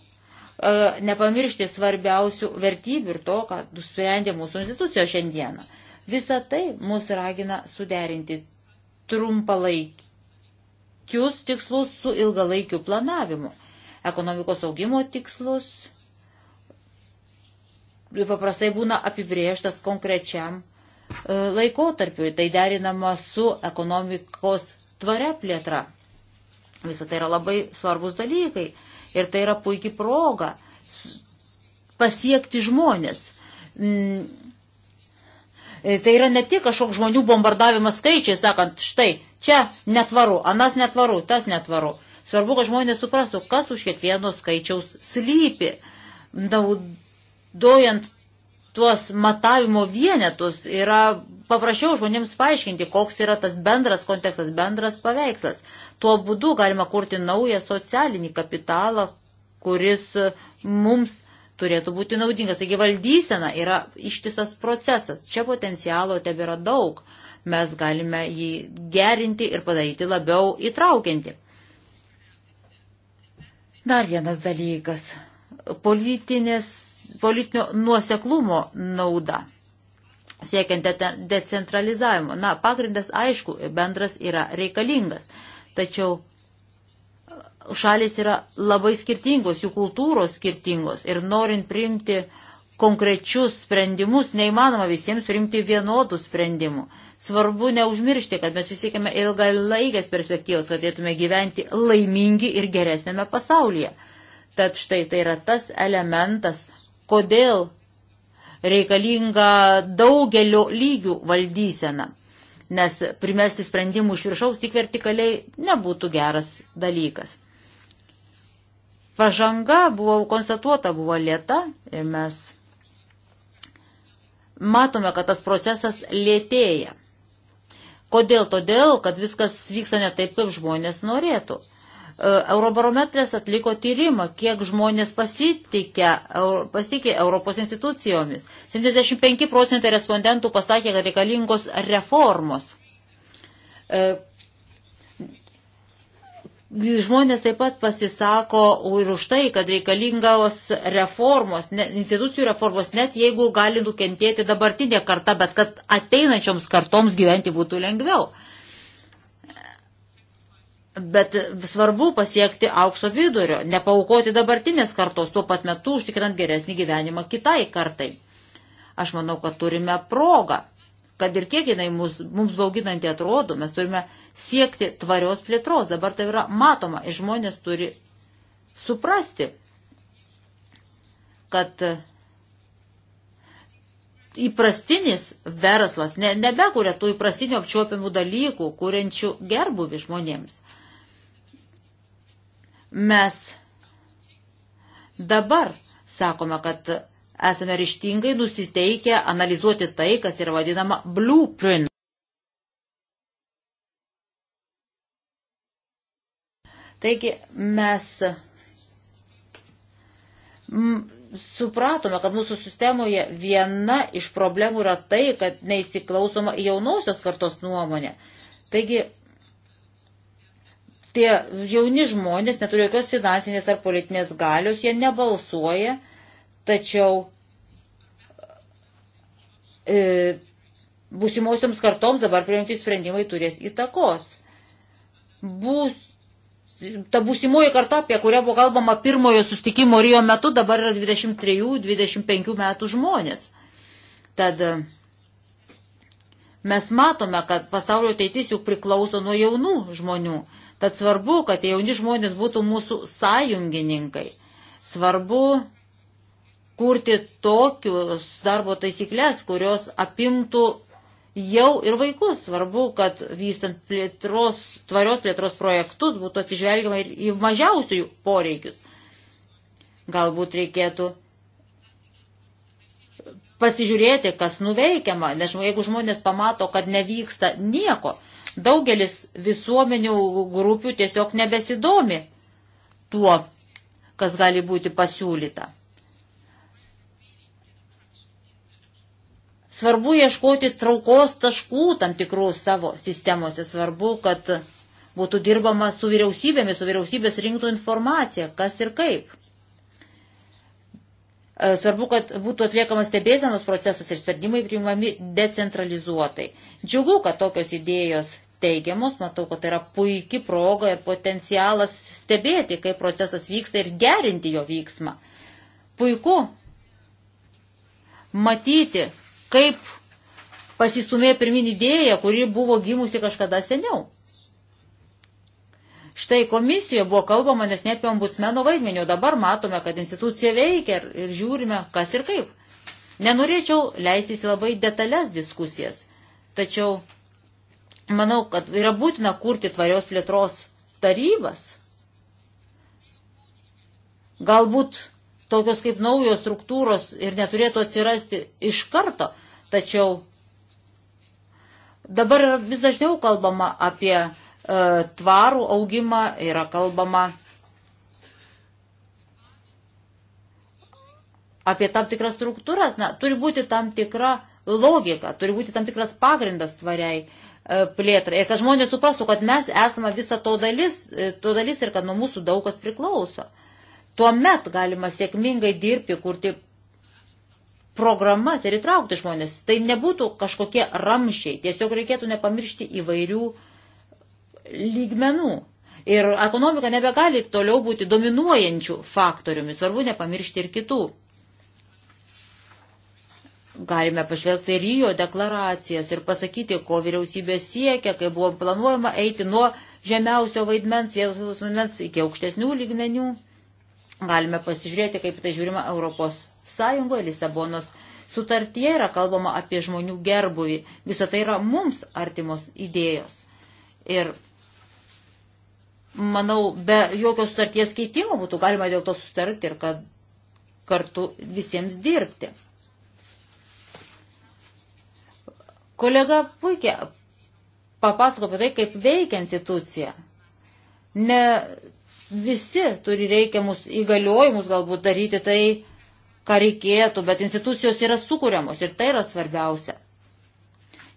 nepamiršti svarbiausių vertybių ir to, ką nusprendė mūsų institucijos šiandieną. Visa tai mus ragina suderinti trumpalaikius tikslus su ilgalaikiu planavimu ekonomikos augimo tikslus paprastai būna apibrėžtas konkrečiam e, laikotarpiui. Tai derinama su ekonomikos tvare plėtra. Visą tai yra labai svarbus dalykai. Ir tai yra puikia proga pasiekti žmonės. Mm. E, tai yra ne tik kažkoks žmonių bombardavimas skaičiai, sakant, štai čia netvaru, anas netvaru, tas netvaru. Svarbu, kad žmonės suprastų, kas už kiekvieno skaičiaus slypi, naudojant tuos matavimo vienetus yra paprasčiau žmonėms paaiškinti, koks yra tas bendras kontekstas, bendras paveikslas. Tuo būdu galima kurti naują socialinį kapitalą, kuris mums turėtų būti naudingas. Taigi valdysena yra ištisas procesas. Čia potencialo tebėra daug. Mes galime jį gerinti ir padaryti labiau įtraukiantį. Dar vienas dalykas - politinio nuoseklumo nauda siekiant de decentralizavimo. Na, pagrindas aišku, bendras yra reikalingas, tačiau šalis yra labai skirtingos, jų kultūros skirtingos ir norint priimti konkrečius sprendimus, neįmanoma visiems priimti vienodų sprendimų. Svarbu neužmiršti, kad mes visi siekime ilgalaikės perspektyvos, kad dėtume gyventi laimingi ir geresnėme pasaulyje. Tad štai tai yra tas elementas, kodėl reikalinga daugelio lygių valdysena. Nes primesti sprendimų iš viršaus tik vertikaliai nebūtų geras dalykas. Pažanga buvo konstatuota, buvo lėta ir mes matome, kad tas procesas lėtėja. Kodėl? Todėl, kad viskas vyksta ne taip, kaip žmonės norėtų. E, Eurobarometras atliko tyrimą, kiek žmonės pasitikė, pasitikė Europos institucijomis. 75 procentai respondentų pasakė, kad reikalingos reformos. E, Žmonės taip pat pasisako ir už tai, kad reikalingos reformos, ne, institucijų reformos, net jeigu gali nukentėti dabartinė karta, bet kad ateinančioms kartoms gyventi būtų lengviau. Bet svarbu pasiekti aukso vidurio, nepaukoti dabartinės kartos, tuo pat metu užtikrinant geresnį gyvenimą kitai kartai. Aš manau, kad turime progą kad ir kiek jinai mus, mums bauginanti atrodo, mes turime siekti tvarios plėtros. Dabar tai yra matoma ir žmonės turi suprasti, kad įprastinis verslas ne, nebekuria tų įprastinių apčiuopiamų dalykų, kuriančių gerbuvi žmonėms. Mes dabar sakome, kad esame ryštingai nusiteikę analizuoti tai, kas yra vadinama blueprint. Taigi mes supratome, kad mūsų sistemoje viena iš problemų yra tai, kad neįsiklausoma jaunosios kartos nuomonė. Taigi tie jauni žmonės neturi jokios finansinės ar politinės galios, jie nebalsuoja, tačiau e, būsimosioms kartoms dabar priimti sprendimai turės įtakos. Bus, ta būsimoji karta, apie kurią buvo kalbama pirmojo sustikimo Rijo metu, dabar yra 23-25 metų žmonės. Tad e, mes matome, kad pasaulio ateitis juk priklauso nuo jaunų žmonių. Tad svarbu, kad tie jauni žmonės būtų mūsų sąjungininkai. Svarbu kurti tokius darbo taisyklės, kurios apimtų jau ir vaikus. Svarbu, kad vystant plėtros, tvarios plėtros projektus būtų atsižvelgiama ir į mažiausiųjų poreikius. Galbūt reikėtų pasižiūrėti, kas nuveikiama, nes jeigu žmonės pamato, kad nevyksta nieko, daugelis visuomenių grupių tiesiog nebesidomi tuo, kas gali būti pasiūlyta. Svarbu ieškoti traukos taškų tam tikrų savo sistemose. Svarbu, kad būtų dirbama su vyriausybėmis, su vyriausybės rinktų informaciją, kas ir kaip. E, svarbu, kad būtų atliekamas stebėsenos procesas ir sprendimai priimami decentralizuotai. Džiugu, kad tokios idėjos teigiamos, matau, kad tai yra puikia proga ir potencialas stebėti, kaip procesas vyksta ir gerinti jo vyksmą. Puiku matyti, kaip pasistumė pirmin idėja, kuri buvo gimusi kažkada seniau. Štai komisijoje buvo kalbama nes ne apie ombudsmeno vaidmenį, o dabar matome, kad institucija veikia ir, ir žiūrime, kas ir kaip. Nenorėčiau leistis į labai detalės diskusijas, tačiau manau, kad yra būtina kurti tvarios plėtros tarybas. Galbūt tokios kaip naujos struktūros ir neturėtų atsirasti iš karto. Tačiau dabar vis dažniau kalbama apie e, tvarų augimą, yra kalbama apie tam tikras struktūras. Na, turi būti tam tikra logika, turi būti tam tikras pagrindas tvariai e, plėtrai. Ir kad žmonės suprastų, kad mes esame visa to dalis, e, to dalis ir kad nuo mūsų daug kas priklauso. E, Tuomet galima sėkmingai dirbti, kurti programas ir įtraukti žmonės. Tai nebūtų kažkokie ramšiai, tiesiog reikėtų nepamiršti įvairių lygmenų. Ir ekonomika nebegali toliau būti dominuojančių faktoriumi, svarbu nepamiršti ir kitų. Galime pažvelgti ir jo deklaracijas ir pasakyti, ko vyriausybė siekia, kai buvo planuojama eiti nuo žemiausio vaidmens, vietos vaidmens iki aukštesnių lygmenių. Galime pasižiūrėti, kaip tai žiūrima Europos Sąjungoje, Lisabonos sutartyje yra kalbama apie žmonių gerbuvį. Visą tai yra mums artimos idėjos. Ir manau, be jokios sutarties keitimo būtų galima dėl to sustarti ir kad kartu visiems dirbti. Kolega puikiai papasako apie tai, kaip veikia institucija. Ne visi turi reikiamus įgaliojimus galbūt daryti tai, ką reikėtų, bet institucijos yra sukūriamos ir tai yra svarbiausia.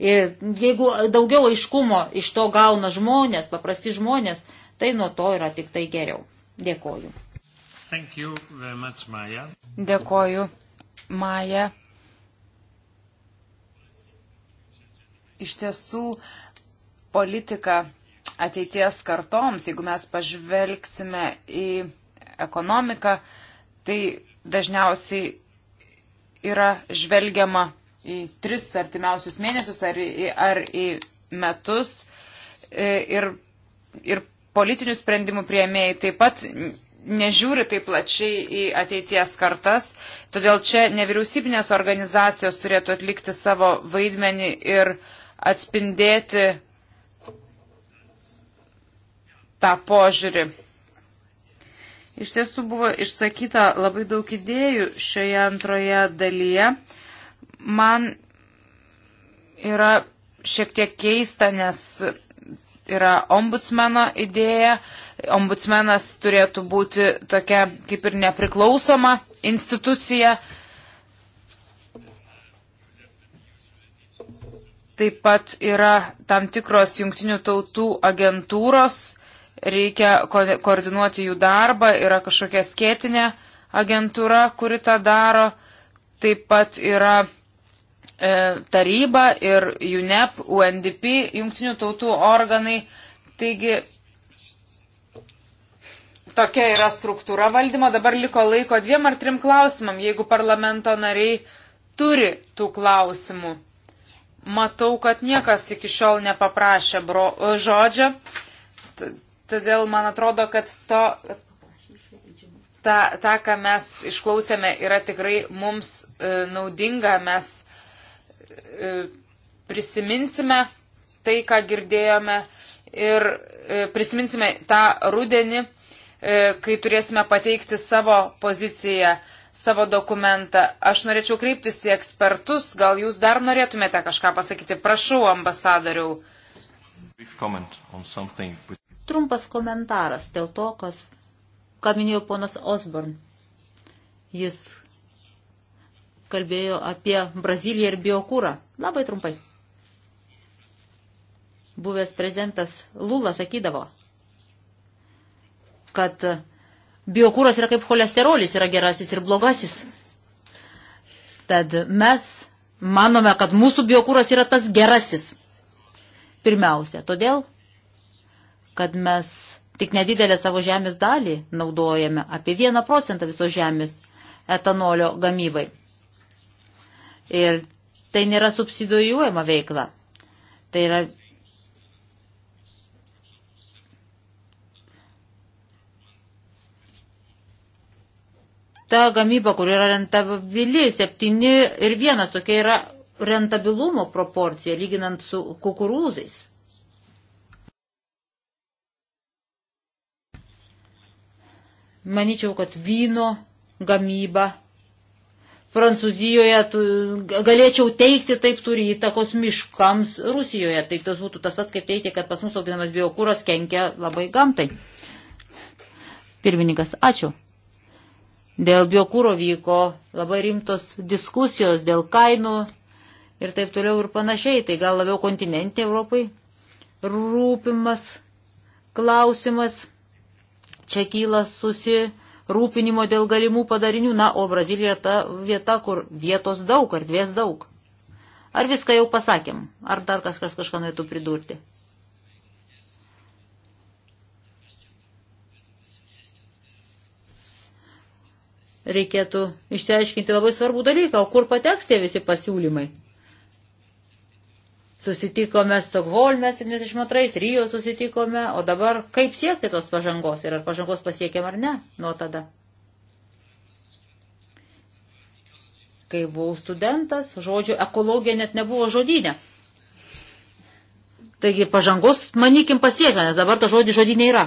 Ir jeigu daugiau aiškumo iš to gauna žmonės, paprasti žmonės, tai nuo to yra tik tai geriau. Dėkoju. Much, Maja. Dėkoju, Maja. Iš tiesų, politika ateities kartoms, jeigu mes pažvelgsime į ekonomiką, tai dažniausiai yra žvelgiama į tris artimiausius mėnesius ar į, ar į metus e, ir, ir politinių sprendimų prieimėjai taip pat nežiūri taip plačiai į ateities kartas, todėl čia nevyriausybinės organizacijos turėtų atlikti savo vaidmenį ir atspindėti tą požiūrį. Iš tiesų buvo išsakyta labai daug idėjų šioje antroje dalyje. Man yra šiek tiek keista, nes yra ombudsmeno idėja. Ombudsmenas turėtų būti tokia kaip ir nepriklausoma institucija. Taip pat yra tam tikros jungtinių tautų agentūros, reikia ko koordinuoti jų darbą, yra kažkokia skėtinė agentūra, kuri tą daro, taip pat yra e, taryba ir UNEP, UNDP, jungtinių tautų organai. Taigi tokia yra struktūra valdymo. Dabar liko laiko dviem ar trim klausimam, jeigu parlamento nariai turi tų klausimų. Matau, kad niekas iki šiol nepaprašė bro, žodžio. Todėl man atrodo, kad to, ta, ta ką mes išklausėme, yra tikrai mums e, naudinga. Mes e, prisiminsime tai, ką girdėjome ir e, prisiminsime tą rudenį, e, kai turėsime pateikti savo poziciją, savo dokumentą. Aš norėčiau kreiptis į ekspertus. Gal jūs dar norėtumėte kažką pasakyti? Prašau, ambasadoriau. Brief comment on something. Trumpas komentaras dėl to, kas, ką minėjo ponas Osborn. Jis kalbėjo apie Braziliją ir biokūrą. Labai trumpai. Buvęs prezidentas Lula sakydavo, kad biokūras yra kaip cholesterolis, yra gerasis ir blogasis. Tad mes manome, kad mūsų biokūras yra tas gerasis. Pirmiausia, todėl kad mes tik nedidelę savo žemės dalį naudojame, apie 1 procentą visos žemės etanolio gamybai. Ir tai nėra subsidijuojama veikla. Tai yra ta gamyba, kur yra rentabili, 7 ir 1 tokia yra rentabilumo proporcija, lyginant su kukurūzais. Maničiau, kad vyno gamyba Prancūzijoje tu, galėčiau teikti, taip turi įtakos miškams Rusijoje. Tai tas būtų tas pats, kaip teikti, kad pas mus auginamas biokūras kenkia labai gamtai. Pirmininkas, ačiū. Dėl biokūro vyko labai rimtos diskusijos, dėl kainų ir taip toliau ir panašiai. Tai gal labiau kontinentė Europai rūpimas klausimas čia kyla susirūpinimo dėl galimų padarinių, na, o Brazilija yra ta vieta, kur vietos daug, erdvės daug. Ar viską jau pasakėm? Ar dar kažkas kažką norėtų pridurti? Reikėtų išsiaiškinti labai svarbų dalyką, o kur pateks tie visi pasiūlymai. Susitikome Stokholme 72, Rijo susitikome, o dabar kaip siekti tos pažangos ir ar pažangos pasiekėm ar ne nuo tada. Kai buvau studentas, žodžio ekologija net nebuvo žodinė. Taigi pažangos, manykim, pasiekę, nes dabar ta žodį žodinė yra.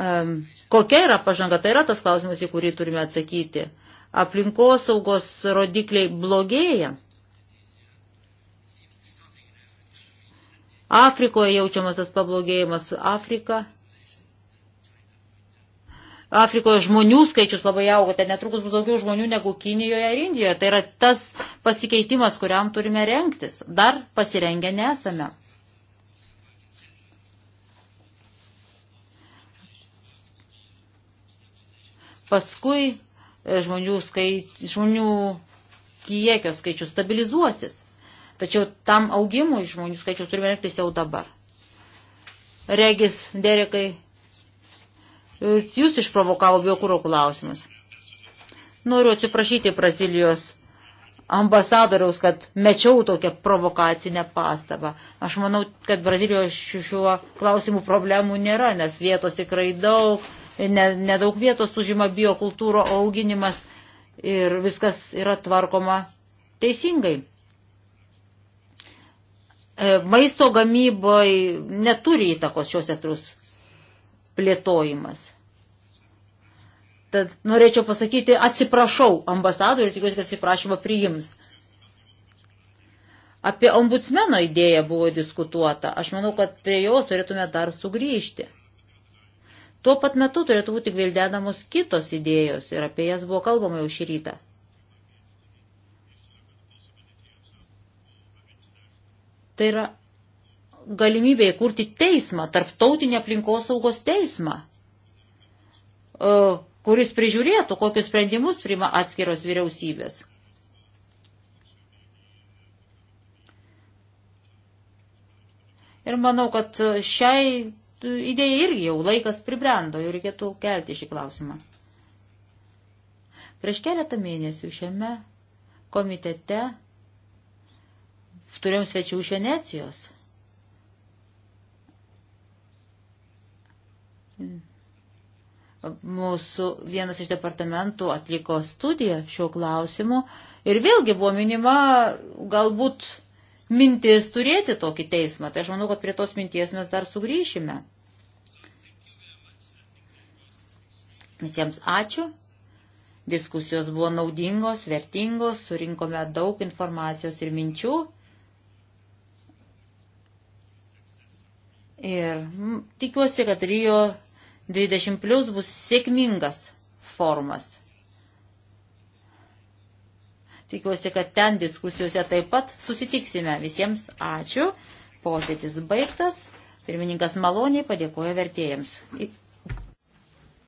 Um, kokia yra pažanga, tai yra tas klausimas, į kurį turime atsakyti aplinkosaugos rodikliai blogėja. Afrikoje jaučiamas tas pablogėjimas. Afrika. Afrikoje žmonių skaičius labai auga, ten netrukus bus daugiau žmonių negu Kinijoje ir Indijoje. Tai yra tas pasikeitimas, kuriam turime renktis. Dar pasirengę nesame. Paskui žmonių, skait, žmonių kiekio skaičius stabilizuosis. Tačiau tam augimui žmonių skaičius turime reiktis jau dabar. Regis, Derekai, jūs išprovokavo biokūro klausimus. Noriu atsiprašyti Brazilijos ambasadoriaus, kad mečiau tokią provokacinę pastabą. Aš manau, kad Brazilijoje šiuo klausimu problemų nėra, nes vietos tikrai daug, nedaug ne vietos užima biokultūro auginimas ir viskas yra tvarkoma teisingai. E, maisto gamybai neturi įtakos šios sektorius plėtojimas. Tad norėčiau pasakyti, atsiprašau ambasadorių ir tikiuosi, kad atsiprašymą priims. Apie ombudsmeno idėją buvo diskutuota. Aš manau, kad prie jos turėtume dar sugrįžti. Tuo pat metu turėtų būti gvildenamos kitos idėjos ir apie jas buvo kalbama jau šį rytą. Tai yra galimybė įkurti teismą, tarptautinį aplinkosaugos teismą, e, kuris prižiūrėtų, kokius sprendimus priima atskiros vyriausybės. Ir manau, kad šiai idėja irgi jau laikas pribrendo, jau reikėtų kelti šį klausimą. Prieš keletą mėnesių šiame komitete turėjom svečių iš Venecijos. Mūsų vienas iš departamentų atliko studiją šiuo klausimu ir vėlgi buvo minima galbūt mintis turėti tokį teismą. Tai aš manau, kad prie tos minties mes dar sugrįšime. Visiems ačiū. Diskusijos buvo naudingos, vertingos, surinkome daug informacijos ir minčių. Ir tikiuosi, kad Rio 20 plus bus sėkmingas formas. Tikiuosi, kad ten diskusijose taip pat susitiksime. Visiems ačiū. Posėdis baigtas. Pirmininkas maloniai padėkoja vertėjams.